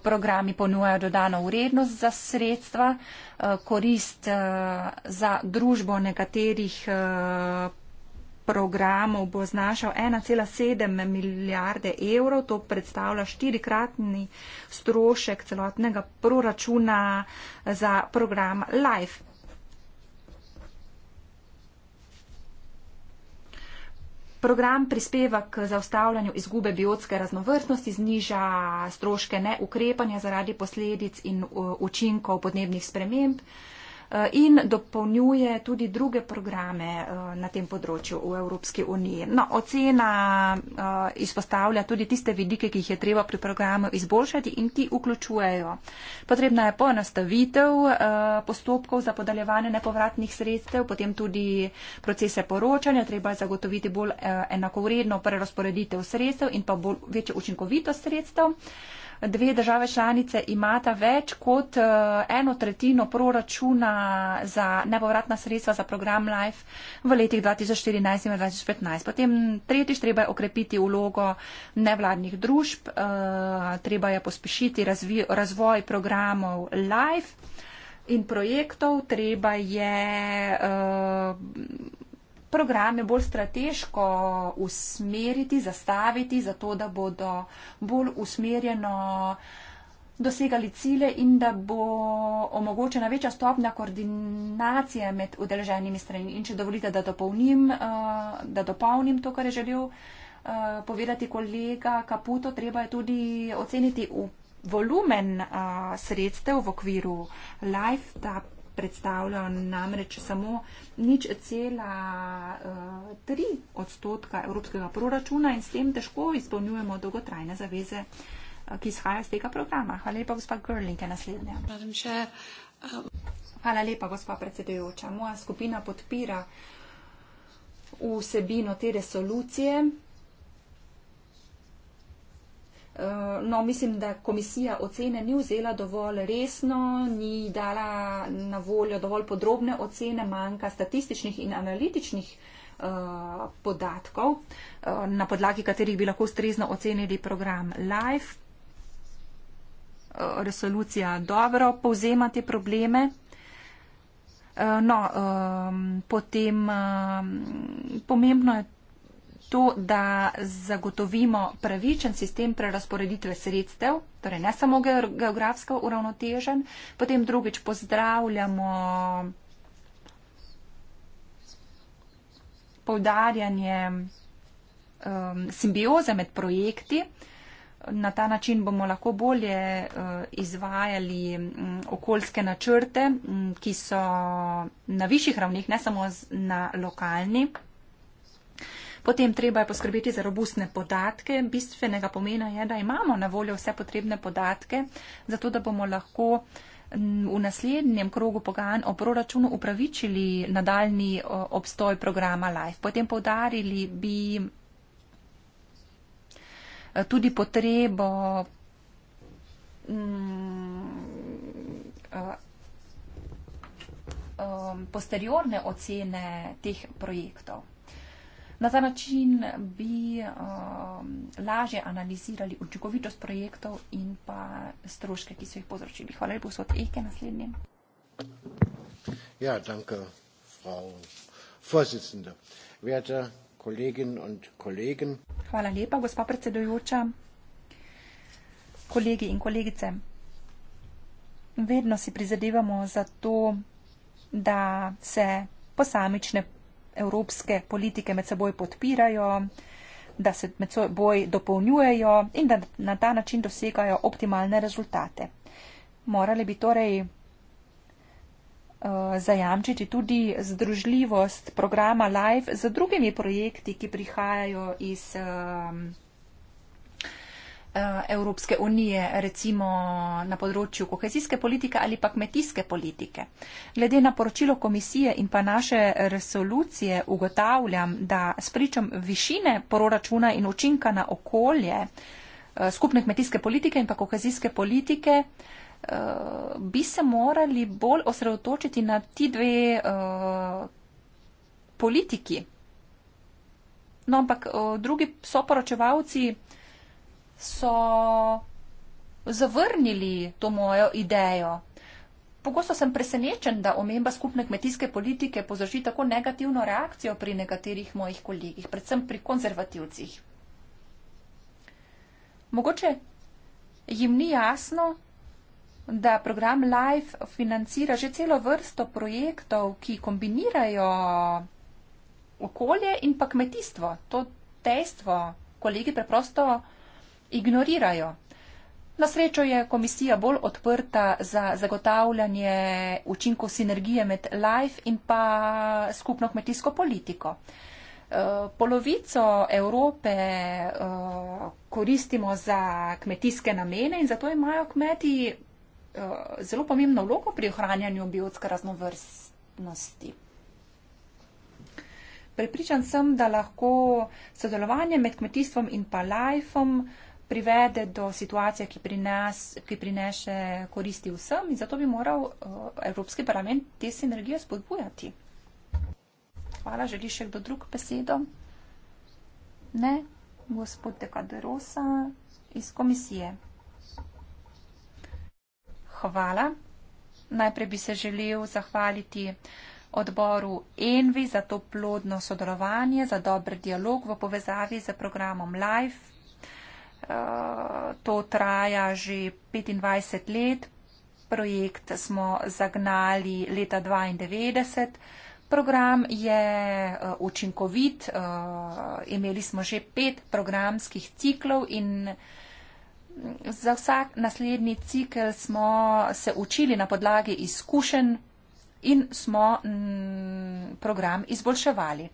programi ponujajo dodano vrednost za sredstva, korist za družbo nekaterih programov bo znašal 1,7 milijarde evrov. To predstavlja štirikratni strošek celotnega proračuna za program LIFE. Program prispeva k zaustavljanju izgube biotske raznovrstnosti, zniža stroške neukrepanja zaradi posledic in uh, učinkov podnebnih sprememb. Eh, in dopolnjuje tudi druge programe eh, na tem področju v Evropski uniji. No, ocena eh, izpostavlja tudi tiste vidike, ki jih je treba pri programu izboljšati in ti vključujejo. Potrebna je poenostavitev postopkov za podaljevanje nepovratnih sredstev, potem tudi procese poročanja, treba je zagotoviti bolj enakovredno prerasporeditev sredstev in pa bolj večjo učinkovitost sredstev dve države članice imata več kot eh, eno tretjino proračuna za nepovratna sredstva za program LIFE v letih 2014 in 2015. Potem tretjič treba je okrepiti ulogo nevladnih družb, eh, treba je pospešiti razvi, razvoj programov LIFE in projektov, treba je. Uh, programe bolj strateško usmeriti, zastaviti, zato da bodo bolj usmerjeno dosegali cilje in da bo omogočena večja stopnja koordinacije med udeleženimi strani. In če dovolite, da dopolnim, eh, da dopolnim to, kar je želel eh, povedati kolega Kaputo, treba je tudi oceniti volumen eh, sredstev v okviru LIFE, da predstavlja namreč samo nič cela eh, tri odstotka evropskega proračuna in s tem težko izpolnjujemo dolgotrajne zaveze, eh, ki izhaja z tega programa. Hvala lepa, gospa Grling, je naslednja. Eh, Hvala lepa, gospa predsedujoča. Moja skupina podpira vsebino te resolucije. Eh, no, mislim, da komisija ocene ni vzela dovolj resno, ni dala na voljo dovolj podrobne ocene, manjka statističnih in analitičnih eh, podatkov, eh, na podlagi katerih bi lahko strezno ocenili program LIFE. Resolucija dobro povzema te probleme. No, potem pomembno je to, da zagotovimo pravičen sistem prerasporeditve sredstev, torej ne samo geografsko uravnotežen, potem drugič pozdravljamo povdarjanje um, simbioze med projekti. Na ta način bomo lahko bolje uh, izvajali um, okoljske načrte, um, ki so na višjih ravneh, ne samo na lokalni. Potem treba je poskrbeti za robustne podatke. Bistvenega pomena je, da imamo na voljo vse potrebne podatke, zato da bomo lahko v naslednjem krogu pogajanj o proračunu upravičili nadaljni obstoj programa LIFE. Potem povdarili bi eh, tudi potrebo eh, eh, posteriorne ocene teh projektov. Na ta način bi um, lažje analizirali učinkovitost projektov in pa stroške, ki so jih povzročili. Hvala lepo, gospod Eke, naslednji. Ja, danke, frau vorsitzende. Werte kolleginnen und kollegen. Hvala lepa, gospa predsedujoča, kolegi in kolegice. Vedno si prizadevamo za to, da se posamične evropske politike med seboj podpirajo, da se med seboj dopolnjujejo in da na ta način dosegajo optimalne rezultate. Morali bi torej eh, zajamčiti tudi združljivost programa LIFE z drugimi projekti, ki prihajajo iz eh, Eh, Evropske unije, recimo na področju kohezijske politike ali pa kmetijske politike. Glede na poročilo komisije in pa naše resolucije ugotavljam, da s pričom višine proračuna in učinka na okolje eh, skupne kmetijske politike in pa kohezijske politike eh, bi se morali bolj osredotočiti na ti dve politiki. No, ampak drugi soporočevalci so zavrnili to mojo idejo. Pogosto sem presenečen, da omemba skupne kmetijske politike povzroči tako negativno reakcijo pri nekaterih mojih kolegih, predvsem pri konzervativcih. Mogoče jim ni jasno, da program LIFE financira že celo vrsto projektov, ki kombinirajo okolje in pa kmetijstvo. To dejstvo kolegi preprosto ignorirajo. Na srečo je komisija bolj odprta za zagotavljanje učinkov sinergije med life in pa skupno kmetijsko politiko. Eh, polovico Evrope eh, koristimo za kmetijske namene in zato imajo kmeti eh, zelo pomembno vlogo pri ohranjanju biotske raznovrstnosti. Prepričan sem, da lahko sodelovanje med kmetijstvom in pa lifeom uh, privede do situacije, ki, prines, ki prineše koristi vsem in zato bi moral eh, Evropski parlament te sinergije spodbujati. Hvala, želi še kdo drug besedo? Ne, gospod Dekaderosa iz komisije. Hvala. Najprej bi se želel zahvaliti odboru Envi za to plodno sodelovanje, za dober dialog v povezavi z programom LIFE to traja že 25 let. Projekt smo zagnali leta 92. Program je eh, učinkovit. Eh, imeli smo že pet programskih ciklov in mm, za vsak naslednji cikl smo se učili na podlagi izkušenj in smo mm, program izboljševali.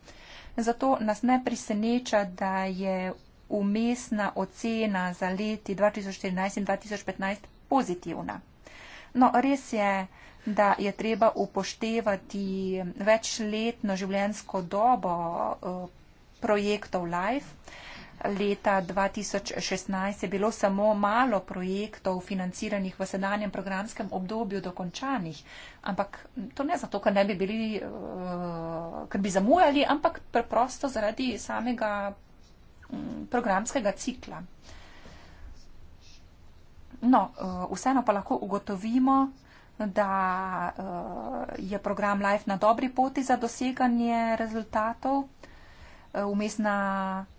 Zato nas ne priseneča, da je umestna ocena za leti 2014 in 2015 pozitivna. No, res je, da je treba upoštevati večletno življensko dobo eh, projektov LIFE. Leta 2016 je bilo samo malo projektov financiranih v sedanjem programskem obdobju dokončanih, ampak to ne zato, ker bi, bili, eh, ker bi zamujali, ampak preprosto zaradi samega Mm, programskega cikla. No, eh, vseeno pa lahko ugotovimo, da eh, je program Life na dobri poti za doseganje rezultatov. Eh, umestna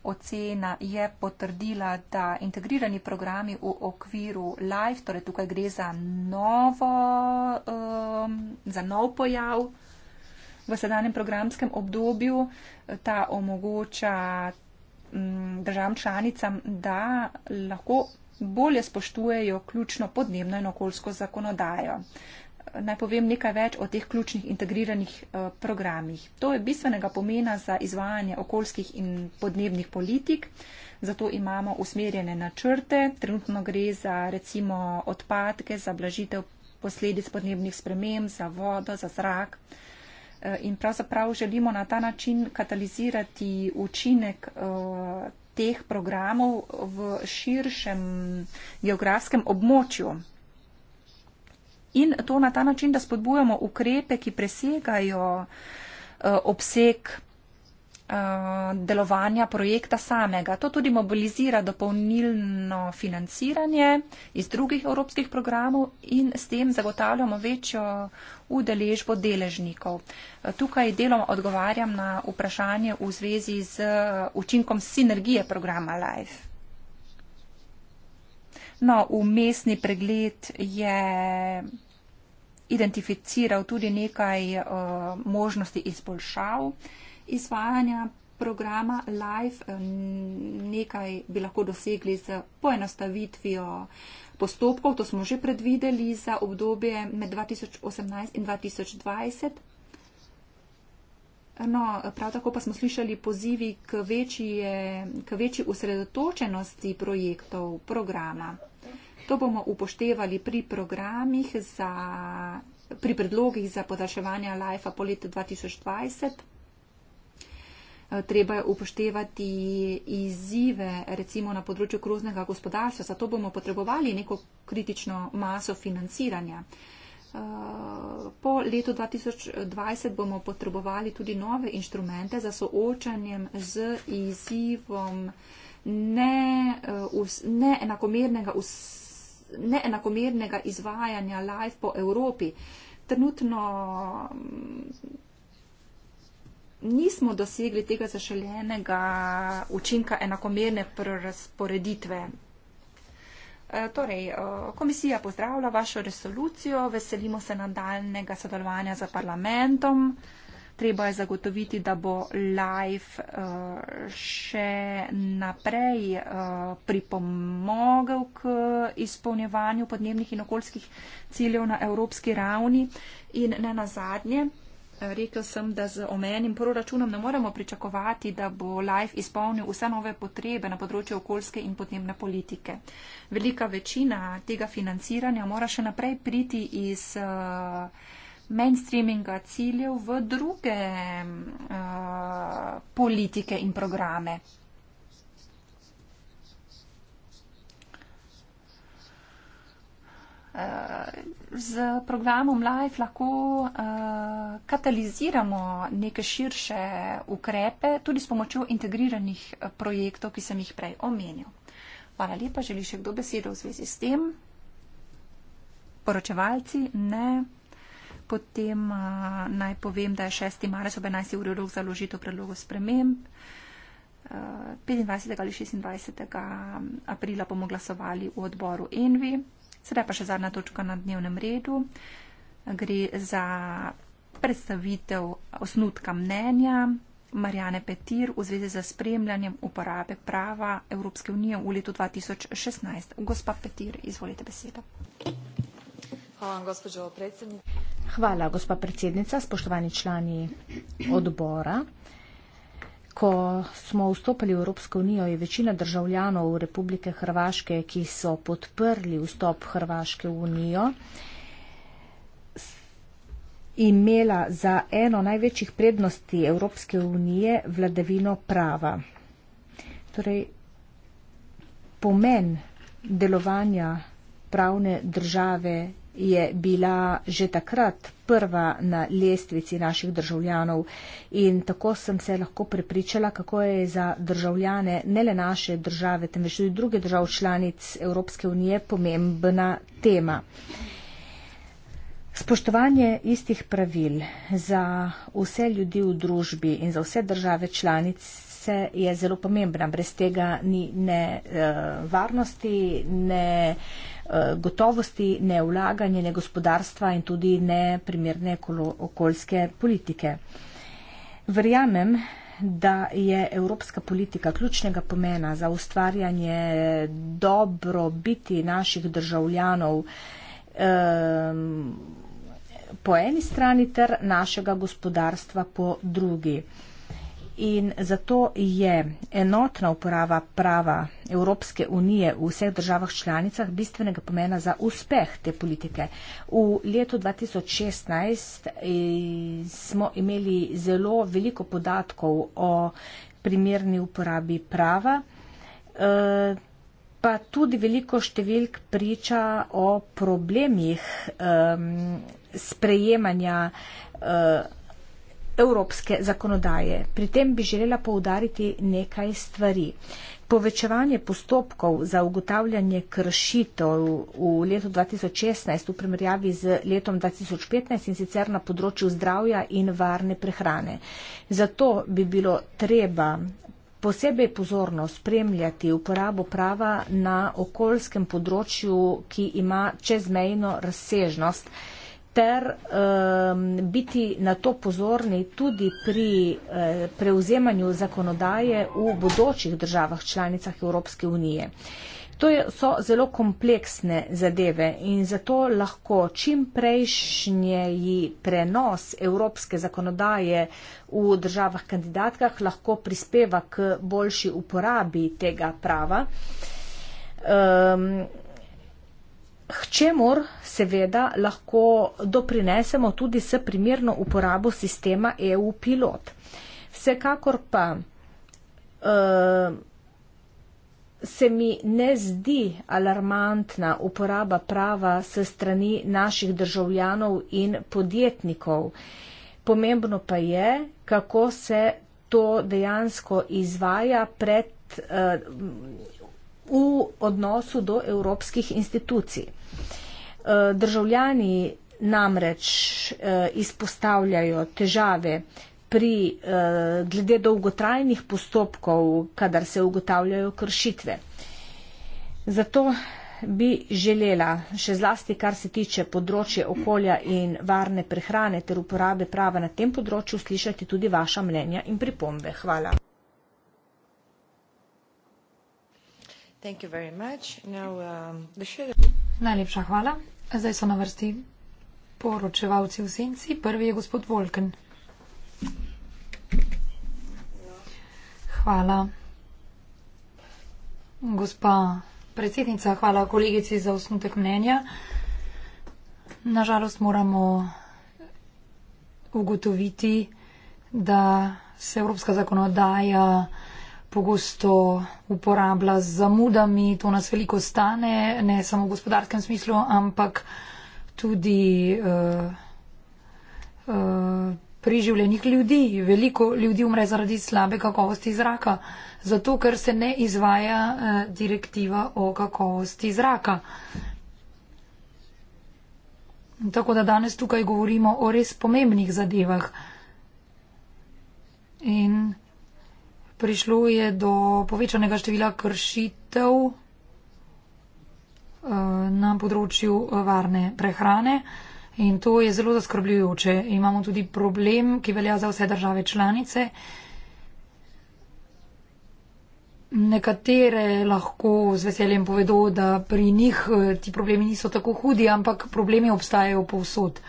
ocena je potrdila, da integrirani programi v okviru Life, torej tukaj gre za, novo, za nov pojav v sedanjem programskem obdobju, ta omogoča Mm, državam članicam, da lahko bolje spoštujejo ključno podnebno in okoljsko zakonodajo. Naj povem nekaj več o teh ključnih integriranih eh, programih. To je bistvenega pomena za izvajanje okoljskih in podnebnih politik, zato imamo usmerjene načrte. Trenutno gre za recimo odpadke, za blažitev posledic podnebnih sprememb, za vodo, za zrak. Eh, in pravzaprav želimo na ta način katalizirati učinek eh, teh programov v širšem geografskem območju. In to na ta način, da spodbujamo ukrepe, ki presegajo eh, obseg Eh, delovanja projekta samega. To tudi mobilizira dopolnilno financiranje iz drugih evropskih programov in s tem zagotavljamo večjo udeležbo deležnikov. Eh, tukaj deloma odgovarjam na vprašanje v zvezi z eh, učinkom sinergije programa LIFE. No, umestni pregled je identificiral tudi nekaj uh, možnosti izboljšav. Uh, izvajanja programa Live nekaj bi lahko dosegli z poenostavitvijo postopkov, to smo že predvideli za obdobje med 2018 in 2020. No, prav tako pa smo slišali pozivi k večji, k večji usredotočenosti projektov programa. To bomo upoštevali pri programih, za, pri predlogih za podaljševanje LIFE-a po letu 2020. Eh, treba je upoštevati izzive, recimo na področju kroznega gospodarstva. Zato bomo potrebovali neko kritično maso financiranja. Eh, po letu 2020 bomo potrebovali tudi nove inštrumente za soočanjem z izzivom eh, neenakomernega ne neenakomernega izvajanja live po Evropi. Trenutno nismo dosegli tega zašeljenega učinka enakomerne prerasporeditve. E, torej, e, komisija pozdravlja vašo resolucijo, veselimo se nadaljnega sodelovanja za parlamentom. Treba je zagotoviti, da bo LIFE e, še naprej pripomogel k izpolnjevanju podnebnih in okoljskih ciljev na evropski ravni in ne nazadnje rekel sem, da z omenjenim proračunom ne moremo pričakovati, da bo LIFE izpolnil vse nove potrebe na področju okoljske in podnebne politike. Velika večina tega financiranja mora še naprej priti iz eh, mainstreaminga ciljev v druge uh, politike in programe. z programom LIFE lahko eh, kataliziramo neke širše ukrepe tudi s pomočjo integriranih eh, projektov, ki sem jih prej omenil. Hvala lepa, želi še kdo besedo v zvezi s tem? Poročevalci? Ne. Potem eh, naj povem, da je 6. marec ob 11. uri rok za ložitev predlogov sprememb. 25. ali 26. Mm, aprila bomo glasovali v odboru Envi. Sedaj pa še zadnja točka na dnevnem redu. Gre za predstavitev osnutka mnenja Marjane Petir v zvezi za spremljanjem uporabe prava Evropske unije v letu 2016. Gospa Petir, izvolite besedo. Hvala, gospođo predsednica. Hvala, gospa predsednica, spoštovani člani odbora. Ko smo vstopili v Evropsko unijo, je večina državljanov Republike Hrvaške, ki so podprli vstop Hrvaške v unijo, imela za eno največjih prednosti Evropske unije vladavino prava. Torej, pomen delovanja pravne države je bila že takrat prva na lestvici naših državljanov in tako sem se lahko prepričala, kako je za državljane ne le naše države, temveč tudi druge držav članic Evropske unije pomembna tema. Spoštovanje istih pravil za vse ljudi v družbi in za vse države članice se je zelo pomembna. Brez tega ni ne uh, varnosti, ne uh, gotovosti, ne vlaganje, ne gospodarstva in tudi ne primerne okoljske politike. Verjamem, da je evropska politika ključnega pomena za ustvarjanje dobrobiti naših državljanov um, po eni strani ter našega gospodarstva po drugi. In zato je enotna uporaba prava Evropske unije v vseh državah članicah bistvenega pomena za uspeh te politike. V letu 2016 eh, smo imeli zelo veliko podatkov o primerni uporabi prava, eh, pa tudi veliko številk priča o problemih ehm, sprejemanja eh, evropske zakonodaje. Pri tem bi želela poudariti nekaj stvari. Povečevanje postopkov za ugotavljanje kršitev v letu 2016 v primerjavi z letom 2015 in sicer na področju zdravja in varne prehrane. Zato bi bilo treba posebej pozorno spremljati uporabo prava na okoljskem področju, ki ima čezmejno razsežnost ter um, biti na to pozorni tudi pri uh, eh, preuzemanju zakonodaje v bodočih državah članicah Evropske unije. To je, so zelo kompleksne zadeve in zato lahko čim prejšnji prenos evropske zakonodaje v državah kandidatkah lahko prispeva k boljši uporabi tega prava. Um, K čemur seveda lahko doprinesemo tudi s primerno uporabo sistema EU pilot. Vsekakor pa uh, se mi ne zdi alarmantna uporaba prava s strani naših državljanov in podjetnikov. Pomembno pa je, kako se to dejansko izvaja pred. Uh, v odnosu do evropskih institucij. Eh, državljani namreč eh, izpostavljajo težave pri eh, glede dolgotrajnih postopkov, kadar se ugotavljajo kršitve. Zato bi želela, še zlasti kar se tiče področja okolja in varne prehrane ter uporabe prava na tem področju, slišati tudi vaša mnenja in pripombe. Hvala. Um, Najlepša hvala. Zdaj so na vrsti poročevalci v senci. Prvi je gospod Volken. Hvala. Gospa predsednica, hvala kolegici za osnutek mnenja. Nažalost moramo ugotoviti, da se evropska zakonodaja pogosto uporablja z zamudami, to nas veliko stane, ne samo v gospodarskem smislu, ampak tudi uh, uh, pri življenjih ljudi. Veliko ljudi umre zaradi slabe kakovosti zraka, zato ker se ne izvaja uh, direktiva o kakovosti zraka. Tako da danes tukaj govorimo o res pomembnih zadevah. In prišlo je do povečanega števila kršitev eh, na področju eh, varne prehrane in to je zelo zaskrbljujoče. Imamo tudi problem, ki velja za vse države članice. Nekatere lahko z veseljem povedo, da pri njih eh, ti problemi niso tako hudi, ampak problemi obstajajo povsod.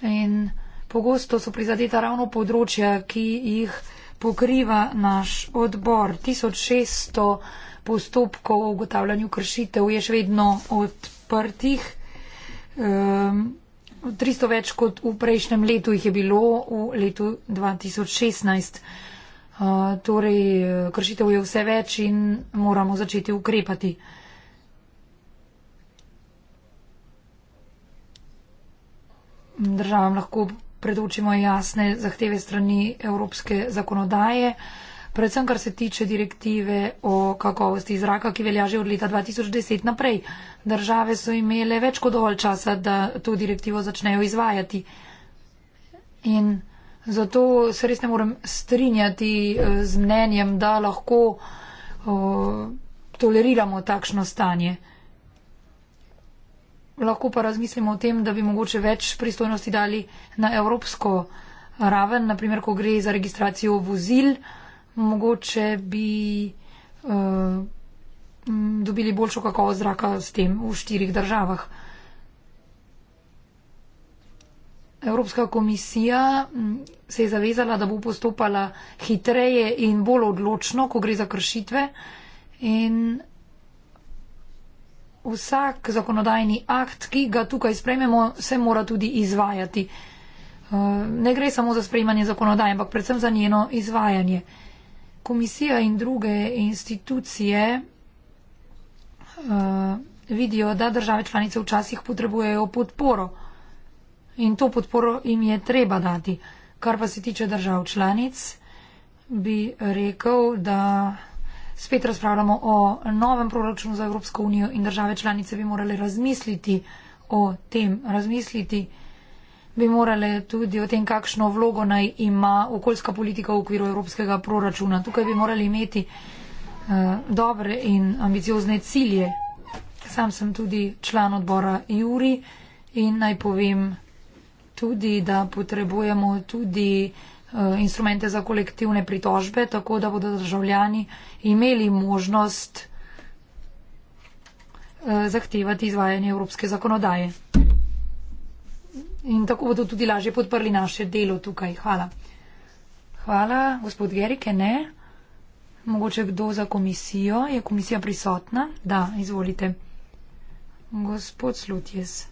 In uh, Pogosto so prizadeta ravno področja, ki jih pokriva naš odbor. 1600 postopkov o ugotavljanju kršitev je še vedno odprtih. Um, ehm, 300 več kot v prejšnjem letu jih je bilo v letu 2016. Uh, eh, torej, kršitev je vse več in moramo začeti ukrepati. Državam lahko predočimo jasne zahteve strani evropske zakonodaje, predvsem kar se tiče direktive o kakovosti zraka, ki velja že od leta 2010 naprej. Države so imele več kot dovolj časa, da to direktivo začnejo izvajati. In zato se res ne morem strinjati eh, z mnenjem, da lahko o, eh, toleriramo takšno stanje lahko pa razmislimo o tem, da bi mogoče več pristojnosti dali na evropsko raven, naprimer, ko gre za registracijo vozil, mogoče bi uh, dobili boljšo kakovost zraka s tem v štirih državah. Evropska komisija se je zavezala, da bo postopala hitreje in bolj odločno, ko gre za kršitve. In vsak zakonodajni akt, ki ga tukaj sprejmemo, se mora tudi izvajati. Eh, ne gre samo za sprejmanje zakonodaje, ampak predvsem za njeno izvajanje. Komisija in druge institucije eh, vidijo, da države članice včasih potrebujejo podporo in to podporo jim je treba dati. Kar pa se tiče držav članic, bi rekel, da spet razpravljamo o novem proračunu za Evropsko unijo in države članice bi morale razmisliti o tem, razmisliti bi morale tudi o tem, kakšno vlogo naj ima okoljska politika v okviru evropskega proračuna. Tukaj bi morali imeti uh, dobre in ambiciozne cilje. Sam sem tudi član odbora Juri in naj povem tudi, da potrebujemo tudi Eh, instrumente za kolektivne pritožbe, tako da bodo državljani imeli možnost eh, zahtevati izvajanje evropske zakonodaje. In tako bodo tudi lažje podprli naše delo tukaj. Hvala. Hvala, gospod Gerike, ne. Mogoče kdo za komisijo? Je komisija prisotna? Da, izvolite. Gospod Slutjes.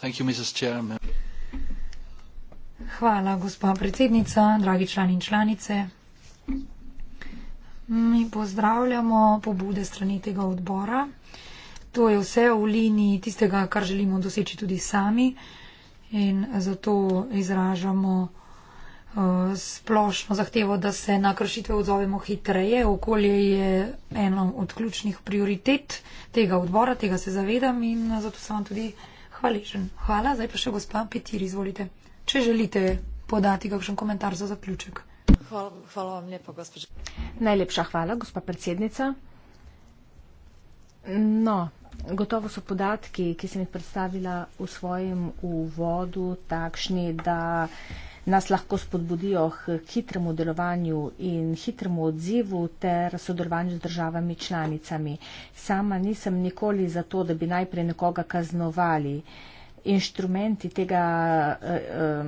Thank you, Mrs. Chairman. Hvala, gospa predsednica, dragi člani in članice. Mi pozdravljamo pobude strani tega odbora. To je vse v liniji tistega, kar želimo doseči tudi sami in zato izražamo eh, splošno zahtevo, da se na kršitve odzovemo hitreje. Okolje je eno od ključnih prioritet tega odbora, tega se zavedam in zato sem vam tudi hvaležen. Hvala, zdaj pa še gospa Petir, izvolite. Če želite podati kakšen komentar za zaključek. Hvala, hvala vam lepa, gospođa. Najlepša hvala, gospa predsednica. No, gotovo so podatki, ki sem jih predstavila v svojem uvodu, takšni, da nas lahko spodbudijo k hitremu delovanju in hitremu odzivu ter sodelovanju z državami članicami. Sama nisem nikoli za to, da bi najprej nekoga kaznovali. Uh, inštrumenti, tega, eh,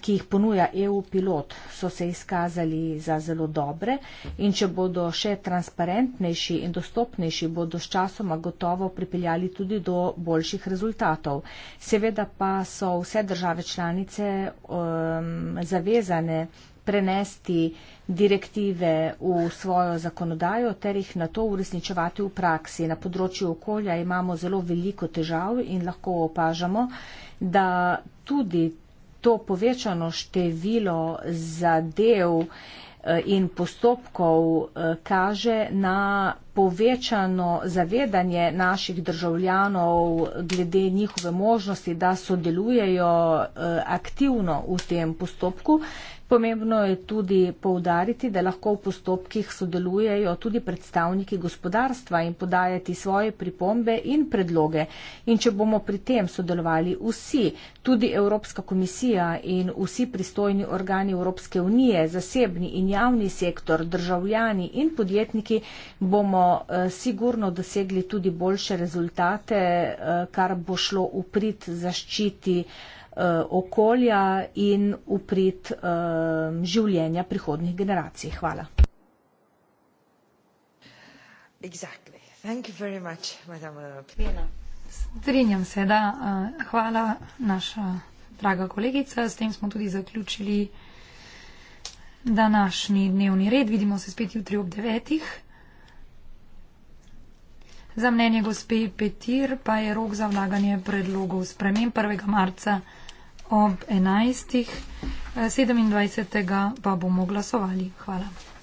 ki jih ponuja EU pilot, so se izkazali za zelo dobre in če bodo še transparentnejši in dostopnejši, bodo s časoma gotovo pripeljali tudi do boljših rezultatov. Seveda pa so vse države članice zavezane prenesti direktive v svojo zakonodajo ter jih na to uresničevati v praksi. Na področju okolja imamo zelo veliko težav in lahko opažamo, da tudi to povečano število zadev eh, in postopkov eh, kaže na povečano zavedanje naših državljanov glede njihove možnosti, da sodelujejo eh, aktivno v tem postopku, Pomembno je tudi poudariti, da lahko v postopkih sodelujejo tudi predstavniki gospodarstva in podajati svoje pripombe in predloge. In če bomo pri tem sodelovali vsi, tudi Evropska komisija in vsi pristojni organi Evropske unije, zasebni in javni sektor, državljani in podjetniki, bomo eh, sigurno dosegli tudi boljše rezultate, eh, kar bo šlo v prid zaščiti. Eh, okolja in uprit eh, življenja prihodnih generacij. Hvala. Eh, Strinjam se, da. Hvala, naša draga kolegica. S tem smo tudi zaključili današnji dnevni red. Vidimo se spet jutri ob devetih. Za mnenje gospe Petir pa je rok za vlaganje predlogov spremem 1. marca 2020 ob 11.27. Eh, pa bomo glasovali. Hvala.